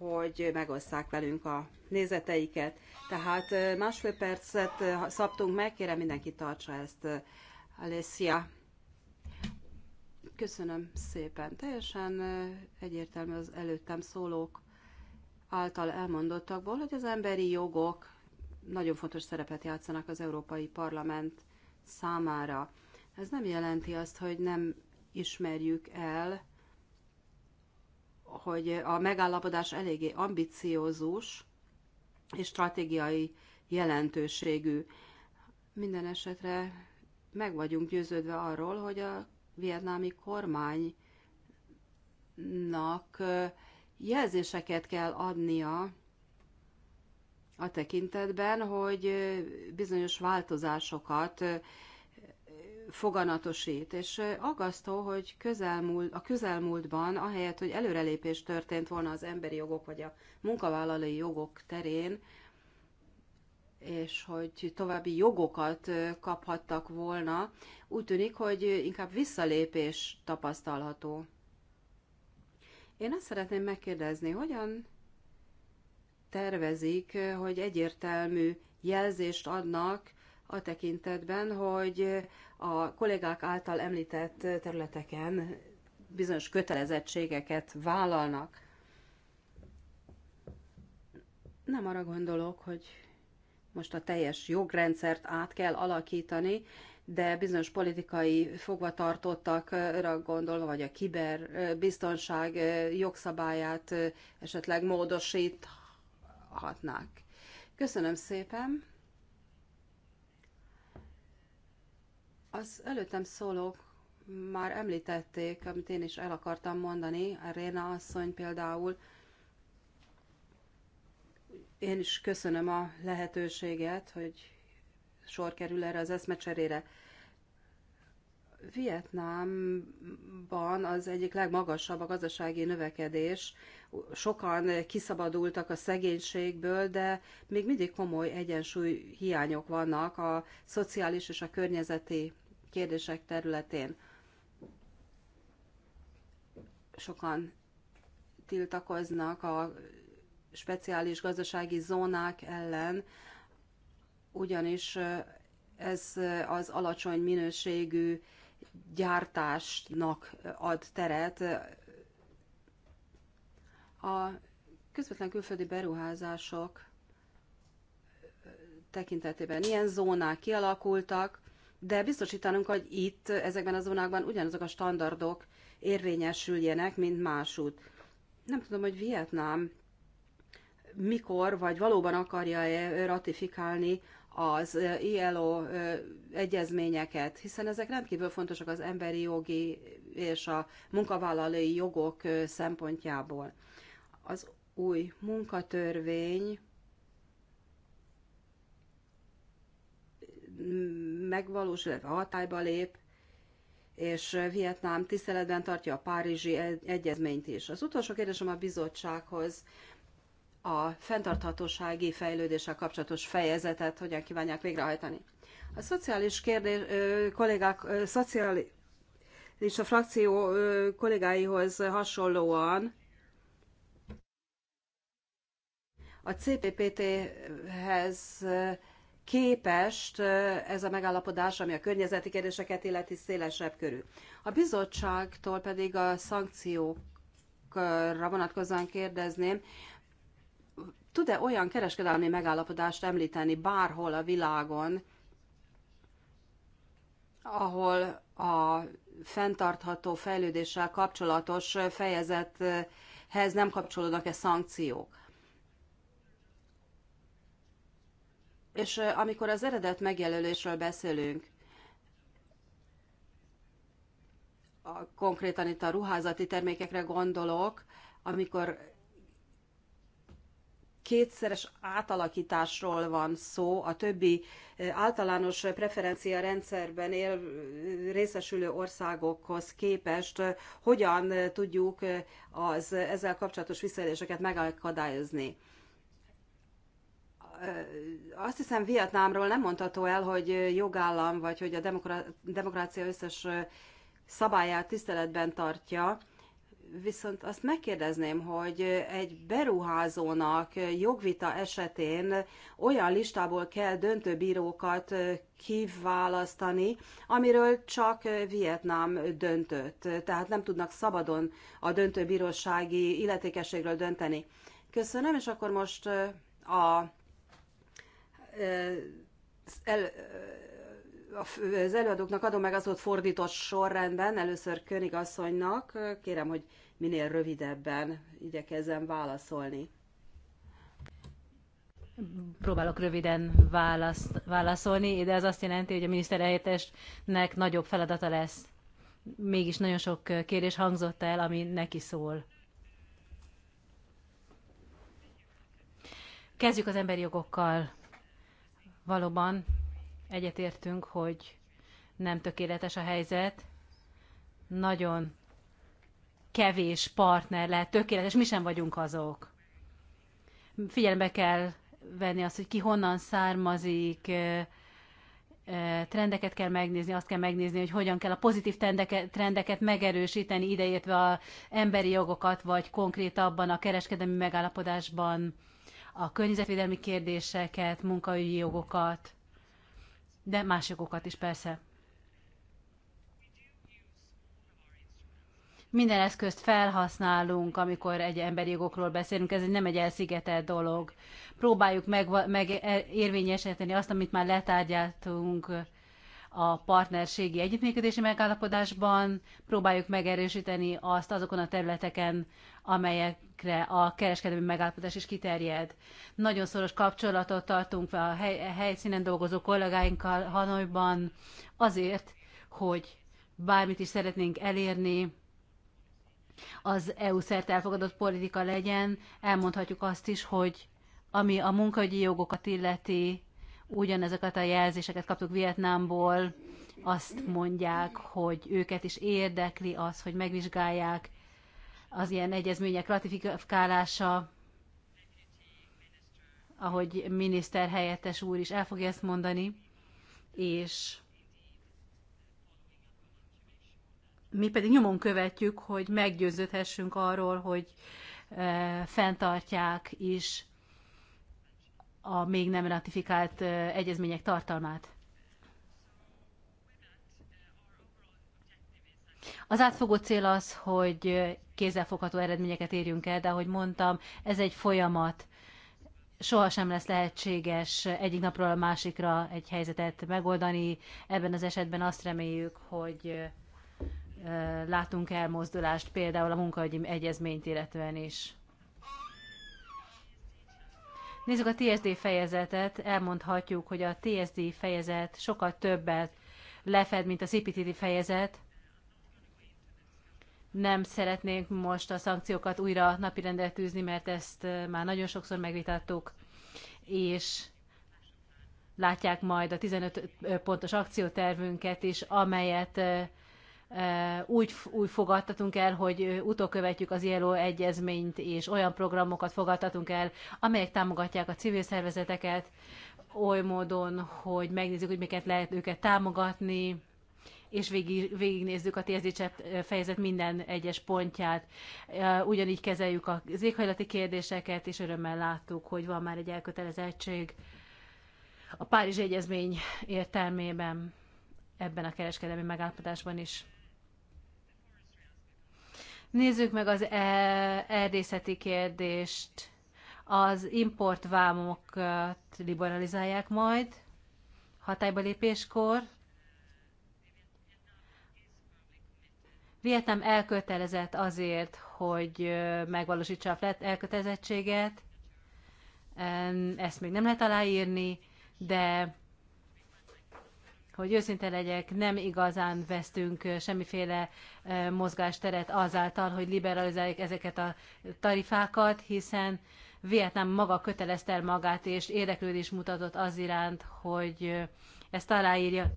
hogy megosszák velünk a nézeteiket. Tehát másfél percet szabtunk meg, kérem mindenki tartsa ezt. Alessia. Köszönöm szépen. Teljesen egyértelmű az előttem szólók által elmondottakból, hogy az emberi jogok nagyon fontos szerepet játszanak az Európai Parlament számára. Ez nem jelenti azt, hogy nem ismerjük el hogy a megállapodás eléggé ambiciózus és stratégiai jelentőségű. Minden esetre meg vagyunk győződve arról, hogy a vietnámi kormánynak jelzéseket kell adnia a tekintetben, hogy bizonyos változásokat foganatosít. És aggasztó, hogy közelmúlt, a közelmúltban, ahelyett, hogy előrelépés történt volna az emberi jogok vagy a munkavállalói jogok terén, és hogy további jogokat kaphattak volna, úgy tűnik, hogy inkább visszalépés tapasztalható. Én azt szeretném megkérdezni, hogyan tervezik, hogy egyértelmű jelzést adnak a tekintetben, hogy a kollégák által említett területeken bizonyos kötelezettségeket vállalnak. Nem arra gondolok, hogy most a teljes jogrendszert át kell alakítani, de bizonyos politikai fogvatartottakra gondolva, vagy a kiberbiztonság jogszabályát esetleg módosíthatnák. Köszönöm szépen! Az előttem szólók már említették, amit én is el akartam mondani, a Réna asszony például. Én is köszönöm a lehetőséget, hogy sor kerül erre az eszmecserére. Vietnámban az egyik legmagasabb a gazdasági növekedés. Sokan kiszabadultak a szegénységből, de még mindig komoly egyensúly hiányok vannak a szociális és a környezeti kérdések területén. Sokan tiltakoznak a speciális gazdasági zónák ellen, ugyanis ez az alacsony minőségű gyártásnak ad teret. A közvetlen külföldi beruházások tekintetében ilyen zónák kialakultak, de biztosítanunk, hogy itt, ezekben a zónákban ugyanazok a standardok érvényesüljenek, mint másút. Nem tudom, hogy Vietnám mikor, vagy valóban akarja-e ratifikálni az ILO egyezményeket, hiszen ezek rendkívül fontosak az emberi jogi és a munkavállalói jogok szempontjából. Az új munkatörvény megvalósul, illetve hatályba lép, és Vietnám tiszteletben tartja a Párizsi Egyezményt is. Az utolsó kérdésem a bizottsághoz a fenntarthatósági fejlődéssel kapcsolatos fejezetet hogyan kívánják végrehajtani. A szociális kérdés, kollégák, szociális a frakció kollégáihoz hasonlóan a CPPT-hez képest ez a megállapodás, ami a környezeti kérdéseket illeti szélesebb körül. A bizottságtól pedig a szankciókra vonatkozóan kérdezném, tud-e olyan kereskedelmi megállapodást említeni bárhol a világon, ahol a fenntartható fejlődéssel kapcsolatos fejezethez nem kapcsolódnak-e szankciók? És amikor az eredet megjelölésről beszélünk, a, konkrétan itt a ruházati termékekre gondolok, amikor kétszeres átalakításról van szó a többi általános preferencia rendszerben él, részesülő országokhoz képest, hogyan tudjuk az ezzel kapcsolatos visszaéléseket megakadályozni azt hiszem Vietnámról nem mondható el, hogy jogállam, vagy hogy a demokrácia összes szabályát tiszteletben tartja, viszont azt megkérdezném, hogy egy beruházónak jogvita esetén olyan listából kell döntőbírókat kiválasztani, amiről csak Vietnám döntött. Tehát nem tudnak szabadon a döntőbírósági illetékességről dönteni. Köszönöm, és akkor most a el, az előadóknak adom meg az ott fordított sorrendben, először König asszonynak, kérem, hogy minél rövidebben igyekezzen válaszolni. Próbálok röviden válasz, válaszolni, de ez azt jelenti, hogy a miniszterhelyettesnek nagyobb feladata lesz. Mégis nagyon sok kérdés hangzott el, ami neki szól. Kezdjük az emberi jogokkal Valóban egyetértünk, hogy nem tökéletes a helyzet. Nagyon kevés partner lehet tökéletes, mi sem vagyunk azok. Figyelembe kell venni azt, hogy ki honnan származik, trendeket kell megnézni, azt kell megnézni, hogy hogyan kell a pozitív trendeket, megerősíteni, ideértve a emberi jogokat, vagy konkrétabban a kereskedelmi megállapodásban a környezetvédelmi kérdéseket, munkaügyi jogokat, de más jogokat is persze. Minden eszközt felhasználunk, amikor egy emberi jogokról beszélünk, ez nem egy elszigetelt dolog. Próbáljuk meg, meg e- érvényesíteni azt, amit már letárgyaltunk a partnerségi együttműködési megállapodásban, próbáljuk megerősíteni azt azokon a területeken, amelyekre a kereskedelmi megállapodás is kiterjed. Nagyon szoros kapcsolatot tartunk a helyszínen dolgozó kollégáinkkal Hanoiban azért, hogy bármit is szeretnénk elérni, az EU szerte elfogadott politika legyen, elmondhatjuk azt is, hogy ami a munkahogyi jogokat illeti, ugyanezeket a jelzéseket kaptuk Vietnámból, azt mondják, hogy őket is érdekli az, hogy megvizsgálják az ilyen egyezmények ratifikálása, ahogy miniszter helyettes úr is el fogja ezt mondani, és mi pedig nyomon követjük, hogy meggyőződhessünk arról, hogy e, fenntartják is a még nem ratifikált e, egyezmények tartalmát. Az átfogó cél az, hogy kézzelfogható eredményeket érjünk el, de ahogy mondtam, ez egy folyamat. Sohasem lesz lehetséges egyik napról a másikra egy helyzetet megoldani. Ebben az esetben azt reméljük, hogy látunk elmozdulást például a munkahogyi egyezményt illetően is. Nézzük a TSD fejezetet, elmondhatjuk, hogy a TSD fejezet sokkal többet lefed, mint a CPTD fejezet, nem szeretnénk most a szankciókat újra napirendre tűzni, mert ezt eh, már nagyon sokszor megvitattuk, és látják majd a 15 eh, pontos akciótervünket is, amelyet eh, úgy, úgy fogadtatunk el, hogy utókövetjük az ILO egyezményt, és olyan programokat fogadtatunk el, amelyek támogatják a civil szervezeteket oly módon, hogy megnézzük, hogy miket lehet őket támogatni, és végig, végignézzük a térzicsepp fejezet minden egyes pontját. Ugyanígy kezeljük az éghajlati kérdéseket, és örömmel láttuk, hogy van már egy elkötelezettség a Párizs Egyezmény értelmében ebben a kereskedelmi megállapodásban is. Nézzük meg az e, erdészeti kérdést. Az importvámokat liberalizálják majd hatályba lépéskor Vietnám elkötelezett azért, hogy megvalósítsa a flat elkötelezettséget. Ezt még nem lehet aláírni, de hogy őszinte legyek, nem igazán vesztünk semmiféle mozgásteret azáltal, hogy liberalizáljuk ezeket a tarifákat, hiszen Vietnám maga kötelezte el magát, és érdeklődés mutatott az iránt, hogy ezt aláírja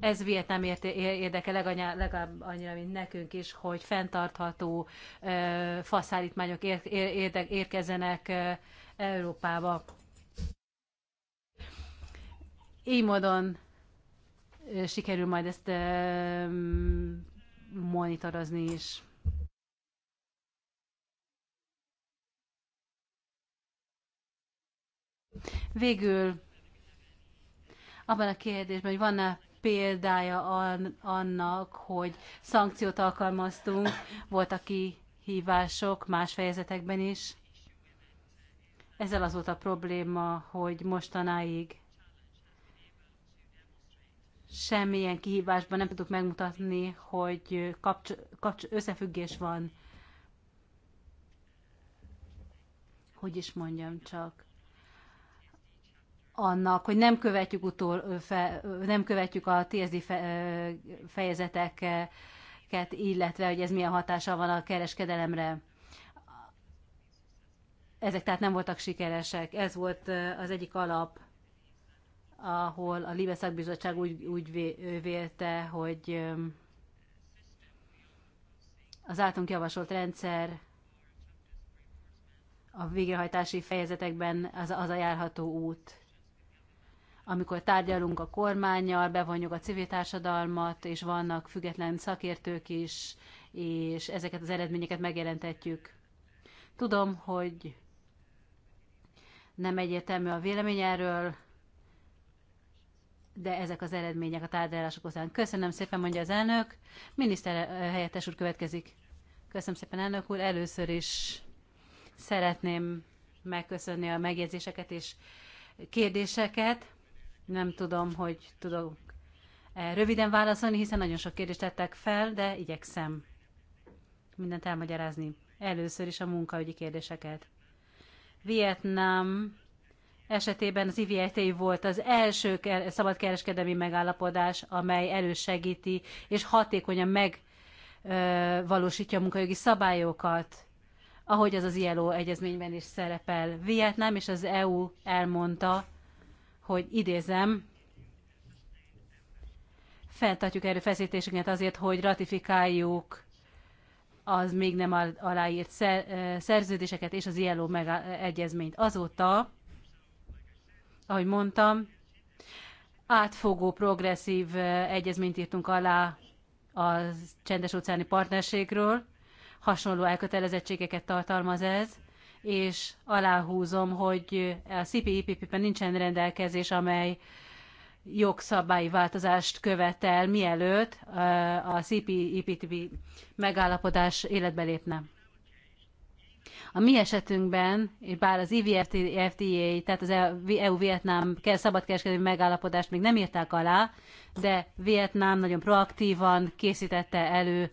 ez Vietnám érdeke legalább annyira, mint nekünk is, hogy fenntartható faszállítmányok érkezzenek Európába. Így módon sikerül majd ezt monitorozni is. Végül abban a kérdésben, hogy van-e példája annak, hogy szankciót alkalmaztunk, aki hívások más fejezetekben is. Ezzel az volt a probléma, hogy mostanáig semmilyen kihívásban nem tudtuk megmutatni, hogy kapcs- kapcs- összefüggés van. Hogy is mondjam csak annak, hogy nem követjük, utol, fe, nem követjük a TSD fe, fejezeteket, illetve hogy ez milyen hatással van a kereskedelemre. Ezek tehát nem voltak sikeresek. Ez volt az egyik alap, ahol a Libe Szakbizottság úgy, úgy vélte, hogy az általunk javasolt rendszer a végrehajtási fejezetekben az, az a járható út amikor tárgyalunk a kormányjal, bevonjuk a civil társadalmat, és vannak független szakértők is, és ezeket az eredményeket megjelentetjük. Tudom, hogy nem egyértelmű a vélemény erről, de ezek az eredmények a tárgyalások után. Köszönöm szépen, mondja az elnök. Miniszter eh, helyettes úr következik. Köszönöm szépen, elnök úr. Először is szeretném megköszönni a megjegyzéseket és kérdéseket. Nem tudom, hogy tudok röviden válaszolni, hiszen nagyon sok kérdést tettek fel, de igyekszem mindent elmagyarázni. Először is a munkaügyi kérdéseket. Vietnám esetében az IVT volt az első szabadkereskedelmi megállapodás, amely elősegíti és hatékonyan megvalósítja a munkajogi szabályokat, ahogy az az ILO egyezményben is szerepel. Vietnám és az EU elmondta, hogy idézem, fenntartjuk erőfeszítésünket azért, hogy ratifikáljuk az még nem aláírt szerződéseket és az ILO egyezményt. Azóta, ahogy mondtam, átfogó, progresszív egyezményt írtunk alá a csendes óceáni partnerségről. Hasonló elkötelezettségeket tartalmaz ez, és aláhúzom, hogy a CPIPP-ben e nincsen rendelkezés, amely jogszabályi változást követel, mielőtt eh, a CPIPP e megállapodás életbe lépne. A mi esetünkben, bár az IVFTA, tehát az EU-Vietnám szabadkereskedelmi megállapodást még nem írták alá, de Vietnám nagyon proaktívan készítette elő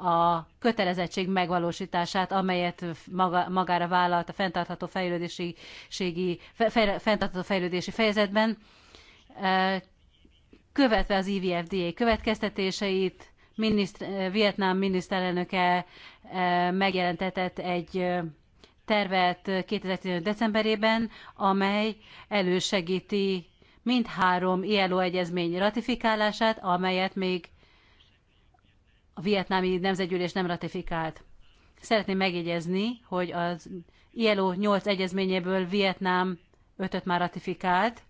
a kötelezettség megvalósítását, amelyet maga, magára vállalt a fenntartható fejlődési, ségi, fe, fenntartható fejlődési fejezetben, e, követve az IVFDA e következtetéseit, minisztr, e, Vietnám miniszterelnöke megjelentetett egy tervet 2015. decemberében, amely elősegíti mindhárom ILO egyezmény ratifikálását, amelyet még a vietnámi nemzetgyűlés nem ratifikált. Szeretném megjegyezni, hogy az ILO 8 egyezményéből Vietnám 5-öt már ratifikált,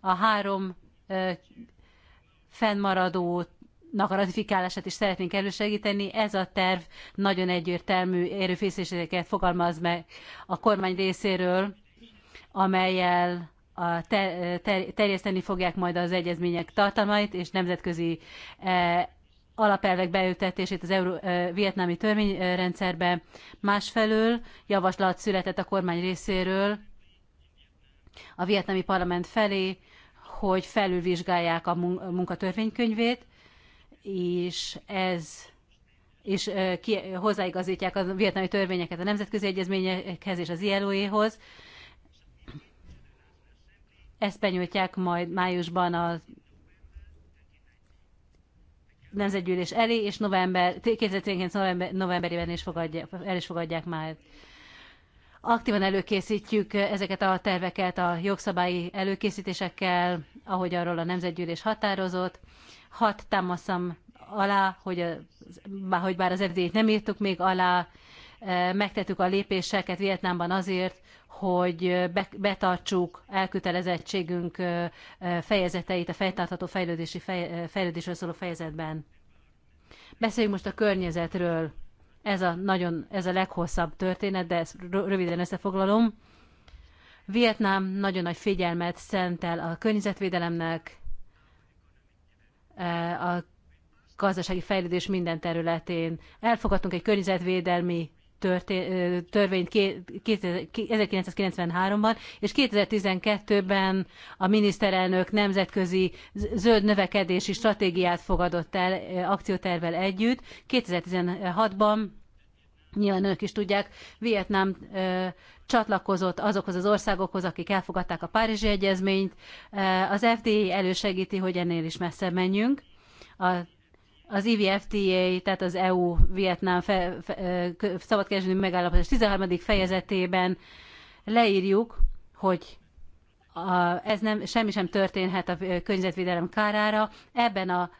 a három ö, fennmaradónak a ratifikálását is szeretnénk elősegíteni. Ez a terv nagyon egyértelmű erőfészéseket fogalmaz meg a kormány részéről, amelyel a ter, ter, terjeszteni fogják majd az egyezmények tartalmait, és nemzetközi eh, alapelvek beültetését az Euró- vietnámi törvényrendszerbe. Másfelől javaslat született a kormány részéről a vietnámi parlament felé, hogy felülvizsgálják a munkatörvénykönyvét, és ez és ki, hozzáigazítják a vietnámi törvényeket a nemzetközi egyezményekhez és az ILO-éhoz. Ezt benyújtják majd májusban a nemzetgyűlés elé, és november, 2019 november, novemberében is fogadják, el is fogadják már. Aktívan előkészítjük ezeket a terveket a jogszabályi előkészítésekkel, ahogy arról a nemzetgyűlés határozott. Hat támaszam alá, hogy, a, hogy bár az erdélyt nem írtuk még alá, eh, megtettük a lépéseket Vietnámban azért, hogy betartsuk elkötelezettségünk fejezeteit a fejtartható fejlődési fejlődésről szóló fejezetben. Beszéljünk most a környezetről. Ez a, nagyon, ez a leghosszabb történet, de ezt röviden összefoglalom. Vietnám nagyon nagy figyelmet szentel a környezetvédelemnek, a gazdasági fejlődés minden területén. Elfogadtunk egy környezetvédelmi törvényt 1993-ban, és 2012-ben a miniszterelnök nemzetközi zöld növekedési stratégiát fogadott el akciótervel együtt. 2016-ban Nyilván önök is tudják, Vietnám ö, csatlakozott azokhoz az országokhoz, akik elfogadták a Párizsi Egyezményt. Az FDI elősegíti, hogy ennél is messze menjünk. A az EVFTA, tehát az EU-Vietnám szabadkereskedelmi megállapodás 13. fejezetében leírjuk, hogy a, ez nem, semmi sem történhet a környezetvédelem kárára. Ebben a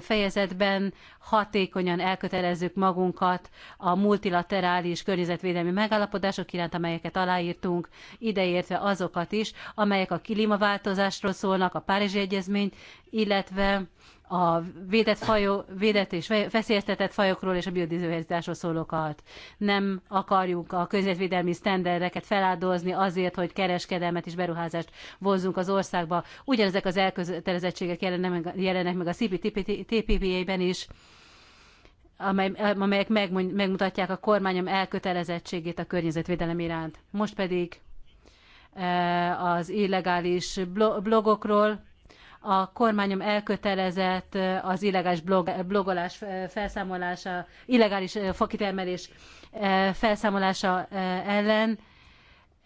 fejezetben hatékonyan elkötelezzük magunkat a multilaterális környezetvédelmi megállapodások iránt, amelyeket aláírtunk, ideértve azokat is, amelyek a klímaváltozásról szólnak, a Párizsi Egyezményt, illetve a védett, fajó védett és veszélyeztetett fajokról és a biodiverzitásról szólókat. Nem akarjuk a közvetvédelmi sztendereket feláldozni azért, hogy kereskedelmet és beruházást vonzunk az országba. Ugyanezek az elkötelezettségek jelennek meg a CPTPA-ben is amelyek megmutatják a kormányom elkötelezettségét a környezetvédelem iránt. Most pedig eh, az illegális blogokról, a kormányom elkötelezett az illegális blog, blogolás felszámolása, illegális fakitermelés felszámolása ellen,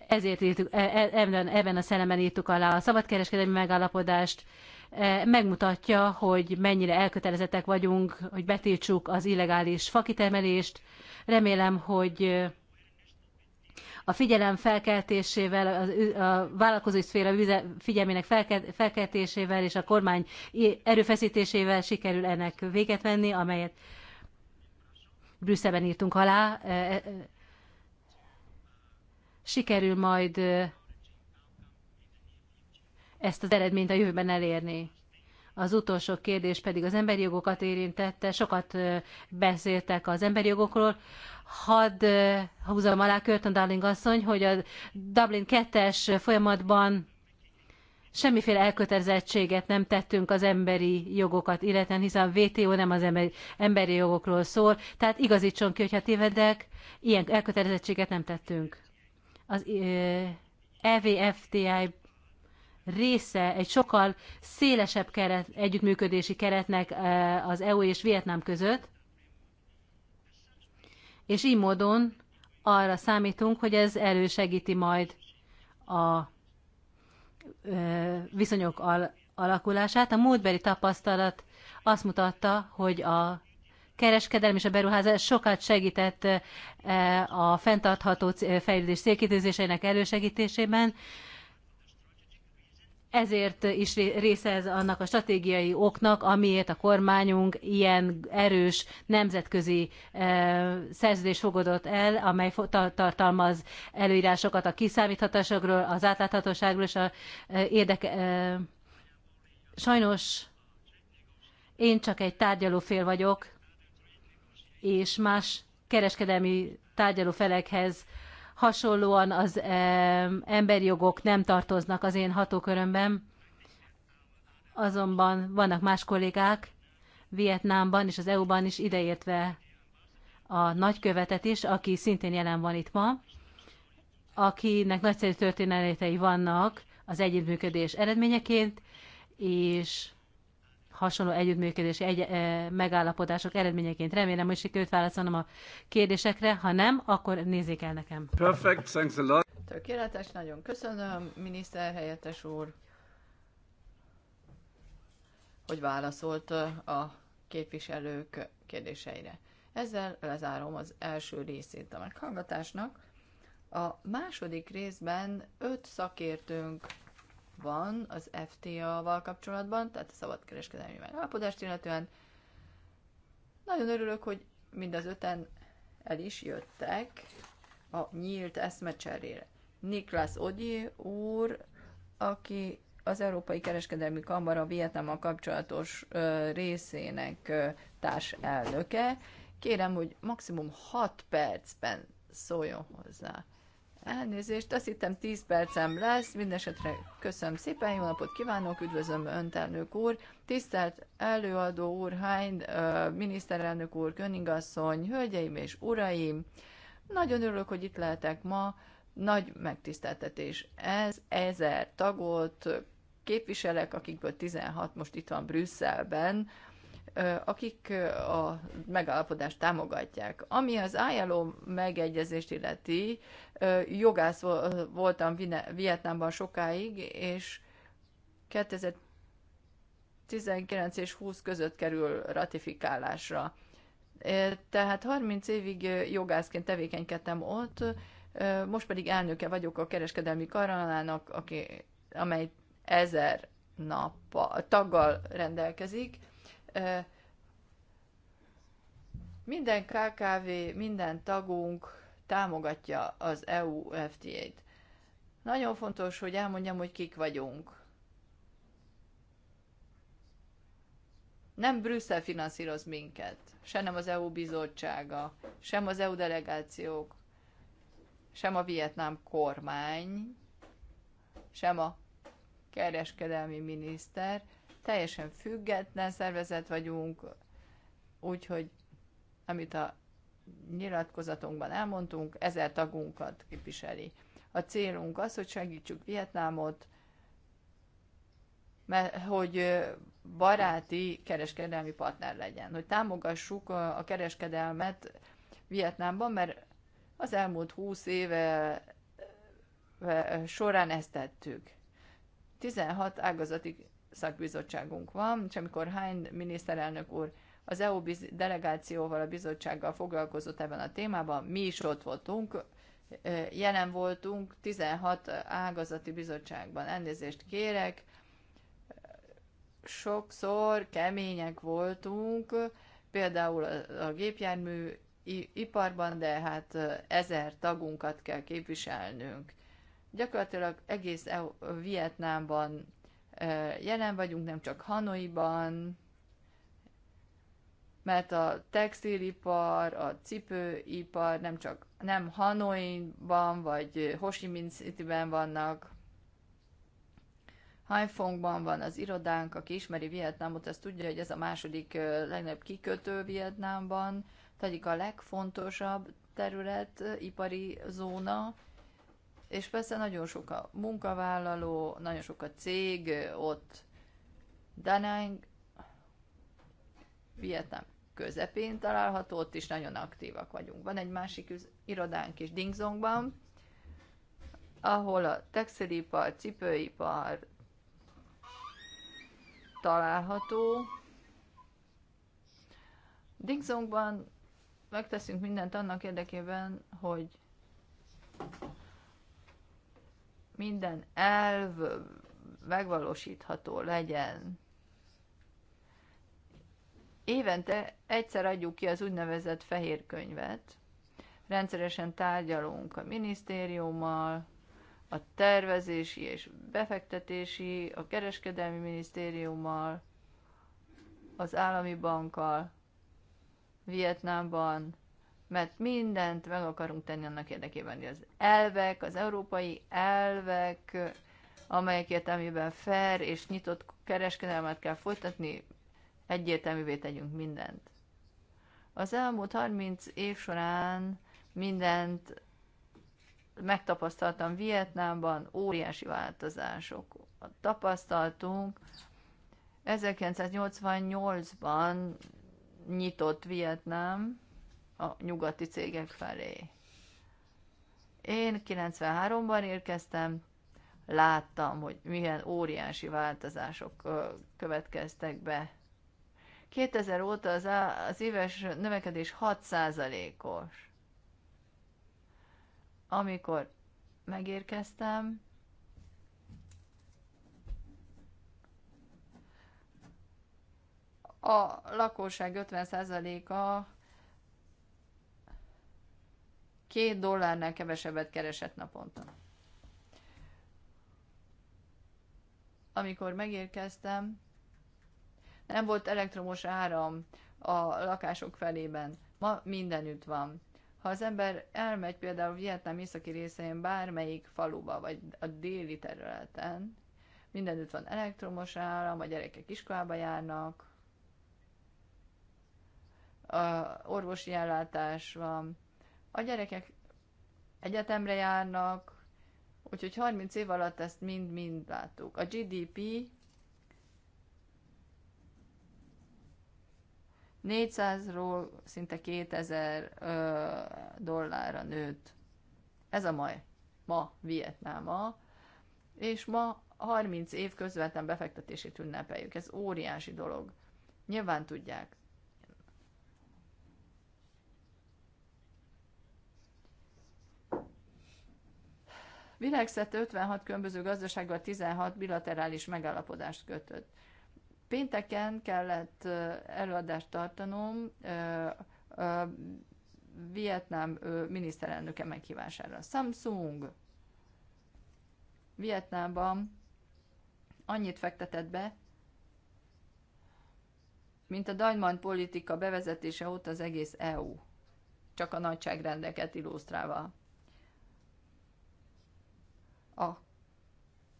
ezért írtuk, e, e, ebben a szellemben írtuk alá a szabadkereskedelmi megállapodást, megmutatja, hogy mennyire elkötelezettek vagyunk, hogy betiltsuk az illegális fakitermelést. Remélem, hogy a figyelem felkeltésével, a, a vállalkozói szféra figyelmének felkeltésével és a kormány erőfeszítésével sikerül ennek véget venni, amelyet Brüsszelben írtunk alá. E, e, sikerül majd e, ezt az eredményt a jövőben elérni. Az utolsó kérdés pedig az emberi jogokat érintette. Sokat beszéltek az emberi jogokról. Hadd húzom alá Körtön Darling asszony, hogy a Dublin 2-es folyamatban semmiféle elkötelezettséget nem tettünk az emberi jogokat, illetve hiszen a WTO nem az emberi, emberi jogokról szól, tehát igazítson ki, hogyha tévedek, ilyen elkötelezettséget nem tettünk. Az EVFTI része egy sokkal szélesebb keret, együttműködési keretnek eh, az EU és Vietnám között, és így módon arra számítunk, hogy ez elősegíti majd a eh, viszonyok al- alakulását. A múltbeli tapasztalat azt mutatta, hogy a kereskedelem és a beruházás sokat segített eh, a fenntartható fejlődés célkitűzéseinek elősegítésében, ezért is része ez annak a stratégiai oknak, amiért a kormányunk ilyen erős nemzetközi eh, szerződést fogadott el, amely tartalmaz előírásokat a kiszámíthatásokról, az átláthatóságról és a eh, érdeke... Eh, sajnos én csak egy tárgyalófél vagyok, és más kereskedelmi tárgyalófelekhez hasonlóan az emberi jogok nem tartoznak az én hatókörömben, azonban vannak más kollégák Vietnámban és az EU-ban is ideértve a nagykövetet is, aki szintén jelen van itt ma, akinek nagyszerű történetei vannak az együttműködés eredményeként, és hasonló együttműködési egy, e, megállapodások eredményeként. Remélem, hogy sikerült válaszolnom a kérdésekre, ha nem, akkor nézzék el nekem. Perfect, thanks a lot. Tökéletes, nagyon köszönöm, helyettes úr, hogy válaszolt a képviselők kérdéseire. Ezzel lezárom az első részét a meghallgatásnak. A második részben öt szakértőnk van az FTA-val kapcsolatban, tehát a szabadkereskedelmi megállapodást illetően. Nagyon örülök, hogy mind az öten el is jöttek a nyílt eszmecserére. Niklas Odi úr, aki az Európai Kereskedelmi Kamara Vietnámmal kapcsolatos ö, részének ö, társ elnöke. Kérem, hogy maximum 6 percben szóljon hozzá. Elnézést, azt hittem 10 percem lesz, mindesetre köszönöm szépen, jó napot kívánok, üdvözlöm elnök úr, tisztelt előadó úr, hány miniszterelnök úr, köningasszony, hölgyeim és uraim, nagyon örülök, hogy itt lehetek ma, nagy megtiszteltetés ez, ezer tagot képviselek, akikből 16 most itt van Brüsszelben, akik a megállapodást támogatják. Ami az ILO megegyezést illeti, jogász voltam Vietnámban sokáig, és 2019 és 20 között kerül ratifikálásra. Tehát 30 évig jogászként tevékenykedtem ott, most pedig elnöke vagyok a kereskedelmi karalának, aki, amely ezer nap taggal rendelkezik, minden KKV, minden tagunk támogatja az EU FTA-t. Nagyon fontos, hogy elmondjam, hogy kik vagyunk. Nem Brüsszel finanszíroz minket, se nem az EU bizottsága, sem az EU delegációk, sem a vietnám kormány, sem a kereskedelmi miniszter, teljesen független szervezet vagyunk, úgyhogy amit a nyilatkozatunkban elmondtunk, ezer tagunkat képviseli. A célunk az, hogy segítsük Vietnámot, mert hogy baráti kereskedelmi partner legyen, hogy támogassuk a kereskedelmet Vietnámban, mert az elmúlt húsz éve során ezt tettük. 16 ágazati szakbizottságunk van, és amikor Hein miniszterelnök úr az EU delegációval, a bizottsággal foglalkozott ebben a témában, mi is ott voltunk, jelen voltunk 16 ágazati bizottságban. Elnézést kérek, sokszor kemények voltunk, például a gépjármű iparban, de hát ezer tagunkat kell képviselnünk. Gyakorlatilag egész e Vietnámban jelen vagyunk, nem csak Hanoiban, mert a textilipar, a cipőipar nem csak nem Hanoiban vagy Ho Chi Minh City-ben vannak, Haiphongban van az irodánk, aki ismeri Vietnámot, az tudja, hogy ez a második legnagyobb kikötő Vietnámban, tehát a legfontosabb terület, ipari zóna, és persze nagyon sok a munkavállaló, nagyon sok a cég ott Danang, Vietnám közepén található, ott is nagyon aktívak vagyunk. Van egy másik irodánk is Dingzongban, ahol a textilipar, cipőipar található. Dingzongban megteszünk mindent annak érdekében, hogy minden elv megvalósítható legyen. Évente egyszer adjuk ki az úgynevezett fehér könyvet. Rendszeresen tárgyalunk a minisztériummal, a tervezési és befektetési, a kereskedelmi minisztériummal, az állami bankkal, Vietnámban, mert mindent meg akarunk tenni annak érdekében, hogy az elvek, az európai elvek, amelyek értelmében fair és nyitott kereskedelmet kell folytatni, egyértelművé tegyünk mindent. Az elmúlt 30 év során mindent megtapasztaltam Vietnámban, óriási változások tapasztaltunk. 1988-ban nyitott Vietnám, a nyugati cégek felé. Én 93-ban érkeztem, láttam, hogy milyen óriási változások következtek be. 2000 óta az, az éves növekedés 6%-os. Amikor megérkeztem, a lakosság 50%-a két dollárnál kevesebbet keresett naponta. Amikor megérkeztem, nem volt elektromos áram a lakások felében. Ma mindenütt van. Ha az ember elmegy például Vietnám északi részén bármelyik faluba, vagy a déli területen, mindenütt van elektromos áram, a gyerekek iskolába járnak, a orvosi ellátás van, a gyerekek egyetemre járnak, úgyhogy 30 év alatt ezt mind-mind láttuk. A GDP 400-ról szinte 2000 ö, dollárra nőtt. Ez a mai, ma Vietnáma, és ma 30 év közvetlen befektetését ünnepeljük. Ez óriási dolog. Nyilván tudják, Világszerte 56 különböző gazdasággal 16 bilaterális megállapodást kötött. Pénteken kellett előadást tartanom Vietnám miniszterelnöke meghívására. Samsung Vietnámban annyit fektetett be, mint a Dajman politika bevezetése óta az egész EU, csak a nagyságrendeket illusztrálva.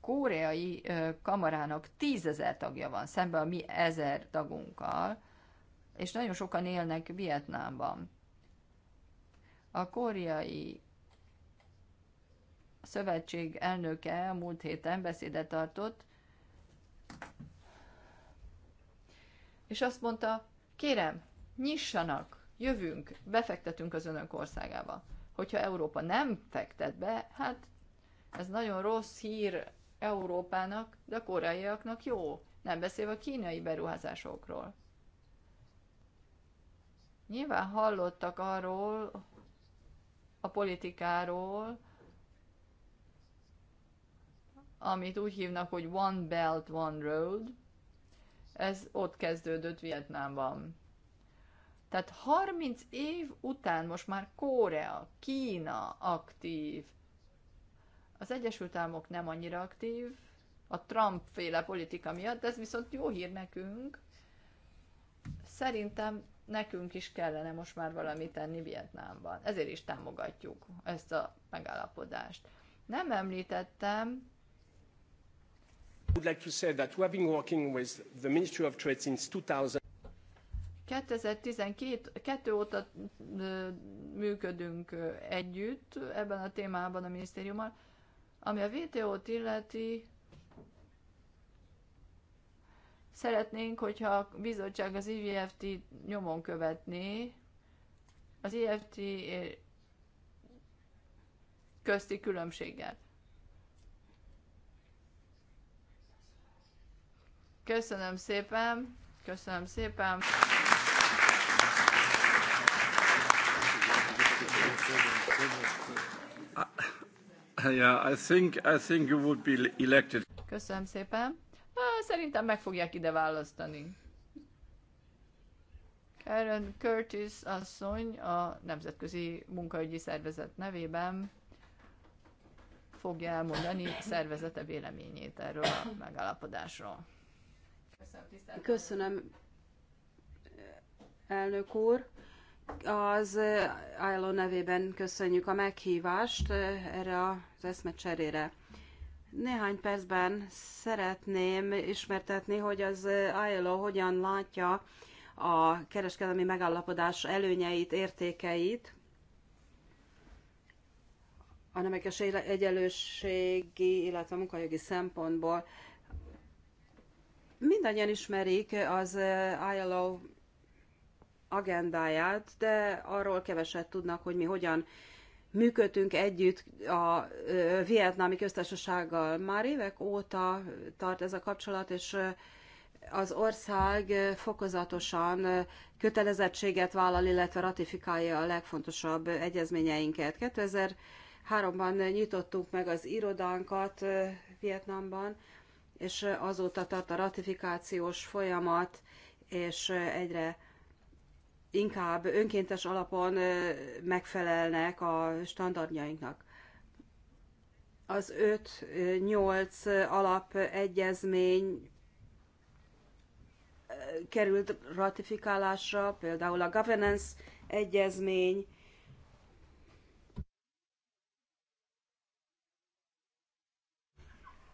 koreai kamarának tízezer tagja van, szemben a mi ezer tagunkkal, és nagyon sokan élnek Vietnámban. A koreai szövetség elnöke a múlt héten beszédet tartott, és azt mondta, kérem, nyissanak, jövünk, befektetünk az önök országába. Hogyha Európa nem fektet be, hát ez nagyon rossz hír Európának, de a koreaiaknak jó, nem beszélve a kínai beruházásokról. Nyilván hallottak arról, a politikáról, amit úgy hívnak, hogy One Belt, One Road, ez ott kezdődött Vietnámban. Tehát 30 év után most már Korea, Kína aktív, az Egyesült Államok nem annyira aktív, a Trump féle politika miatt, de ez viszont jó hír nekünk. Szerintem nekünk is kellene most már valamit tenni Vietnámban. Ezért is támogatjuk ezt a megállapodást. Nem említettem, would like to say that we have been working with the Ministry of Trade since 2000. 2012 óta működünk együtt ebben a témában a minisztériummal. Ami a videót illeti, szeretnénk, hogyha a bizottság az IVFT nyomon követné, az IFT közti különbséggel. Köszönöm szépen, köszönöm szépen. Yeah, I think, I think you would be elected. Köszönöm szépen. Szerintem meg fogják ide választani. Karen Curtis asszony a Nemzetközi Munkaügyi Szervezet nevében fogja elmondani szervezete véleményét erről a megállapodásról. Köszönöm, Köszönöm, elnök úr. Az eh, ILO nevében köszönjük a meghívást eh, erre az eszmecserére. Néhány percben szeretném ismertetni, hogy az eh, ILO hogyan látja a kereskedelmi megállapodás előnyeit, értékeit, a nemekes egyenlőségi, illetve a munkajogi szempontból. Mindannyian ismerik az ILO agendáját, de arról keveset tudnak, hogy mi hogyan működtünk együtt a vietnámi köztársasággal. Már évek óta tart ez a kapcsolat, és az ország fokozatosan kötelezettséget vállal, illetve ratifikálja a legfontosabb egyezményeinket. 2003-ban nyitottunk meg az irodánkat Vietnámban, és azóta tart a ratifikációs folyamat, és egyre inkább önkéntes alapon megfelelnek a standardjainknak. Az 5-8 alap egyezmény került ratifikálásra, például a governance egyezmény,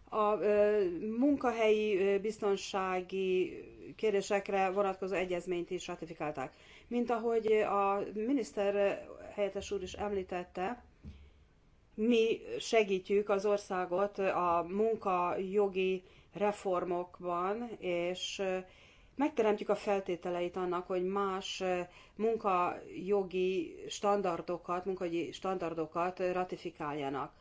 a munkahelyi biztonsági kérdésekre vonatkozó egyezményt is ratifikálták. Mint ahogy eh, a miniszter eh, helyettes úr is említette, mi segítjük az országot eh, a munkajogi reformokban, és megteremtjük a feltételeit annak, hogy más munkajogi standardokat, munkajogi standardokat ratifikáljanak.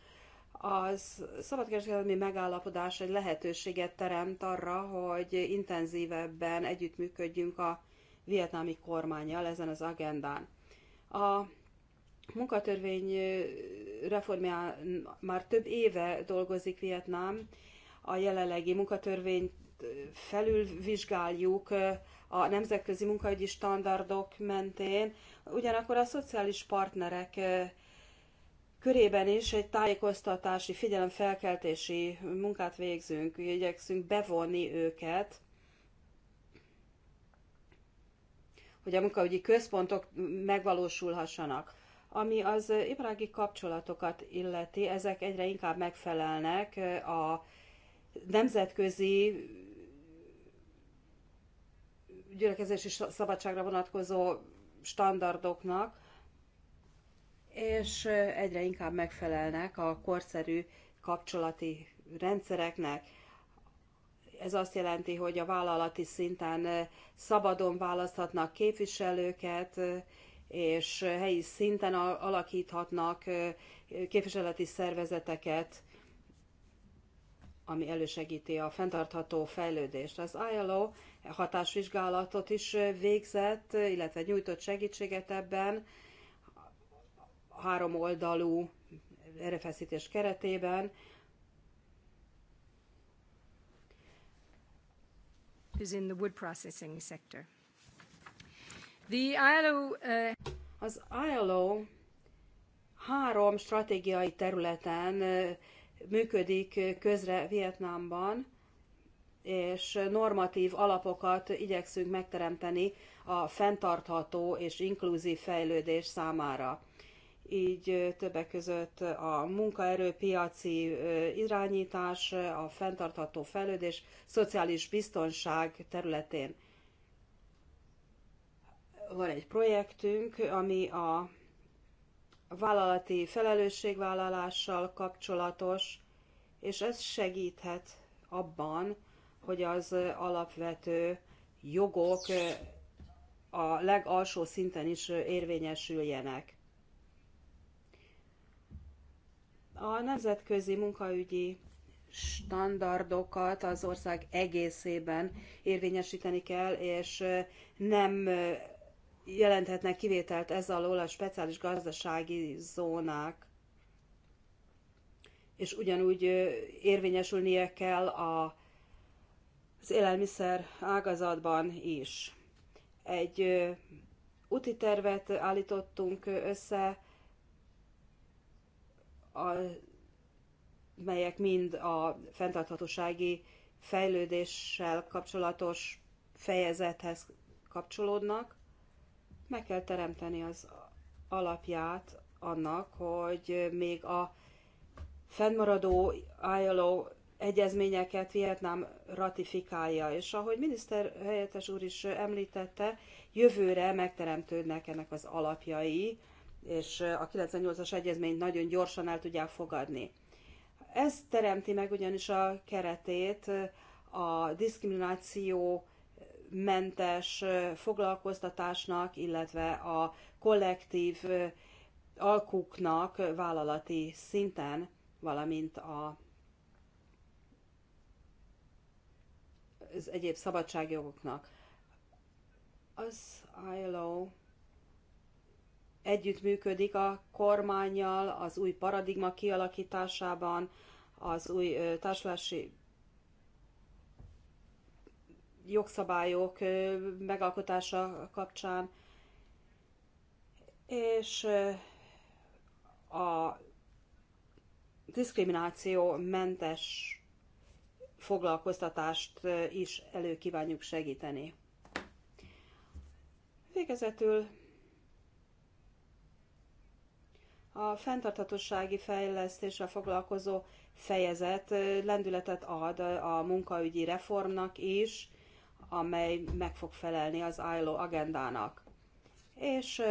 Az szabadkereskedelmi megállapodás egy lehetőséget teremt arra, hogy intenzívebben együttműködjünk a vietnámi kormányjal ezen az agendán. A munkatörvény reformján már több éve dolgozik Vietnám, a jelenlegi munkatörvényt felülvizsgáljuk a nemzetközi munkaügyi standardok mentén, ugyanakkor a szociális partnerek körében is egy tájékoztatási, figyelemfelkeltési munkát végzünk, igyekszünk bevonni őket hogy a munkaügyi központok megvalósulhassanak. Ami az iparági kapcsolatokat illeti, ezek egyre inkább megfelelnek eh, a nemzetközi gyülekezési szabadságra vonatkozó standardoknak, és eh, egyre inkább megfelelnek a korszerű kapcsolati rendszereknek. Ez azt jelenti, hogy a vállalati szinten szabadon választhatnak képviselőket, és helyi szinten alakíthatnak képviseleti szervezeteket, ami elősegíti a fenntartható fejlődést. Az ILO hatásvizsgálatot is végzett, illetve nyújtott segítséget ebben három oldalú erőfeszítés keretében, who's in the wood processing sector. The ILO, uh... Az ILO három stratégiai területen uh, működik uh, közre Vietnámban, és normatív alapokat igyekszünk megteremteni a fenntartható és inkluzív fejlődés számára így többek között a munkaerőpiaci irányítás, a fenntartható fejlődés, szociális biztonság területén. Van egy projektünk, ami a vállalati felelősségvállalással kapcsolatos, és ez segíthet abban, hogy az alapvető jogok a legalsó szinten is érvényesüljenek. A nemzetközi munkaügyi standardokat az ország egészében érvényesíteni kell, és nem jelenthetnek kivételt ez alól a speciális gazdasági zónák, és ugyanúgy érvényesülnie kell a, az élelmiszer ágazatban is. Egy úti tervet állítottunk össze, a, melyek mind a fenntarthatósági fejlődéssel kapcsolatos fejezethez kapcsolódnak, meg kell teremteni az alapját annak, hogy még a fennmaradó ILO egyezményeket Vietnám ratifikálja, és ahogy miniszter helyettes úr is említette, jövőre megteremtődnek ennek az alapjai, és a 98-as egyezményt nagyon gyorsan el tudják fogadni. Ez teremti meg ugyanis a keretét a diszkrimináció mentes foglalkoztatásnak, illetve a kollektív alkuknak vállalati szinten, valamint a az egyéb szabadságjogoknak. Az ILO együttműködik a kormányjal az új paradigma kialakításában, az új társulási jogszabályok megalkotása kapcsán, és a diszkrimináció mentes foglalkoztatást is elő kívánjuk segíteni. Végezetül A fenntarthatósági fejlesztésre foglalkozó fejezet lendületet ad a munkaügyi reformnak is, amely meg fog felelni az ILO agendának. És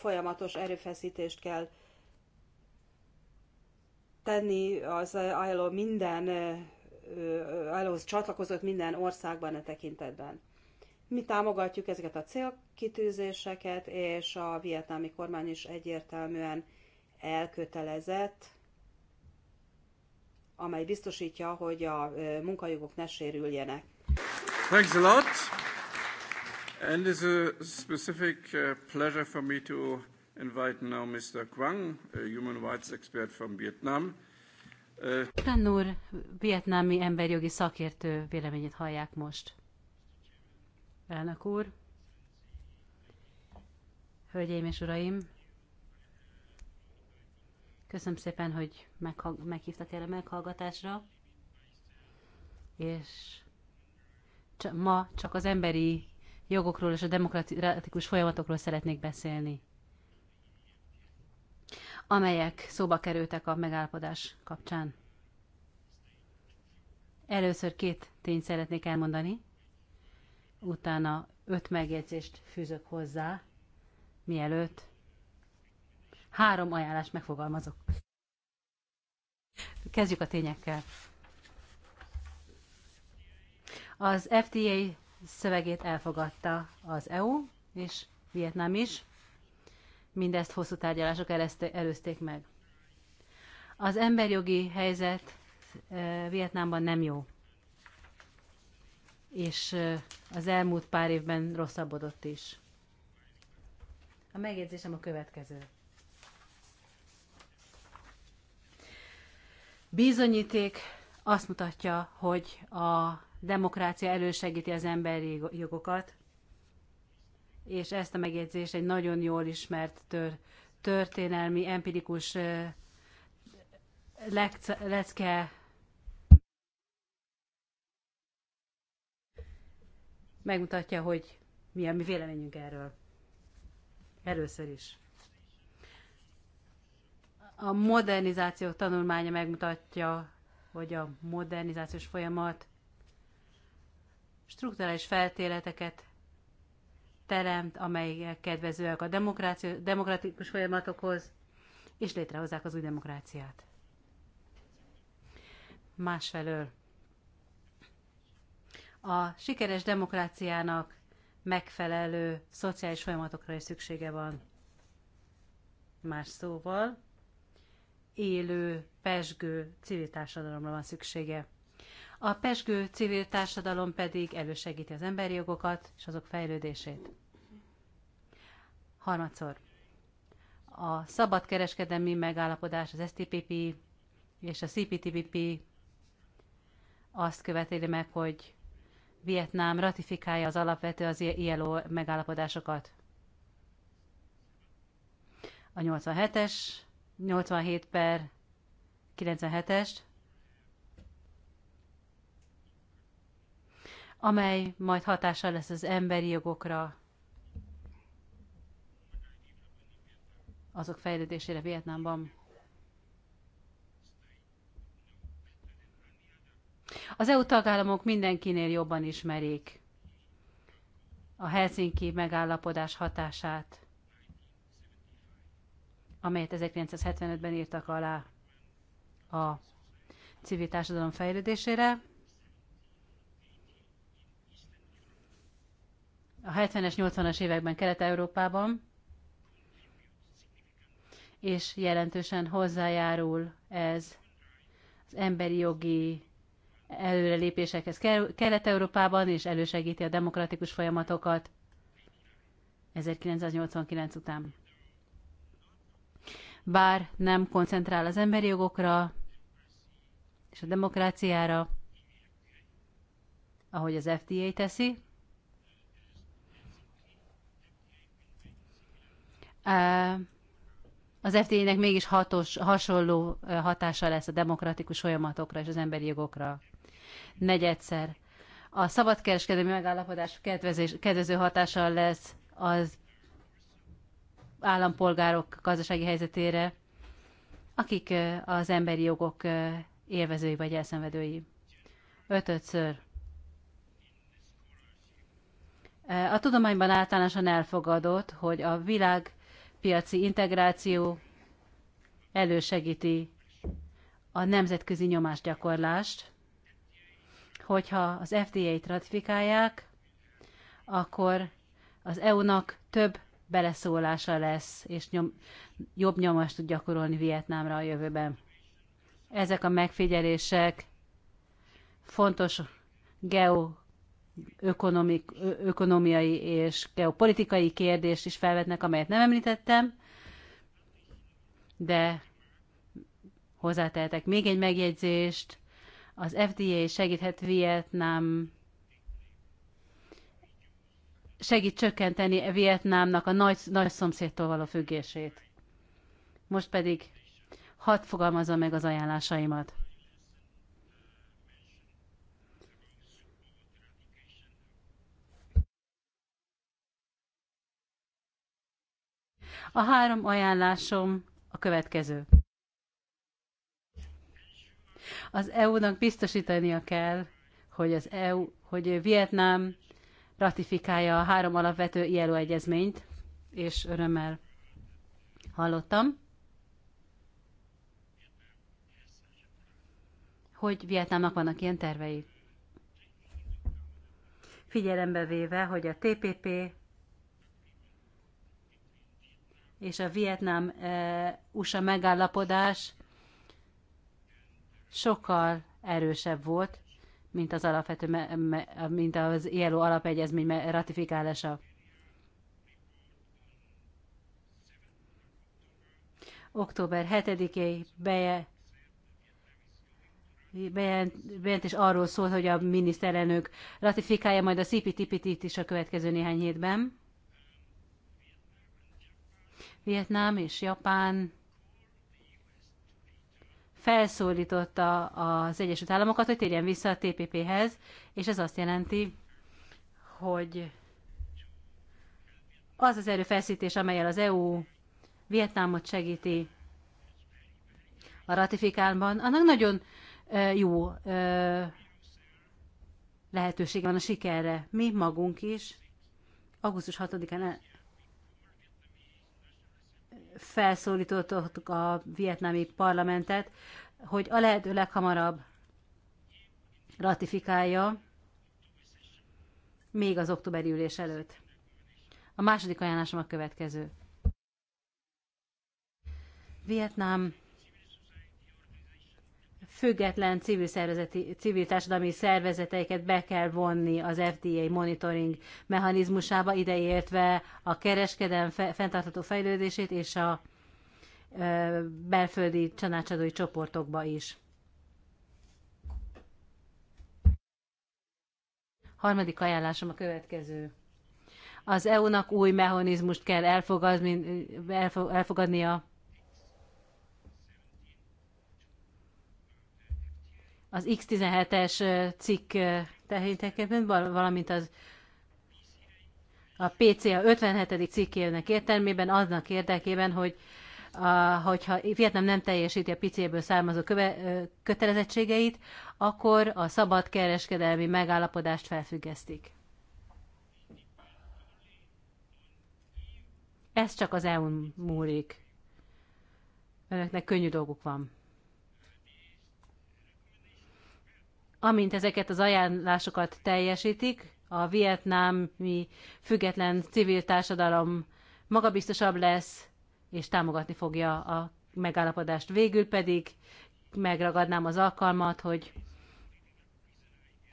folyamatos erőfeszítést kell tenni az ILO minden, ILO-hoz csatlakozott minden országban a e tekintetben. Mi támogatjuk ezeket a célkitűzéseket, és a vietnámi kormány is egyértelműen elkötelezett, amely biztosítja, hogy a munkajogok ne sérüljenek. Thanks a lot. And it's a specific uh, pleasure for me to invite now Mr. Quang, a human rights expert from Vietnam. Uh, Tan úr, vietnámi emberjogi szakértő véleményét hallják most. Elnök úr, hölgyeim és uraim, Köszönöm szépen, hogy meghag- meghívtak erre meghallgatásra, és ma csak az emberi jogokról és a demokratikus folyamatokról szeretnék beszélni, amelyek szóba kerültek a megállapodás kapcsán. Először két tényt szeretnék elmondani, utána öt megjegyzést fűzök hozzá, mielőtt Három ajánlást megfogalmazok. Kezdjük a tényekkel. Az FDA szövegét elfogadta az EU és Vietnám is. Mindezt hosszú tárgyalások előzték meg. Az emberjogi helyzet Vietnámban nem jó, és az elmúlt pár évben rosszabbodott is. A megjegyzésem a következő. bizonyíték azt mutatja, hogy a demokrácia elősegíti az emberi jogokat, és ezt a megjegyzést egy nagyon jól ismert tör, történelmi, empirikus lecke megmutatja, hogy mi a mi véleményünk erről. Először is. A modernizáció tanulmánya megmutatja, hogy a modernizációs folyamat strukturális feltéleteket teremt, amelyek kedvezőek a demokratikus folyamatokhoz, és létrehozzák az új demokráciát. Másfelől a sikeres demokráciának megfelelő szociális folyamatokra is szüksége van. Más szóval, élő, pesgő civil társadalomra van szüksége. A pesgő civil társadalom pedig elősegíti az emberi jogokat és azok fejlődését. Harmadszor. A szabadkereskedelmi megállapodás, az STPP és a CPTPP azt követeli meg, hogy Vietnám ratifikálja az alapvető az ILO megállapodásokat. A 87-es 87 per 97-est, amely majd hatással lesz az emberi jogokra, azok fejlődésére Vietnámban. Az EU tagállamok mindenkinél jobban ismerik a Helsinki megállapodás hatását amelyet 1975-ben írtak alá a civil társadalom fejlődésére. A 70-es, 80-as években Kelet-Európában, és jelentősen hozzájárul ez az emberi jogi előrelépésekhez Kelet-Európában, és elősegíti a demokratikus folyamatokat 1989 után bár nem koncentrál az emberi jogokra és a demokráciára, ahogy az FDA teszi. Az fda nek mégis hatos, hasonló hatása lesz a demokratikus folyamatokra és az emberi jogokra. Negyedszer. A szabadkereskedelmi megállapodás kedvező hatása lesz az állampolgárok gazdasági helyzetére, akik az emberi jogok élvezői vagy elszenvedői. Ötödször. A tudományban általánosan elfogadott, hogy a világpiaci integráció elősegíti a nemzetközi nyomásgyakorlást. Hogyha az FDA-t ratifikálják, akkor az EU-nak több beleszólása lesz, és nyom, jobb nyomást tud gyakorolni Vietnámra a jövőben. Ezek a megfigyelések fontos ökonomiai és geopolitikai kérdést is felvetnek, amelyet nem említettem, de hozzátehetek még egy megjegyzést. Az FDA segíthet Vietnám segít csökkenteni Vietnámnak a nagy, nagy szomszédtól való függését. Most pedig hadd fogalmazom meg az ajánlásaimat. A három ajánlásom a következő. Az EU-nak biztosítania kell, hogy az EU, hogy Vietnám ratifikálja a három alapvető ILO egyezményt, és örömmel hallottam, hogy Vietnámnak vannak ilyen tervei. Figyelembe véve, hogy a TPP és a Vietnám-USA eh, megállapodás sokkal erősebb volt, mint az alapvető, me, me, mint az ILO alapegyezmény ratifikálása. Október 7-i beje, bejelentés arról szól, hogy a miniszterelnök ratifikálja majd a CPTPT-t is a következő néhány hétben. Vietnám és Japán felszólította az Egyesült Államokat, hogy térjen vissza a TPP-hez, és ez azt jelenti, hogy az az erőfeszítés, amelyel az EU Vietnámot segíti a ratifikálban, annak nagyon jó lehetőség van a sikerre. Mi magunk is augusztus 6-án felszólítottuk a vietnámi parlamentet, hogy a lehető leghamarabb ratifikálja még az októberi ülés előtt. A második ajánlásom a következő. Vietnám független civil, szervezeti, civil társadalmi szervezeteiket be kell vonni az FDA monitoring mechanizmusába, ideértve a kereskedelem fenntartható fejlődését és a belföldi tanácsadói csoportokba is. Harmadik ajánlásom a következő. Az EU-nak új mechanizmust kell elfogadni, elfogadnia az X17-es cikk tekintetében, valamint az a PC a 57. cikkének értelmében aznak érdekében, hogy a, hogyha Vietnam nem teljesíti a pc ből származó köve, kötelezettségeit, akkor a szabad kereskedelmi megállapodást felfüggesztik. Ez csak az EU-n múlik. Önöknek könnyű dolguk van. amint ezeket az ajánlásokat teljesítik, a vietnámi független civil társadalom magabiztosabb lesz, és támogatni fogja a megállapodást. Végül pedig megragadnám az alkalmat, hogy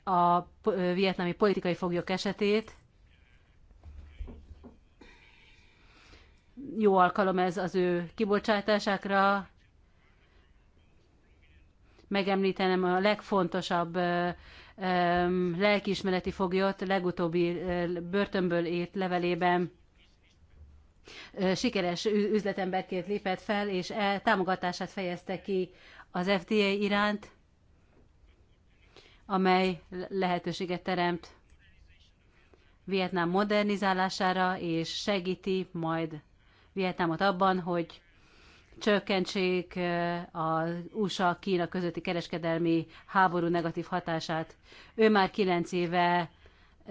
a vietnámi politikai foglyok esetét jó alkalom ez az ő kibocsátásákra, megemlítenem a legfontosabb lelkiismereti foglyot legutóbbi börtönből ért levelében sikeres üzletemberként lépett fel, és e támogatását fejezte ki az FDA iránt, amely lehetőséget teremt Vietnám modernizálására, és segíti majd Vietnámot abban, hogy csökkentsék az USA-Kína közötti kereskedelmi háború negatív hatását. Ő már 9 éve,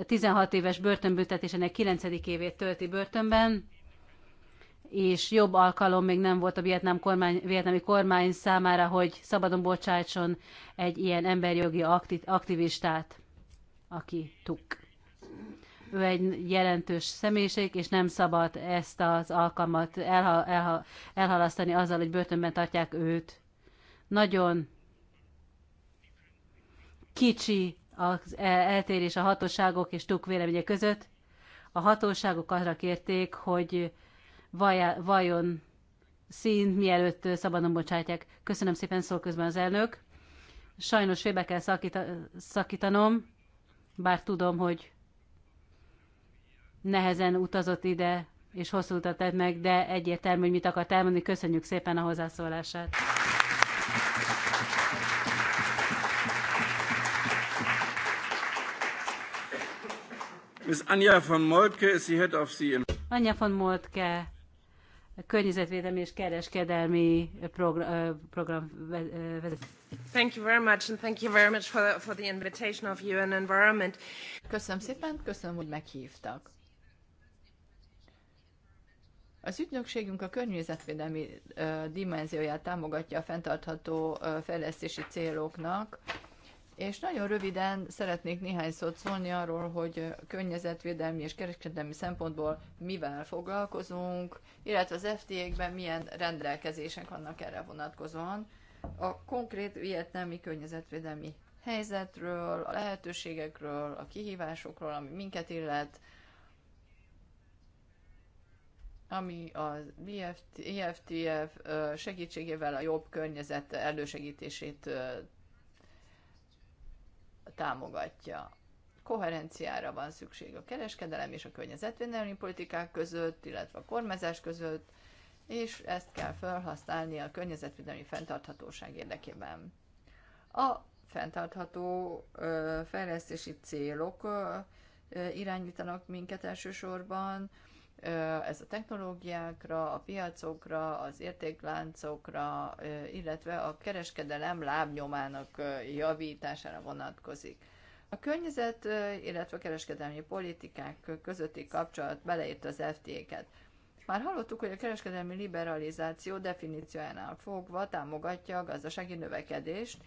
16 éves börtönbüntetésének 9. évét tölti börtönben, és jobb alkalom még nem volt a vietnám kormány, vietnámi kormány számára, hogy szabadon bocsájtson egy ilyen emberjogi aktivistát, aki tuk ő egy jelentős személyiség, és nem szabad ezt az alkalmat elha, elha, elhalasztani azzal, hogy börtönben tartják őt. Nagyon kicsi az e-, eltérés a hatóságok és tuk véleménye között. A hatóságok arra kérték, hogy vajon szint, mielőtt szabadon bocsátják. Köszönöm szépen, szól közben az elnök. Sajnos félbe kell szakítanom, bár tudom, hogy nehezen utazott ide, és hosszú utat tett meg, de egyértelmű, hogy mit akart elmondani. Köszönjük szépen a hozzászólását. Ms. Anja von Moltke sie hat auf Sie... Anja von Moltke, környezetvédelmi és kereskedelmi program, program Thank you very much, and thank you very much for the, for the invitation of UN Environment. Köszönöm szépen, köszönöm, hogy meghívtak. Az ügynökségünk a környezetvédelmi dimenzióját támogatja a fenntartható fejlesztési céloknak, és nagyon röviden szeretnék néhány szót szólni arról, hogy környezetvédelmi és kereskedelmi szempontból mivel foglalkozunk, illetve az FTA-kben milyen rendelkezések vannak erre vonatkozóan. A konkrét vietnámi környezetvédelmi helyzetről, a lehetőségekről, a kihívásokról, ami minket illet, ami az EFT, EFTF segítségével a jobb környezet elősegítését támogatja. Koherenciára van szükség a kereskedelem és a környezetvédelmi politikák között, illetve a kormányzás között, és ezt kell felhasználni a környezetvédelmi fenntarthatóság érdekében. A fenntartható fejlesztési célok irányítanak minket elsősorban, ez a technológiákra, a piacokra, az értékláncokra, illetve a kereskedelem lábnyomának javítására vonatkozik. A környezet, illetve a kereskedelmi politikák közötti kapcsolat beleért az ft ket Már hallottuk, hogy a kereskedelmi liberalizáció definíciójánál fogva támogatja a gazdasági növekedést,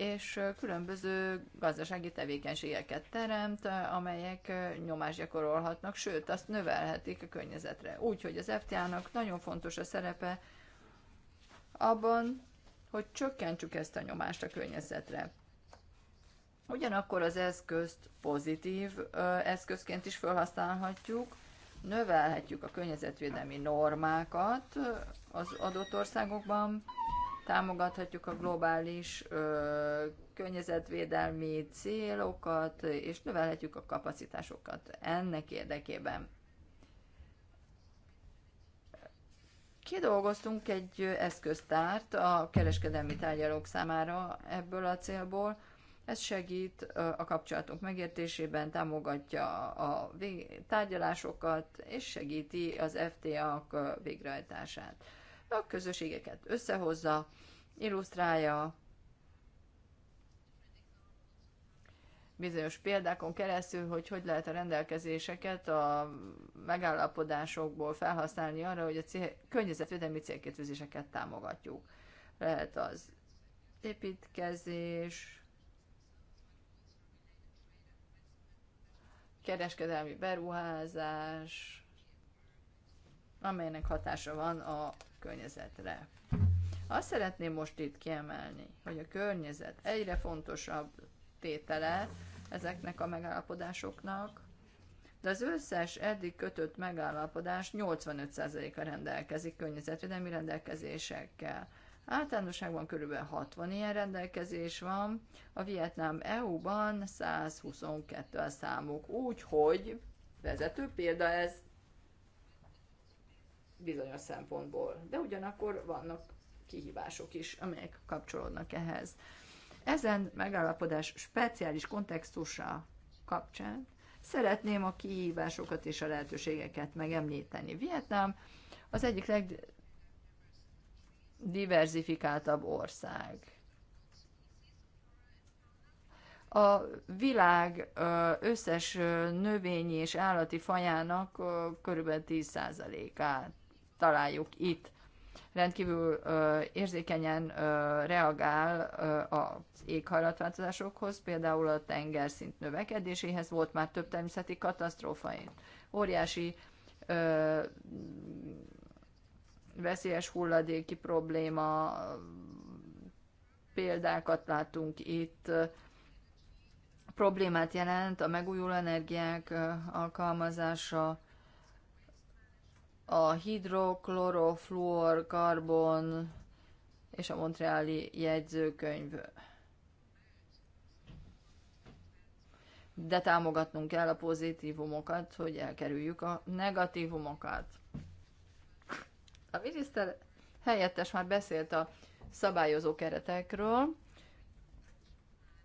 és különböző gazdasági tevékenységeket teremt, amelyek nyomást gyakorolhatnak, sőt, azt növelhetik a környezetre. Úgyhogy az FTA-nak nagyon fontos a szerepe abban, hogy csökkentsük ezt a nyomást a környezetre. Ugyanakkor az eszközt pozitív eszközként is felhasználhatjuk, növelhetjük a környezetvédelmi normákat az adott országokban, támogathatjuk a globális ö, környezetvédelmi célokat, és növelhetjük a kapacitásokat ennek érdekében. Kidolgoztunk egy eszköztárt a kereskedelmi tárgyalók számára ebből a célból. Ez segít a kapcsolatunk megértésében, támogatja a tárgyalásokat, és segíti az FTA-k végrehajtását a közösségeket összehozza, illusztrálja, bizonyos példákon keresztül, hogy hogy lehet a rendelkezéseket a megállapodásokból felhasználni arra, hogy a cél, környezetvédelmi célkétőzéseket támogatjuk. Lehet az építkezés, kereskedelmi beruházás, amelynek hatása van a környezetre. Azt szeretném most itt kiemelni, hogy a környezet egyre fontosabb tétele ezeknek a megállapodásoknak, de az összes eddig kötött megállapodás 85%-a rendelkezik környezetvédelmi rendelkezésekkel. Általánosságban kb. 60 ilyen rendelkezés van, a Vietnám EU-ban 122 a számuk, úgyhogy vezető példa ez bizonyos szempontból. De ugyanakkor vannak kihívások is, amelyek kapcsolódnak ehhez. Ezen megállapodás speciális kontextusa kapcsán szeretném a kihívásokat és a lehetőségeket megemlíteni. Vietnám az egyik legdiverzifikáltabb ország. A világ összes növényi és állati fajának körülbelül 10%-át találjuk itt. Rendkívül ö, érzékenyen ö, reagál ö, az éghajlatváltozásokhoz, például a tengerszint növekedéséhez volt már több természeti katasztrófa. Óriási ö, veszélyes hulladéki probléma példákat látunk itt. Problémát jelent a megújuló energiák alkalmazása, a hidroklorofluorkarbon és a montreáli jegyzőkönyv. De támogatnunk kell a pozitívumokat, hogy elkerüljük a negatívumokat. A miniszter helyettes már beszélt a szabályozó keretekről.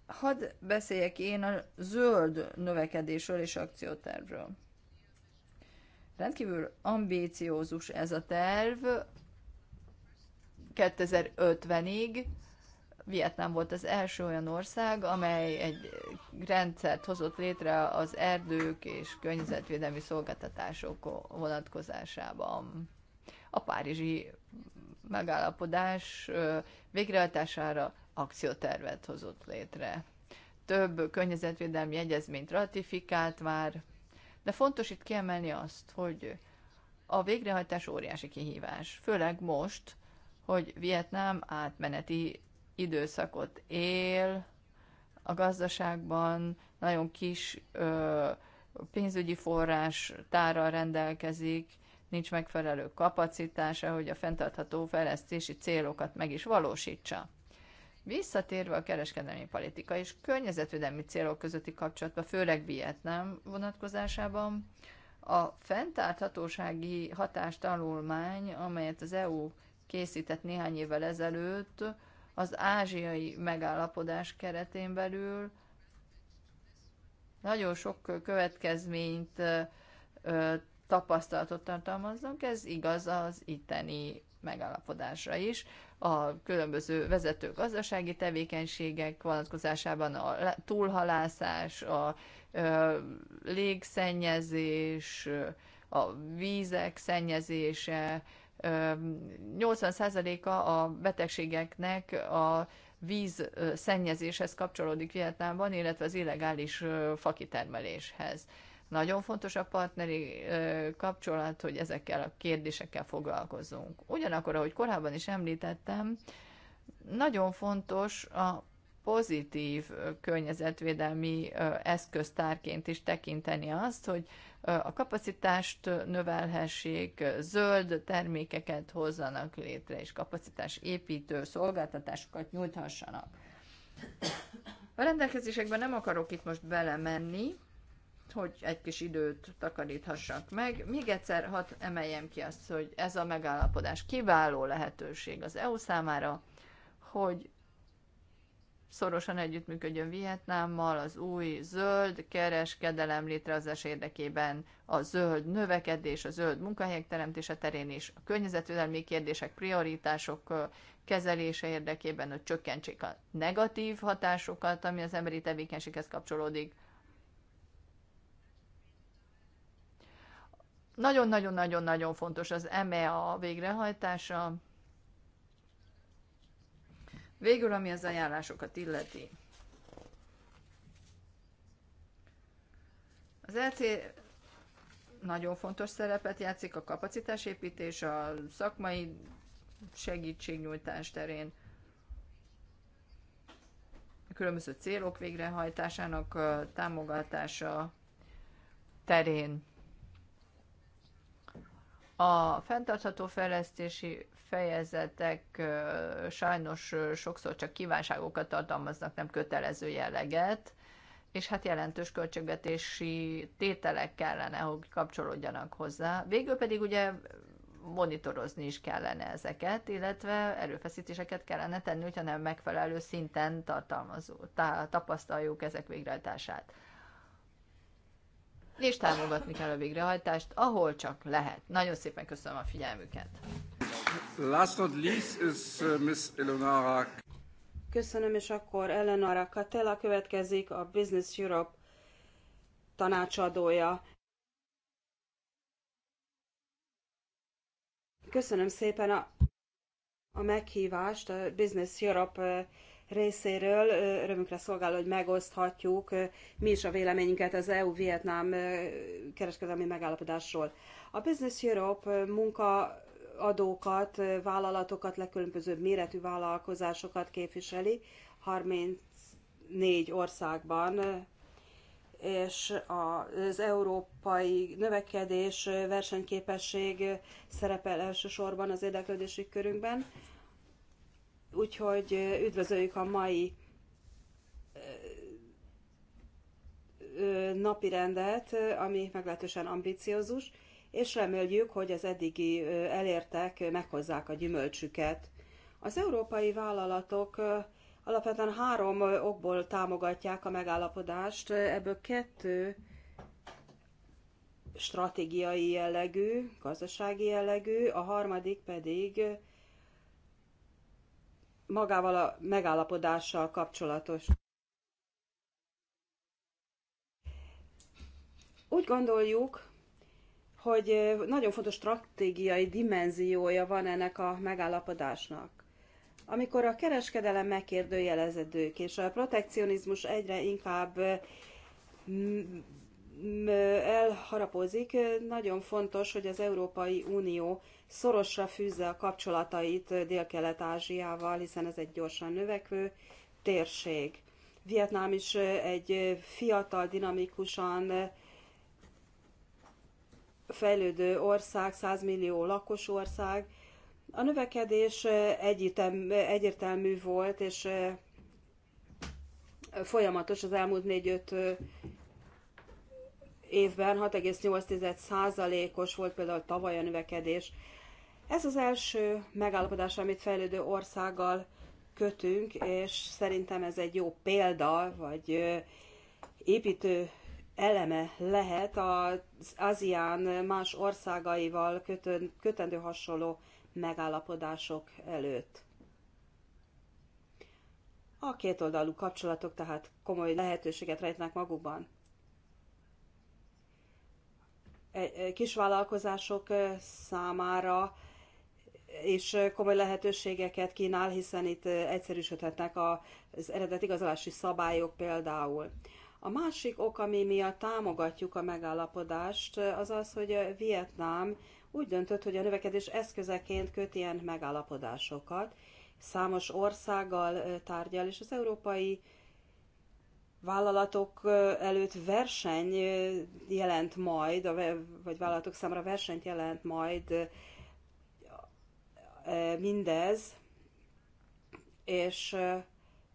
Hadd beszéljek én a zöld növekedésről és akciótervről. Rendkívül ambíciózus ez a terv. 2050-ig Vietnám volt az első olyan ország, amely egy rendszert hozott létre az erdők és környezetvédelmi szolgáltatások vonatkozásában. A párizsi megállapodás végrehajtására akciótervet hozott létre. Több környezetvédelmi egyezményt ratifikált már, de fontos itt kiemelni azt, hogy a végrehajtás óriási kihívás, főleg most, hogy Vietnám átmeneti időszakot él, a gazdaságban nagyon kis ö, pénzügyi forrás tára rendelkezik, nincs megfelelő kapacitása, hogy a fenntartható fejlesztési célokat meg is valósítsa. Visszatérve a kereskedelmi politika és környezetvédelmi célok közötti kapcsolatba, főleg Vietnám vonatkozásában, a fenntarthatósági hatástanulmány, amelyet az EU készített néhány évvel ezelőtt, az ázsiai megállapodás keretén belül nagyon sok következményt, tapasztalatot tartalmaznak, ez igaz az itteni megállapodásra is, a különböző vezető gazdasági tevékenységek vonatkozásában a túlhalászás, a légszennyezés, a vízek szennyezése, 80%-a a betegségeknek a víz szennyezéshez kapcsolódik Vietnámban, illetve az illegális fakitermeléshez. Nagyon fontos a partneri kapcsolat, hogy ezekkel a kérdésekkel foglalkozzunk. Ugyanakkor, ahogy korábban is említettem, nagyon fontos a pozitív környezetvédelmi eszköztárként is tekinteni azt, hogy a kapacitást növelhessék, zöld termékeket hozzanak létre, és kapacitás építő szolgáltatásokat nyújthassanak. A rendelkezésekben nem akarok itt most belemenni, hogy egy kis időt takaríthassak meg. Még egyszer hadd emeljem ki azt, hogy ez a megállapodás kiváló lehetőség az EU számára, hogy szorosan együttműködjön Vietnámmal az új zöld kereskedelem létrehozás érdekében, a zöld növekedés, a zöld munkahelyek teremtése terén is, a környezetvédelmi kérdések, prioritások kezelése érdekében, hogy csökkentsék a negatív hatásokat, ami az emberi tevékenységhez kapcsolódik, Nagyon-nagyon-nagyon-nagyon fontos az EMEA végrehajtása. Végül, ami az ajánlásokat illeti. Az LC e nagyon fontos szerepet játszik a kapacitásépítés, a szakmai segítségnyújtás terén, a különböző célok végrehajtásának támogatása terén. A fenntartható fejlesztési fejezetek sajnos sokszor csak kívánságokat tartalmaznak, nem kötelező jelleget, és hát jelentős költségvetési tételek kellene, hogy kapcsolódjanak hozzá. Végül pedig ugye monitorozni is kellene ezeket, illetve erőfeszítéseket kellene tenni, hogyha nem megfelelő szinten tartalmazó, tá, tapasztaljuk ezek végrehajtását és támogatni kell a végrehajtást, ahol csak lehet. Nagyon szépen köszönöm a figyelmüket. Last not least is uh, Miss Eleonora. Köszönöm, és akkor Eleonora Katella következik, a Business Europe tanácsadója. Köszönöm szépen a, a meghívást, a Business Europe uh, részéről. Örömünkre szolgál, hogy megoszthatjuk mi is a véleményünket az EU-Vietnám kereskedelmi megállapodásról. A Business Europe munka adókat, vállalatokat, legkülönbözőbb méretű vállalkozásokat képviseli 34 országban, és az európai növekedés, versenyképesség szerepel elsősorban az érdeklődési körünkben. Úgyhogy üdvözöljük a mai napi rendet, ami meglehetősen ambiciózus, és reméljük, hogy az eddigi elértek meghozzák a gyümölcsüket. Az európai vállalatok alapvetően három okból támogatják a megállapodást, ebből kettő stratégiai jellegű, gazdasági jellegű, a harmadik pedig magával a megállapodással kapcsolatos. Úgy gondoljuk, hogy nagyon fontos stratégiai dimenziója van ennek a megállapodásnak. Amikor a kereskedelem megkérdőjeleződők és a protekcionizmus egyre inkább mm, elharapozik, nagyon fontos, hogy az Európai Unió szorosra fűzze a kapcsolatait Dél-Kelet-Ázsiával, hiszen ez egy gyorsan növekvő térség. Vietnám is egy fiatal, dinamikusan fejlődő ország, 100 millió lakos ország. A növekedés egyértelmű volt, és folyamatos az elmúlt 4-5 évben 6,8%-os volt például tavaly a növekedés. Ez az első megállapodás, amit fejlődő országgal kötünk, és szerintem ez egy jó példa, vagy építő eleme lehet az ASEAN más országaival kötendő hasonló megállapodások előtt. A kétoldalú kapcsolatok tehát komoly lehetőséget rejtnek magukban. E, e, kisvállalkozások e, számára és komoly lehetőségeket kínál, hiszen itt egyszerűsödhetnek az eredet igazolási szabályok például. A másik ok, ami miatt támogatjuk a megállapodást, az az, hogy Vietnám úgy döntött, hogy a növekedés eszközeként köt ilyen megállapodásokat. Számos országgal tárgyal, és az Európai vállalatok előtt verseny jelent majd, vagy vállalatok számára versenyt jelent majd mindez, és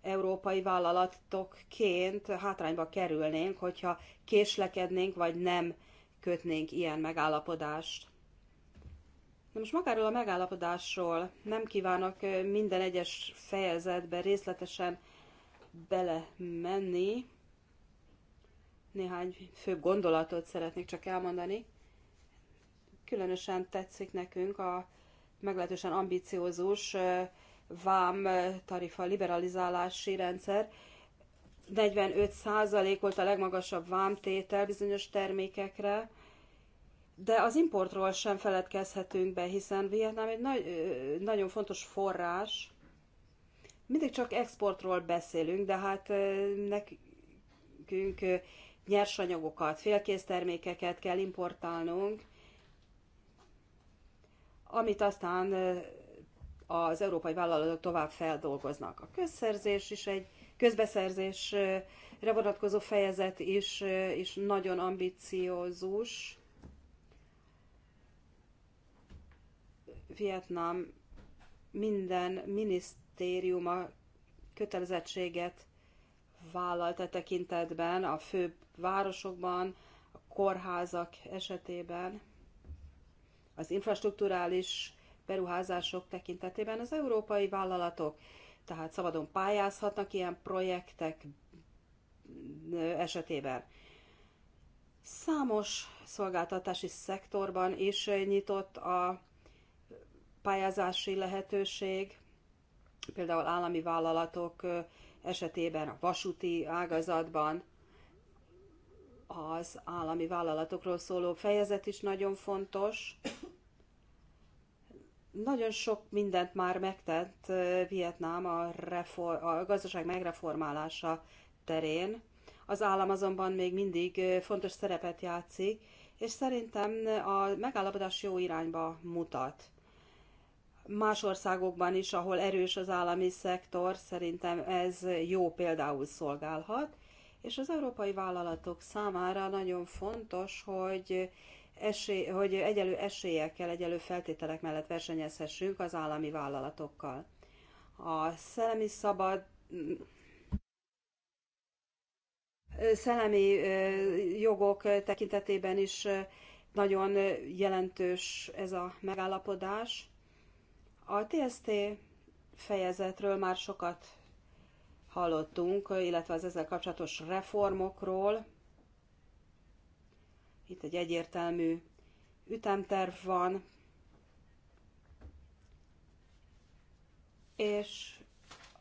európai vállalatokként hátrányba kerülnénk, hogyha késlekednénk, vagy nem kötnénk ilyen megállapodást. Na most magáról a megállapodásról nem kívánok minden egyes fejezetben részletesen bele menni. Néhány fő gondolatot szeretnék csak elmondani. Különösen tetszik nekünk a meglehetősen ambiciózus vám tarifa liberalizálási rendszer. 45% volt a legmagasabb vámtétel bizonyos termékekre, de az importról sem feledkezhetünk be, hiszen Vietnám egy nagy, nagyon fontos forrás, mindig csak exportról beszélünk, de hát nekünk nyersanyagokat, félkész termékeket kell importálnunk, amit aztán az európai vállalatok tovább feldolgoznak. A közszerzés is egy közbeszerzésre vonatkozó fejezet is, is nagyon ambiciózus. Vietnám minden miniszt minisztériuma kötelezettséget vállalt e tekintetben a fő városokban, a kórházak esetében, az infrastruktúrális beruházások tekintetében az európai vállalatok tehát szabadon pályázhatnak ilyen projektek esetében. Számos szolgáltatási szektorban is nyitott a pályázási lehetőség, például állami vállalatok esetében, a vasúti ágazatban, az állami vállalatokról szóló fejezet is nagyon fontos. Nagyon sok mindent már megtett Vietnám a, reform, a gazdaság megreformálása terén. Az állam azonban még mindig fontos szerepet játszik, és szerintem a megállapodás jó irányba mutat más országokban is, ahol erős az állami szektor, szerintem ez jó például szolgálhat, és az európai vállalatok számára nagyon fontos, hogy esély, hogy egyelő esélyekkel, egyelő feltételek mellett versenyezhessünk az állami vállalatokkal. A szellemi szabad szellemi jogok tekintetében is nagyon jelentős ez a megállapodás. A TST fejezetről már sokat hallottunk, illetve az ezzel kapcsolatos reformokról. Itt egy egyértelmű ütemterv van, és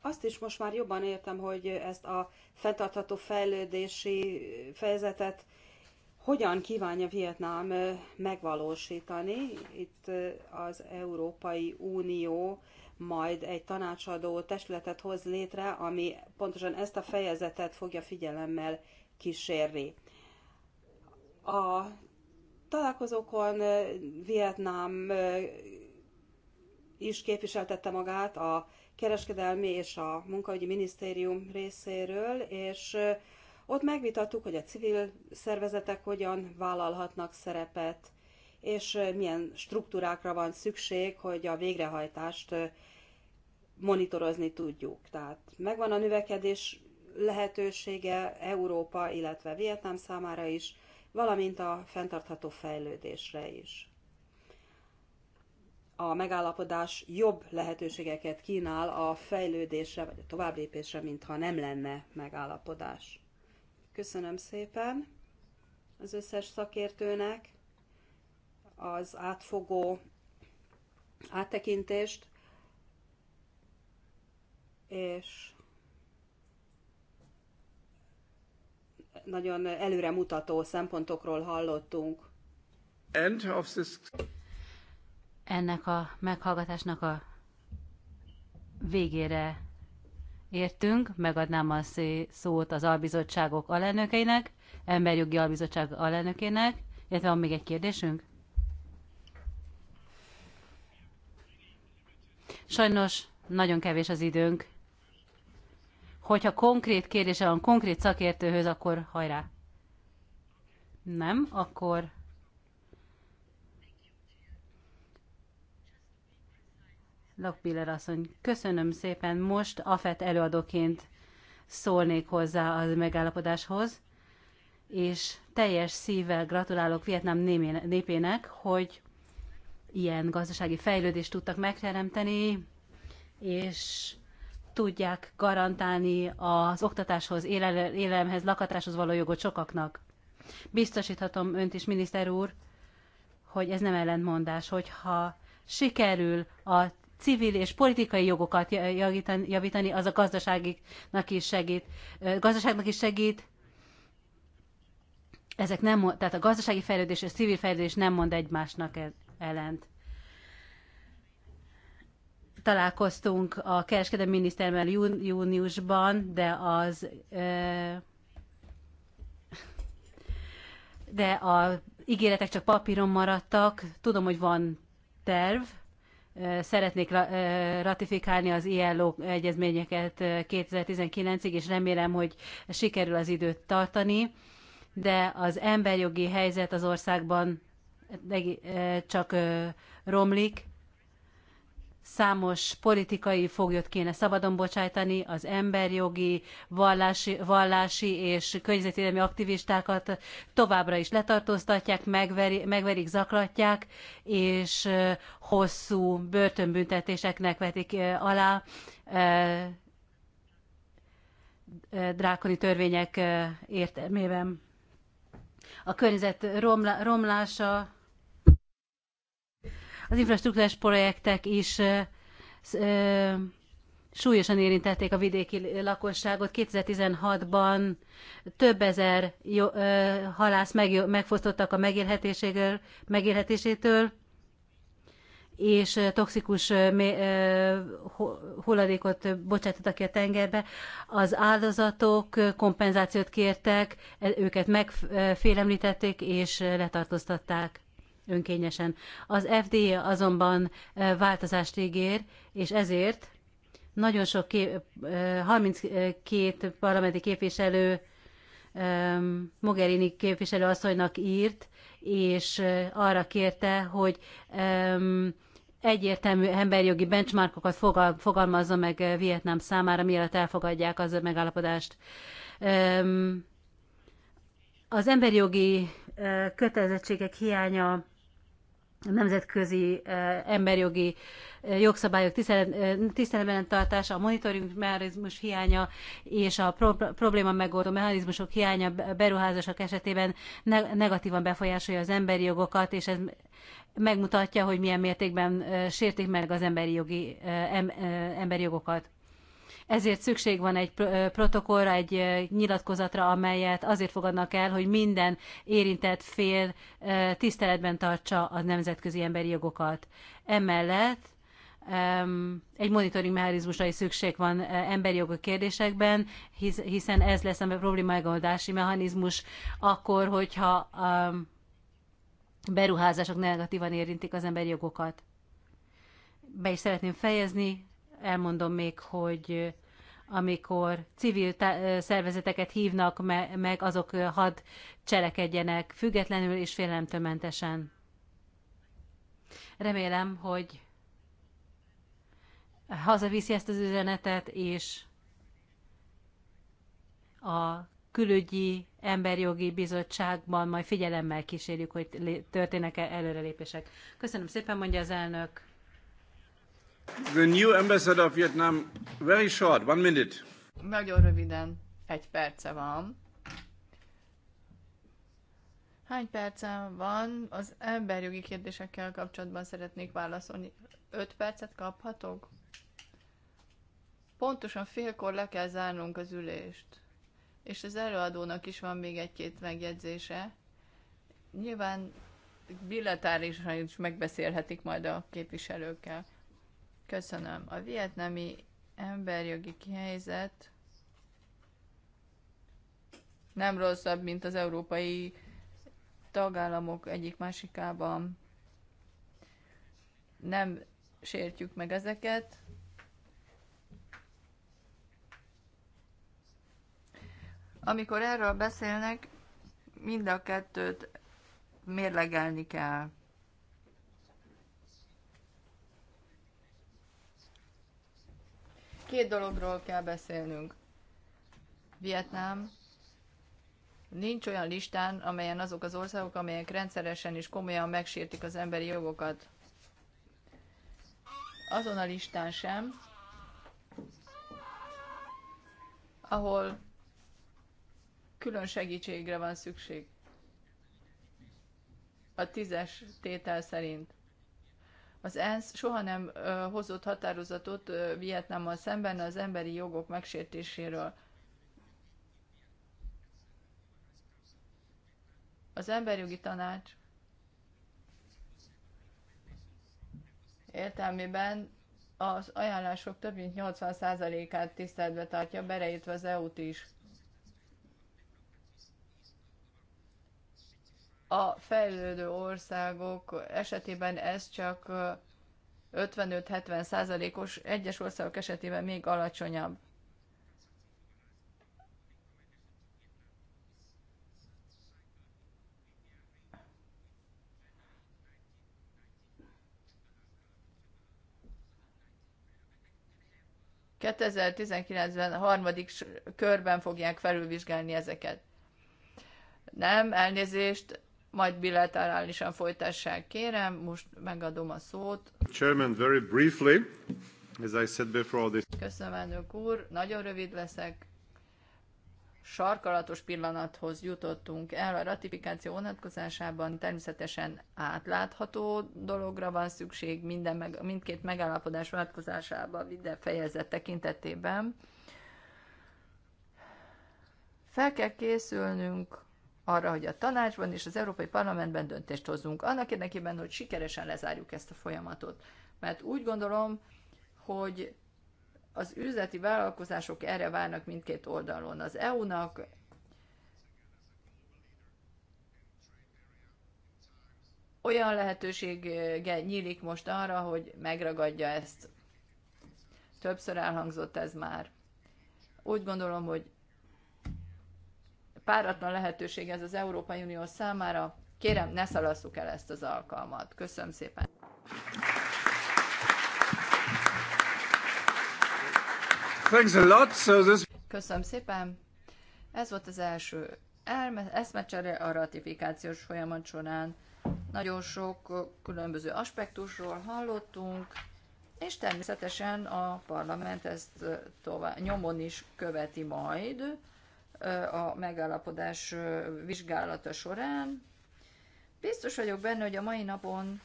azt is most már jobban értem, hogy ezt a fenntartható fejlődési fejezetet hogyan kívánja Vietnám megvalósítani. Itt az Európai Unió majd egy tanácsadó testületet hoz létre, ami pontosan ezt a fejezetet fogja figyelemmel kísérni. A találkozókon Vietnám is képviseltette magát a kereskedelmi és a munkaügyi minisztérium részéről, és ott megvitattuk, hogy a civil szervezetek hogyan vállalhatnak szerepet, és milyen struktúrákra van szükség, hogy a végrehajtást monitorozni tudjuk. Tehát megvan a növekedés lehetősége Európa, illetve Vietnám számára is, valamint a fenntartható fejlődésre is. A megállapodás jobb lehetőségeket kínál a fejlődésre vagy a továbblépésre, mintha nem lenne megállapodás. Köszönöm szépen az összes szakértőnek az átfogó áttekintést, és nagyon előremutató szempontokról hallottunk. End of this... Ennek a meghallgatásnak a végére értünk, megadnám a szót az albizottságok alelnökeinek, emberjogi albizottság alelnökének, illetve van még egy kérdésünk? Sajnos nagyon kevés az időnk. Hogyha konkrét kérdése van konkrét szakértőhöz, akkor hajrá! Nem, akkor Lockbiller asszony, köszönöm szépen. Most AFET előadóként szólnék hozzá az megállapodáshoz, és teljes szívvel gratulálok Vietnám népének, hogy ilyen gazdasági fejlődést tudtak megteremteni, és tudják garantálni az oktatáshoz, élelemhez, lakatáshoz való jogot sokaknak. Biztosíthatom önt is, miniszter úr, hogy ez nem ellentmondás, hogyha sikerül a civil és politikai jogokat javítani, az a gazdaságnak is segít. Gazdaságnak is segít, ezek nem, tehát a gazdasági fejlődés és a civil fejlődés nem mond egymásnak ellent. Találkoztunk a kereskedelmi minisztermel júniusban, de az de a ígéretek csak papíron maradtak. Tudom, hogy van terv, szeretnék ratifikálni az ILO egyezményeket 2019-ig, és remélem, hogy sikerül az időt tartani, de az emberjogi helyzet az országban csak romlik, számos politikai foglyot kéne szabadon bocsájtani, az emberjogi, vallási, vallási és környezetvédelmi aktivistákat továbbra is letartóztatják, megveri, megverik, zaklatják, és hosszú börtönbüntetéseknek vetik alá drákoni törvények értelmében. A környezet romla, romlása az infrastruktúrás projektek is súlyosan érintették a vidéki lakosságot. 2016-ban több ezer jó, ö, halász meg, megfosztottak a megélhetésétől, és toxikus hulladékot bocsátottak ki a tengerbe. Az áldozatok kompenzációt kértek, őket megfélemlítették és letartóztatták önkényesen. Az FDA azonban változást ígér, és ezért nagyon sok kép, 32 parlamenti képviselő Mogherini képviselő asszonynak írt, és arra kérte, hogy egyértelmű emberjogi benchmarkokat fogalmazza meg Vietnám számára, mielőtt elfogadják az megállapodást. Az emberjogi kötelezettségek hiánya nemzetközi emberjogi jogszabályok tiszteletben tartása, a monitoring mechanizmus hiánya és a probléma megoldó mechanizmusok hiánya beruházások esetében negatívan befolyásolja az emberi jogokat, és ez megmutatja, hogy milyen mértékben sértik meg az emberi, jogi, emberi jogokat. Ezért szükség van egy protokollra, egy nyilatkozatra, amelyet azért fogadnak el, hogy minden érintett fél tiszteletben tartsa a nemzetközi emberi jogokat. Emellett egy monitoring mechanizmusra is szükség van emberi jogok kérdésekben, hiszen ez lesz a probléma megoldási mechanizmus akkor, hogyha beruházások negatívan érintik az emberi jogokat. Be is szeretném fejezni, elmondom még, hogy amikor civil szervezeteket hívnak me meg, azok had cselekedjenek függetlenül és félelemtömentesen. Remélem, hogy hazaviszi ezt az üzenetet, és a külügyi emberjogi bizottságban majd figyelemmel kísérjük, hogy történnek-e előrelépések. Köszönöm szépen, mondja az elnök. The new ambassador of Vietnam, very short, one minute. Nagyon röviden, egy perce van. Hány perce van? Az emberjogi kérdésekkel kapcsolatban szeretnék válaszolni. Öt percet kaphatok? Pontosan félkor le kell zárnunk az ülést. És az előadónak is van még egy-két megjegyzése. Nyilván bilatárisan is megbeszélhetik majd a képviselőkkel. Köszönöm. A vietnami emberjogi helyzet nem rosszabb, mint az európai tagállamok egyik másikában. Nem sértjük meg ezeket. Amikor erről beszélnek, mind a kettőt mérlegelni kell. Két dologról kell beszélnünk. Vietnám nincs olyan listán, amelyen azok az országok, amelyek rendszeresen és komolyan megsértik az emberi jogokat. Azon a listán sem, ahol külön segítségre van szükség. A tízes tétel szerint. Az ENSZ soha nem hozott határozatot Vietnámmal szemben az emberi jogok megsértéséről. Az emberjogi tanács értelmében az ajánlások több mint 80%-át tiszteletbe tartja, bereértve az EU-t is. A fejlődő országok esetében ez csak 55-70 százalékos, egyes országok esetében még alacsonyabb. ben harmadik körben fogják felülvizsgálni ezeket. Nem, elnézést, majd bilaterálisan folytassák, kérem. Most megadom a szót. Chairman, very briefly, as I said before this... Köszönöm, elnök úr. Nagyon rövid leszek. Sarkalatos pillanathoz jutottunk el a ratifikáció vonatkozásában. Természetesen átlátható dologra van szükség minden meg, mindkét megállapodás vonatkozásában, minden fejezet tekintetében. Fel kell készülnünk arra, hogy a tanácsban és az Európai Parlamentben döntést hozzunk. Annak érdekében, hogy sikeresen lezárjuk ezt a folyamatot. Mert úgy gondolom, hogy az üzleti vállalkozások erre várnak mindkét oldalon. Az EU-nak olyan lehetősége nyílik most arra, hogy megragadja ezt. Többször elhangzott ez már. Úgy gondolom, hogy páratlan lehetőség ez az Európai Unió számára. Kérem, ne szalasszuk el ezt az alkalmat. Köszönöm szépen. Thanks a lot. So this... Köszönöm szépen. Ez volt az első eszmecsere a ratifikációs folyamat során. Nagyon sok különböző aspektusról hallottunk, és természetesen a parlament ezt tovább nyomon is követi majd a megállapodás vizsgálata során. Biztos vagyok benne, hogy a mai napon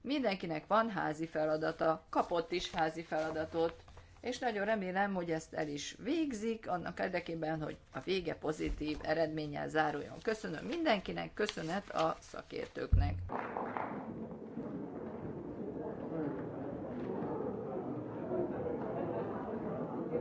mindenkinek van házi feladata, kapott is házi feladatot, és nagyon remélem, hogy ezt el is végzik, annak érdekében, hogy a vége pozitív eredménnyel záruljon. Köszönöm mindenkinek, köszönet a szakértőknek.